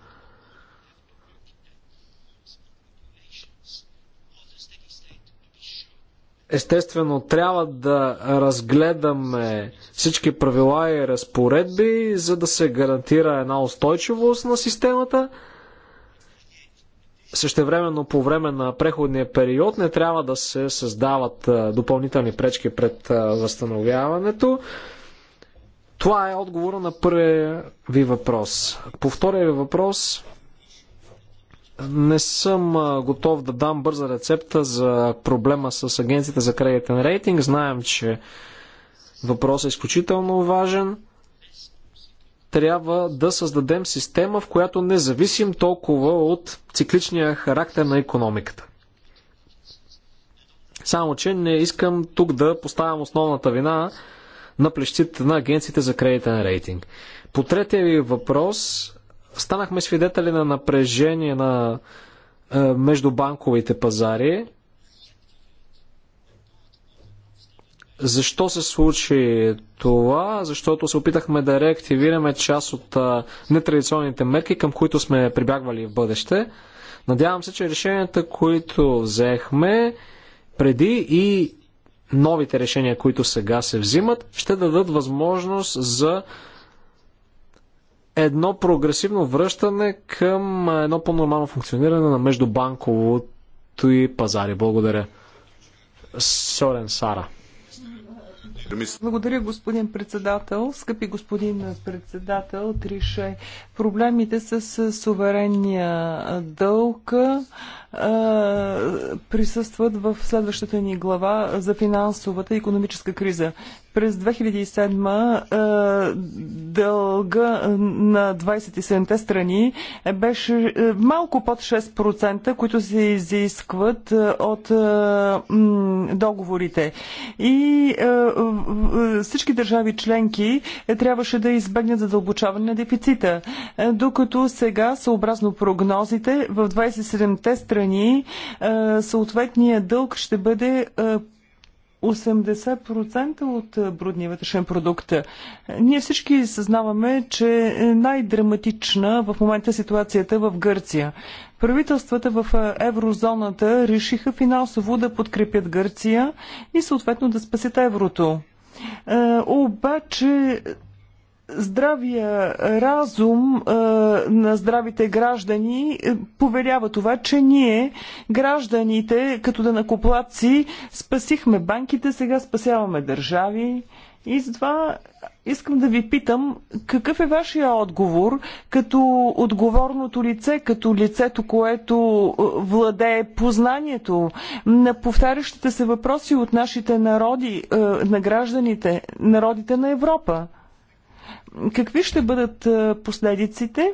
Естествено, трябва да разгледаме всички правила и разпоредби, за да се гарантира една устойчивост на системата. Същевременно по време на преходния период не трябва да се създават допълнителни пречки пред възстановяването. Това е отговора на първия ви въпрос. По втория ви въпрос не съм готов да дам бърза рецепта за проблема с агенцията за кредитен рейтинг. Знаем, че въпросът е изключително важен трябва да създадем система, в която не зависим толкова от цикличния характер на економиката. Само, че не искам тук да поставям основната вина на плещите на агенциите за кредитен рейтинг. По третия ви въпрос, станахме свидетели на напрежение на е, междубанковите пазари. Защо се случи това? Защото се опитахме да реактивираме част от нетрадиционните мерки, към които сме прибягвали в бъдеще. Надявам се, че решенията, които взехме преди и новите решения, които сега се взимат, ще дадат възможност за едно прогресивно връщане към едно по-нормално функциониране на междубанковото и пазари. Благодаря. Сорен Сара.
Благодаря, господин председател. Скъпи господин председател, Трише, проблемите с суверенния дълг присъстват в следващата ни глава за финансовата и економическа криза. През 2007 дълга на 27-те страни беше малко под 6%, които се изискват от договорите. И всички държави членки е, трябваше да избегнат задълбочаване на дефицита. Е, докато сега, съобразно прогнозите, в 27-те страни органи, е, съответният дълг ще бъде 80% е, от е, брудния вътрешен продукт. Ние всички съзнаваме, че е най-драматична в момента ситуацията в Гърция. Правителствата в еврозоната решиха финансово да подкрепят Гърция и съответно да спасят еврото. Обаче здравия разум а, на здравите граждани е, поверява това, че ние, гражданите, като да накоплаци, спасихме банките, сега спасяваме държави. И затова искам да ви питам, какъв е вашия отговор като отговорното лице, като лицето, което е, владее познанието на повтарящите се въпроси от нашите народи, е, на гражданите, народите на Европа? Какви ще бъдат последиците?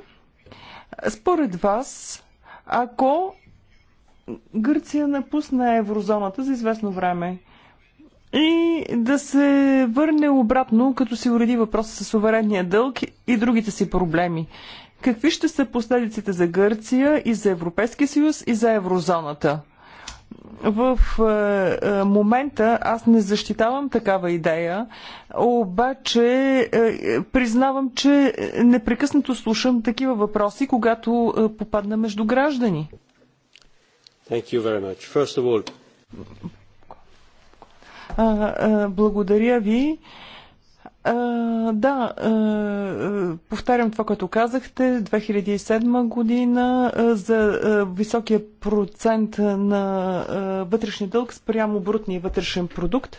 Според вас, ако Гърция напусне еврозоната за известно време и да се върне обратно, като си уреди въпроса с суверенния дълг и другите си проблеми. Какви ще са последиците за Гърция и за Европейския съюз и за еврозоната? в е, е, момента аз не защитавам такава идея, обаче е, е, признавам, че непрекъснато слушам такива въпроси, когато е, попадна между граждани.
Thank you very much. First of all...
а, а, благодаря ви. А, а, да, а, повтарям това, което казахте. 2007 година а, за а, високия процент на а, вътрешния дълг спрямо брутния вътрешен продукт.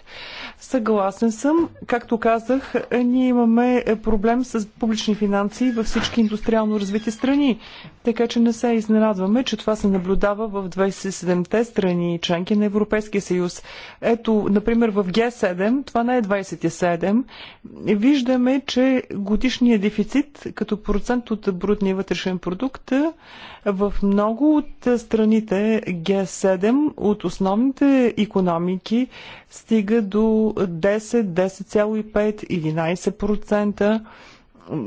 Съгласен съм. Както казах, ние имаме проблем с публични финанси във всички индустриално развити страни. Така че не се изненадваме, че това се наблюдава в 27-те страни, членки на Европейския съюз. Ето, например, в Г7, това не е 27, виждаме, че годишният дефицит като процент от брутния вътрешен продукт в много от страните Г7 от основните економики стига до 10, 10,5, 11%,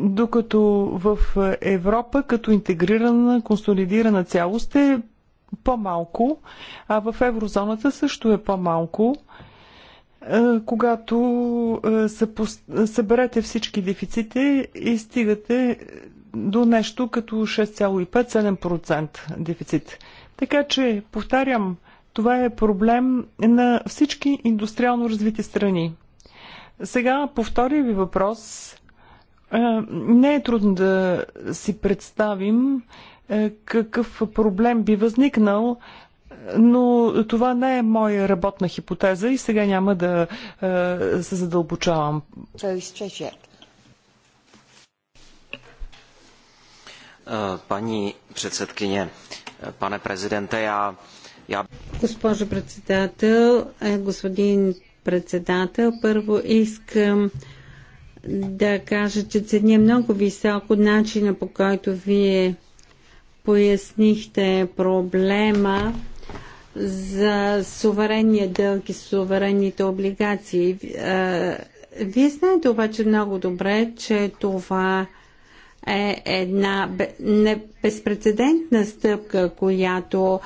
докато в Европа като интегрирана, консолидирана цялост е по-малко, а в еврозоната също е по-малко е, когато е, съберете всички дефицити и стигате до нещо като 6,5-7% дефицит. Така че, повтарям, това е проблем на всички индустриално развити страни. Сега, по втория ви въпрос, е, не е трудно да си представим какъв проблем би възникнал, но това не е моя работна хипотеза и сега няма да е, се задълбочавам.
Е,
пани председкиня, е, пане президенте, я... я...
Госпожо председател, господин председател, първо искам да кажа, че ценя много високо начина по който вие пояснихте проблема за суверенния дълг и суверенните облигации. Вие знаете обаче много добре, че това е една безпредседентна стъпка, която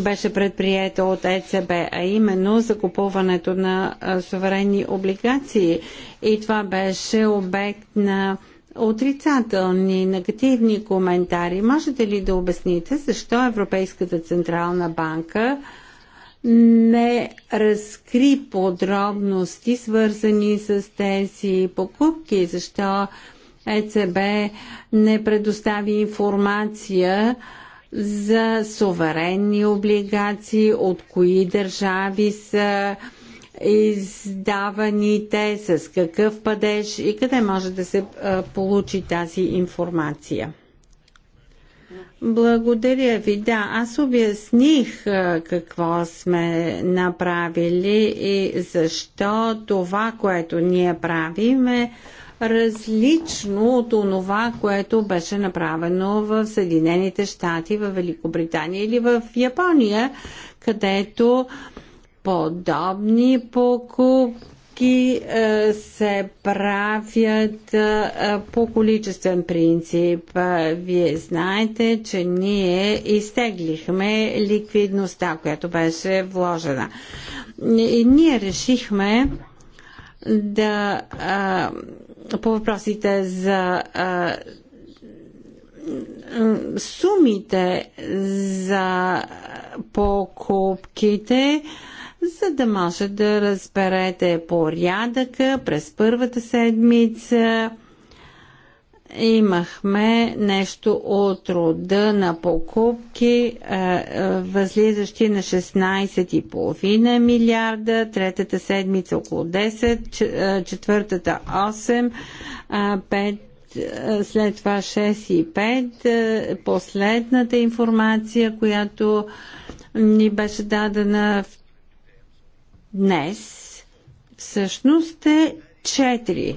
беше предприета от ЕЦБ, а именно закупуването на суверенни облигации. И това беше обект на отрицателни, негативни коментари. Можете ли да обясните защо Европейската Централна банка не разкри подробности, свързани с тези покупки? Защо ЕЦБ не предостави информация за суверенни облигации, от кои държави са издаваните, с какъв падеж и къде може да се получи тази информация. Благодаря ви. Да, аз обясних какво сме направили и защо това, което ние правим е различно от това, което беше направено в Съединените щати, в Великобритания или в Япония, където подобни покупки е, се правят е, по количествен принцип. Е, вие знаете, че ние изтеглихме ликвидността, която беше вложена. И ние решихме да а, по въпросите за а, сумите за покупките за да може да разберете порядъка през първата седмица. Имахме нещо от рода на покупки, е, е, възлизащи на 16,5 милиарда, третата седмица около 10, е, четвъртата 8, 5 след това 6 и 5. Последната информация, която ни беше дадена в днес всъщност е 4.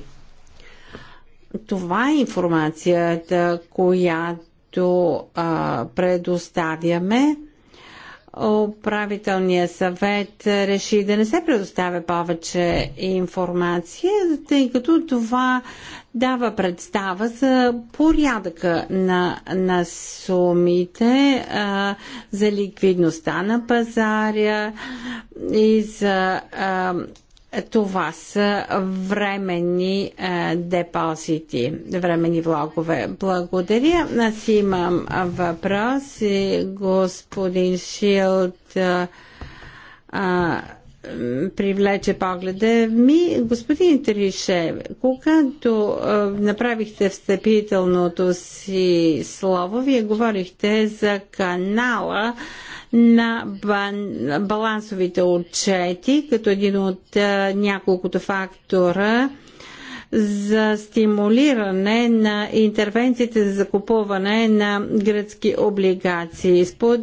Това е информацията, която а, предоставяме. Управителният съвет реши да не се предоставя повече информация, тъй като това дава представа за порядъка на, на сумите, а, за ликвидността на пазаря и за. А, това са временни а, депозити, временни влогове. Благодаря. Аз имам въпрос. Господин Шилд. а, привлече погледа ми. Господин Трише, когато е, направихте встъпителното си слово, вие говорихте за канала на балансовите отчети, като един от е, няколкото фактора – за стимулиране на интервенциите за закупуване на гръцки облигации. Според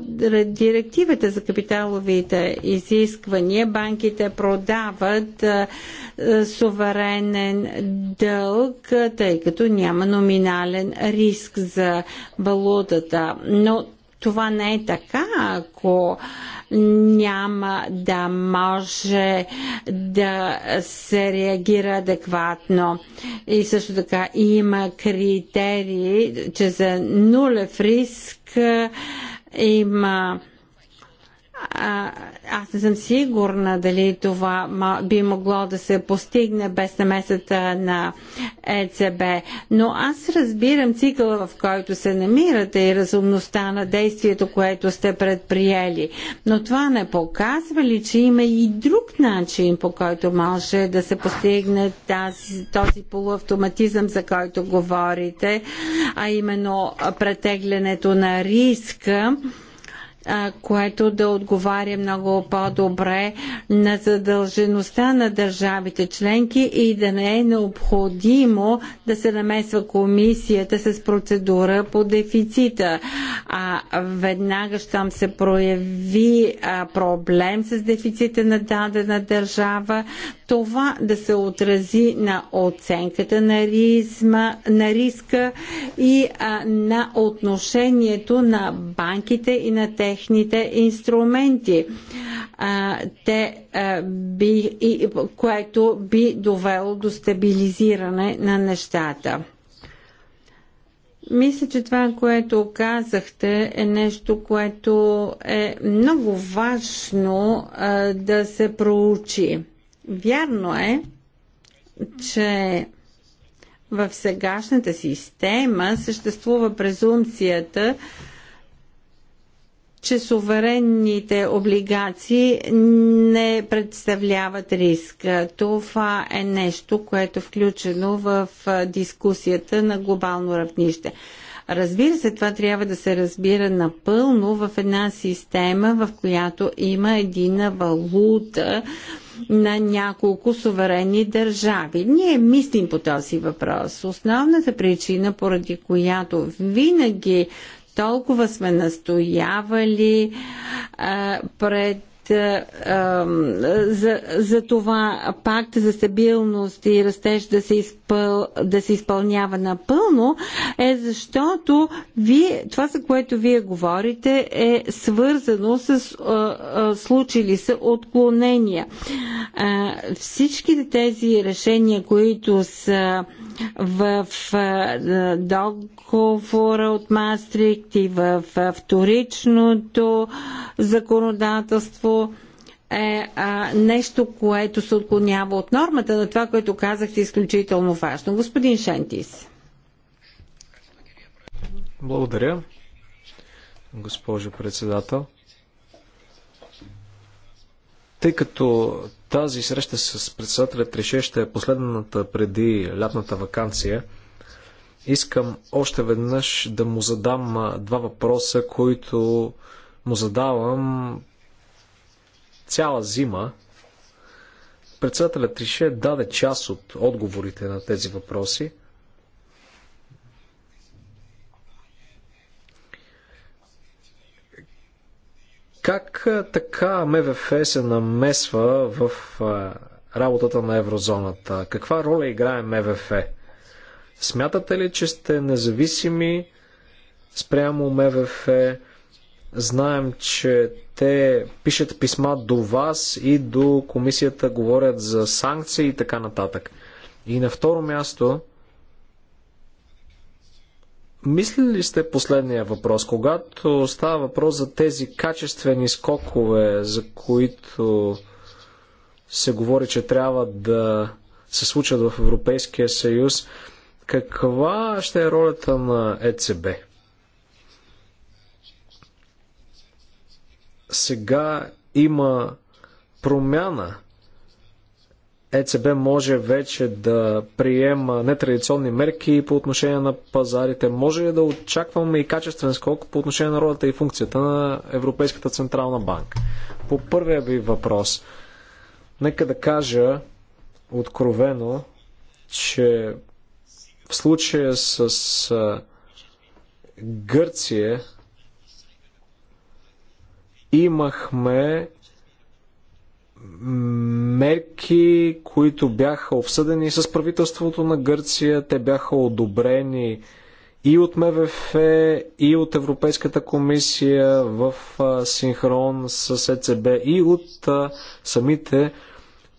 директивата за капиталовите изисквания, банките продават е, е, суверенен дълг, тъй като няма номинален риск за валутата. Но това не е така, ако няма да може да се реагира адекватно. И също така има критерии, че за нулев риск има а, аз не съм сигурна дали това би могло да се постигне без намесата на ЕЦБ, но аз разбирам цикъла, в който се намирате и разумността на действието, което сте предприели. Но това не показва ли, че има и друг начин, по който може да се постигне тази, този полуавтоматизъм, за който говорите, а именно претеглянето на риска което да отговаря много по-добре на задължеността на държавите членки и да не е необходимо да се намесва комисията с процедура по дефицита. А веднага, щом се прояви проблем с дефицита на дадена държава, това да се отрази на оценката на, ризма, на риска и а, на отношението на банките и на тези техните инструменти, а, те, а, би, и, което би довело до стабилизиране на нещата. Мисля, че това, което казахте, е нещо, което е много важно а, да се проучи. Вярно е, че в сегашната система съществува презумцията, че суверенните облигации не представляват риск. Това е нещо, което е включено в дискусията на глобално равнище. Разбира се, това трябва да се разбира напълно в една система, в която има едина валута на няколко суверенни държави. Ние мислим по този въпрос. Основната причина, поради която винаги толкова сме настоявали а, пред за, за това пакт за стабилност и растеж да се, изпъл, да се изпълнява напълно, е защото вие, това, за което вие говорите, е свързано с а, а, случили се отклонения. А, всичките тези решения, които са в договора от Мастрикт и в вторичното законодателство е а, нещо, което се отклонява от нормата на това, което казахте, е изключително важно. Господин Шентис.
Благодаря, госпожо председател. Тъй като тази среща с председателя Трише ще е последната преди лятната вакансия. Искам още веднъж да му задам два въпроса, които му задавам цяла зима. Председателя Трише даде част от отговорите на тези въпроси. Как така МВФ се намесва в работата на еврозоната? Каква роля играе МВФ? Смятате ли, че сте независими спрямо МВФ? Знаем, че те пишат писма до вас и до комисията, говорят за санкции и така нататък. И на второ място, Мислили ли сте последния въпрос? Когато става въпрос за тези качествени скокове, за които се говори, че трябва да се случат в Европейския съюз, каква ще е ролята на ЕЦБ? Сега има промяна ЕЦБ може вече да приема нетрадиционни мерки по отношение на пазарите. Може ли да очакваме и качествен скок по отношение на ролята и функцията на Европейската Централна банка? По първия ви въпрос, нека да кажа откровено, че в случая с Гърция имахме мерки, които бяха обсъдени с правителството на Гърция. Те бяха одобрени и от МВФ, и от Европейската комисия в синхрон с ЕЦБ, и от самите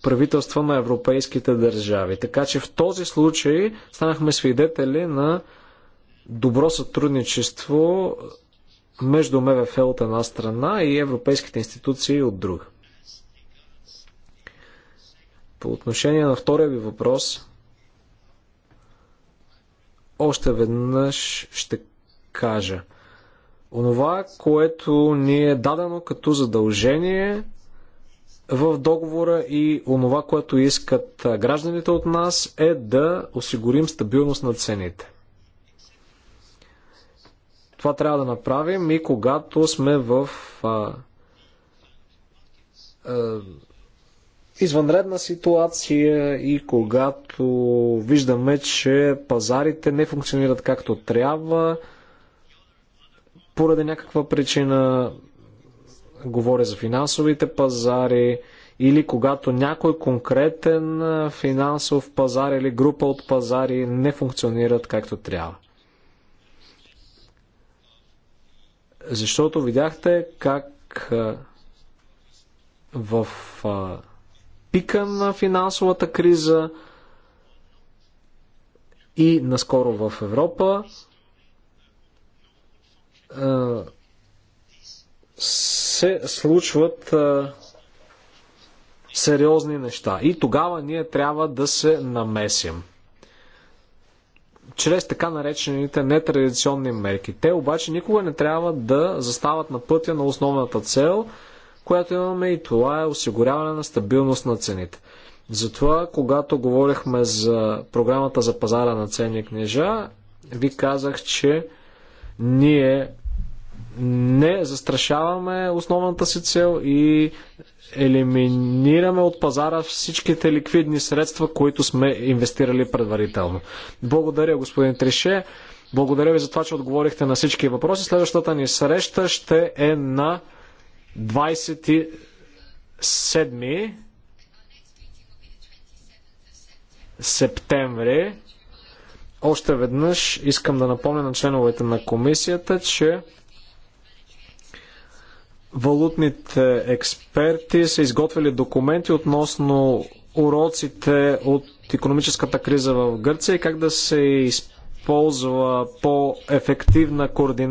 правителства на европейските държави. Така че в този случай станахме свидетели на добро сътрудничество между МВФ от една страна и европейските институции от друга. По отношение на втория ви въпрос, още веднъж ще кажа. Онова, което ни е дадено като задължение в договора и онова, което искат гражданите от нас е да осигурим стабилност на цените. Това трябва да направим и когато сме в а, а, извънредна ситуация и когато виждаме, че пазарите не функционират както трябва, поради някаква причина, говоря за финансовите пазари, или когато някой конкретен финансов пазар или група от пазари не функционират както трябва. Защото видяхте как в пика на финансовата криза и наскоро в Европа е, се случват е, сериозни неща. И тогава ние трябва да се намесим. Чрез така наречените нетрадиционни мерки. Те обаче никога не трябва да застават на пътя на основната цел – която имаме и това е осигуряване на стабилност на цените. Затова, когато говорихме за програмата за пазара на ценни книжа, ви казах, че ние не застрашаваме основната си цел и елиминираме от пазара всичките ликвидни средства, които сме инвестирали предварително. Благодаря, господин Трише. Благодаря ви за това, че отговорихте на всички въпроси. Следващата ни среща ще е на 27 септември още веднъж искам да напомня на членовете на комисията, че валутните експерти са изготвили документи относно уроците от економическата криза в Гърция и как да се използва по-ефективна координация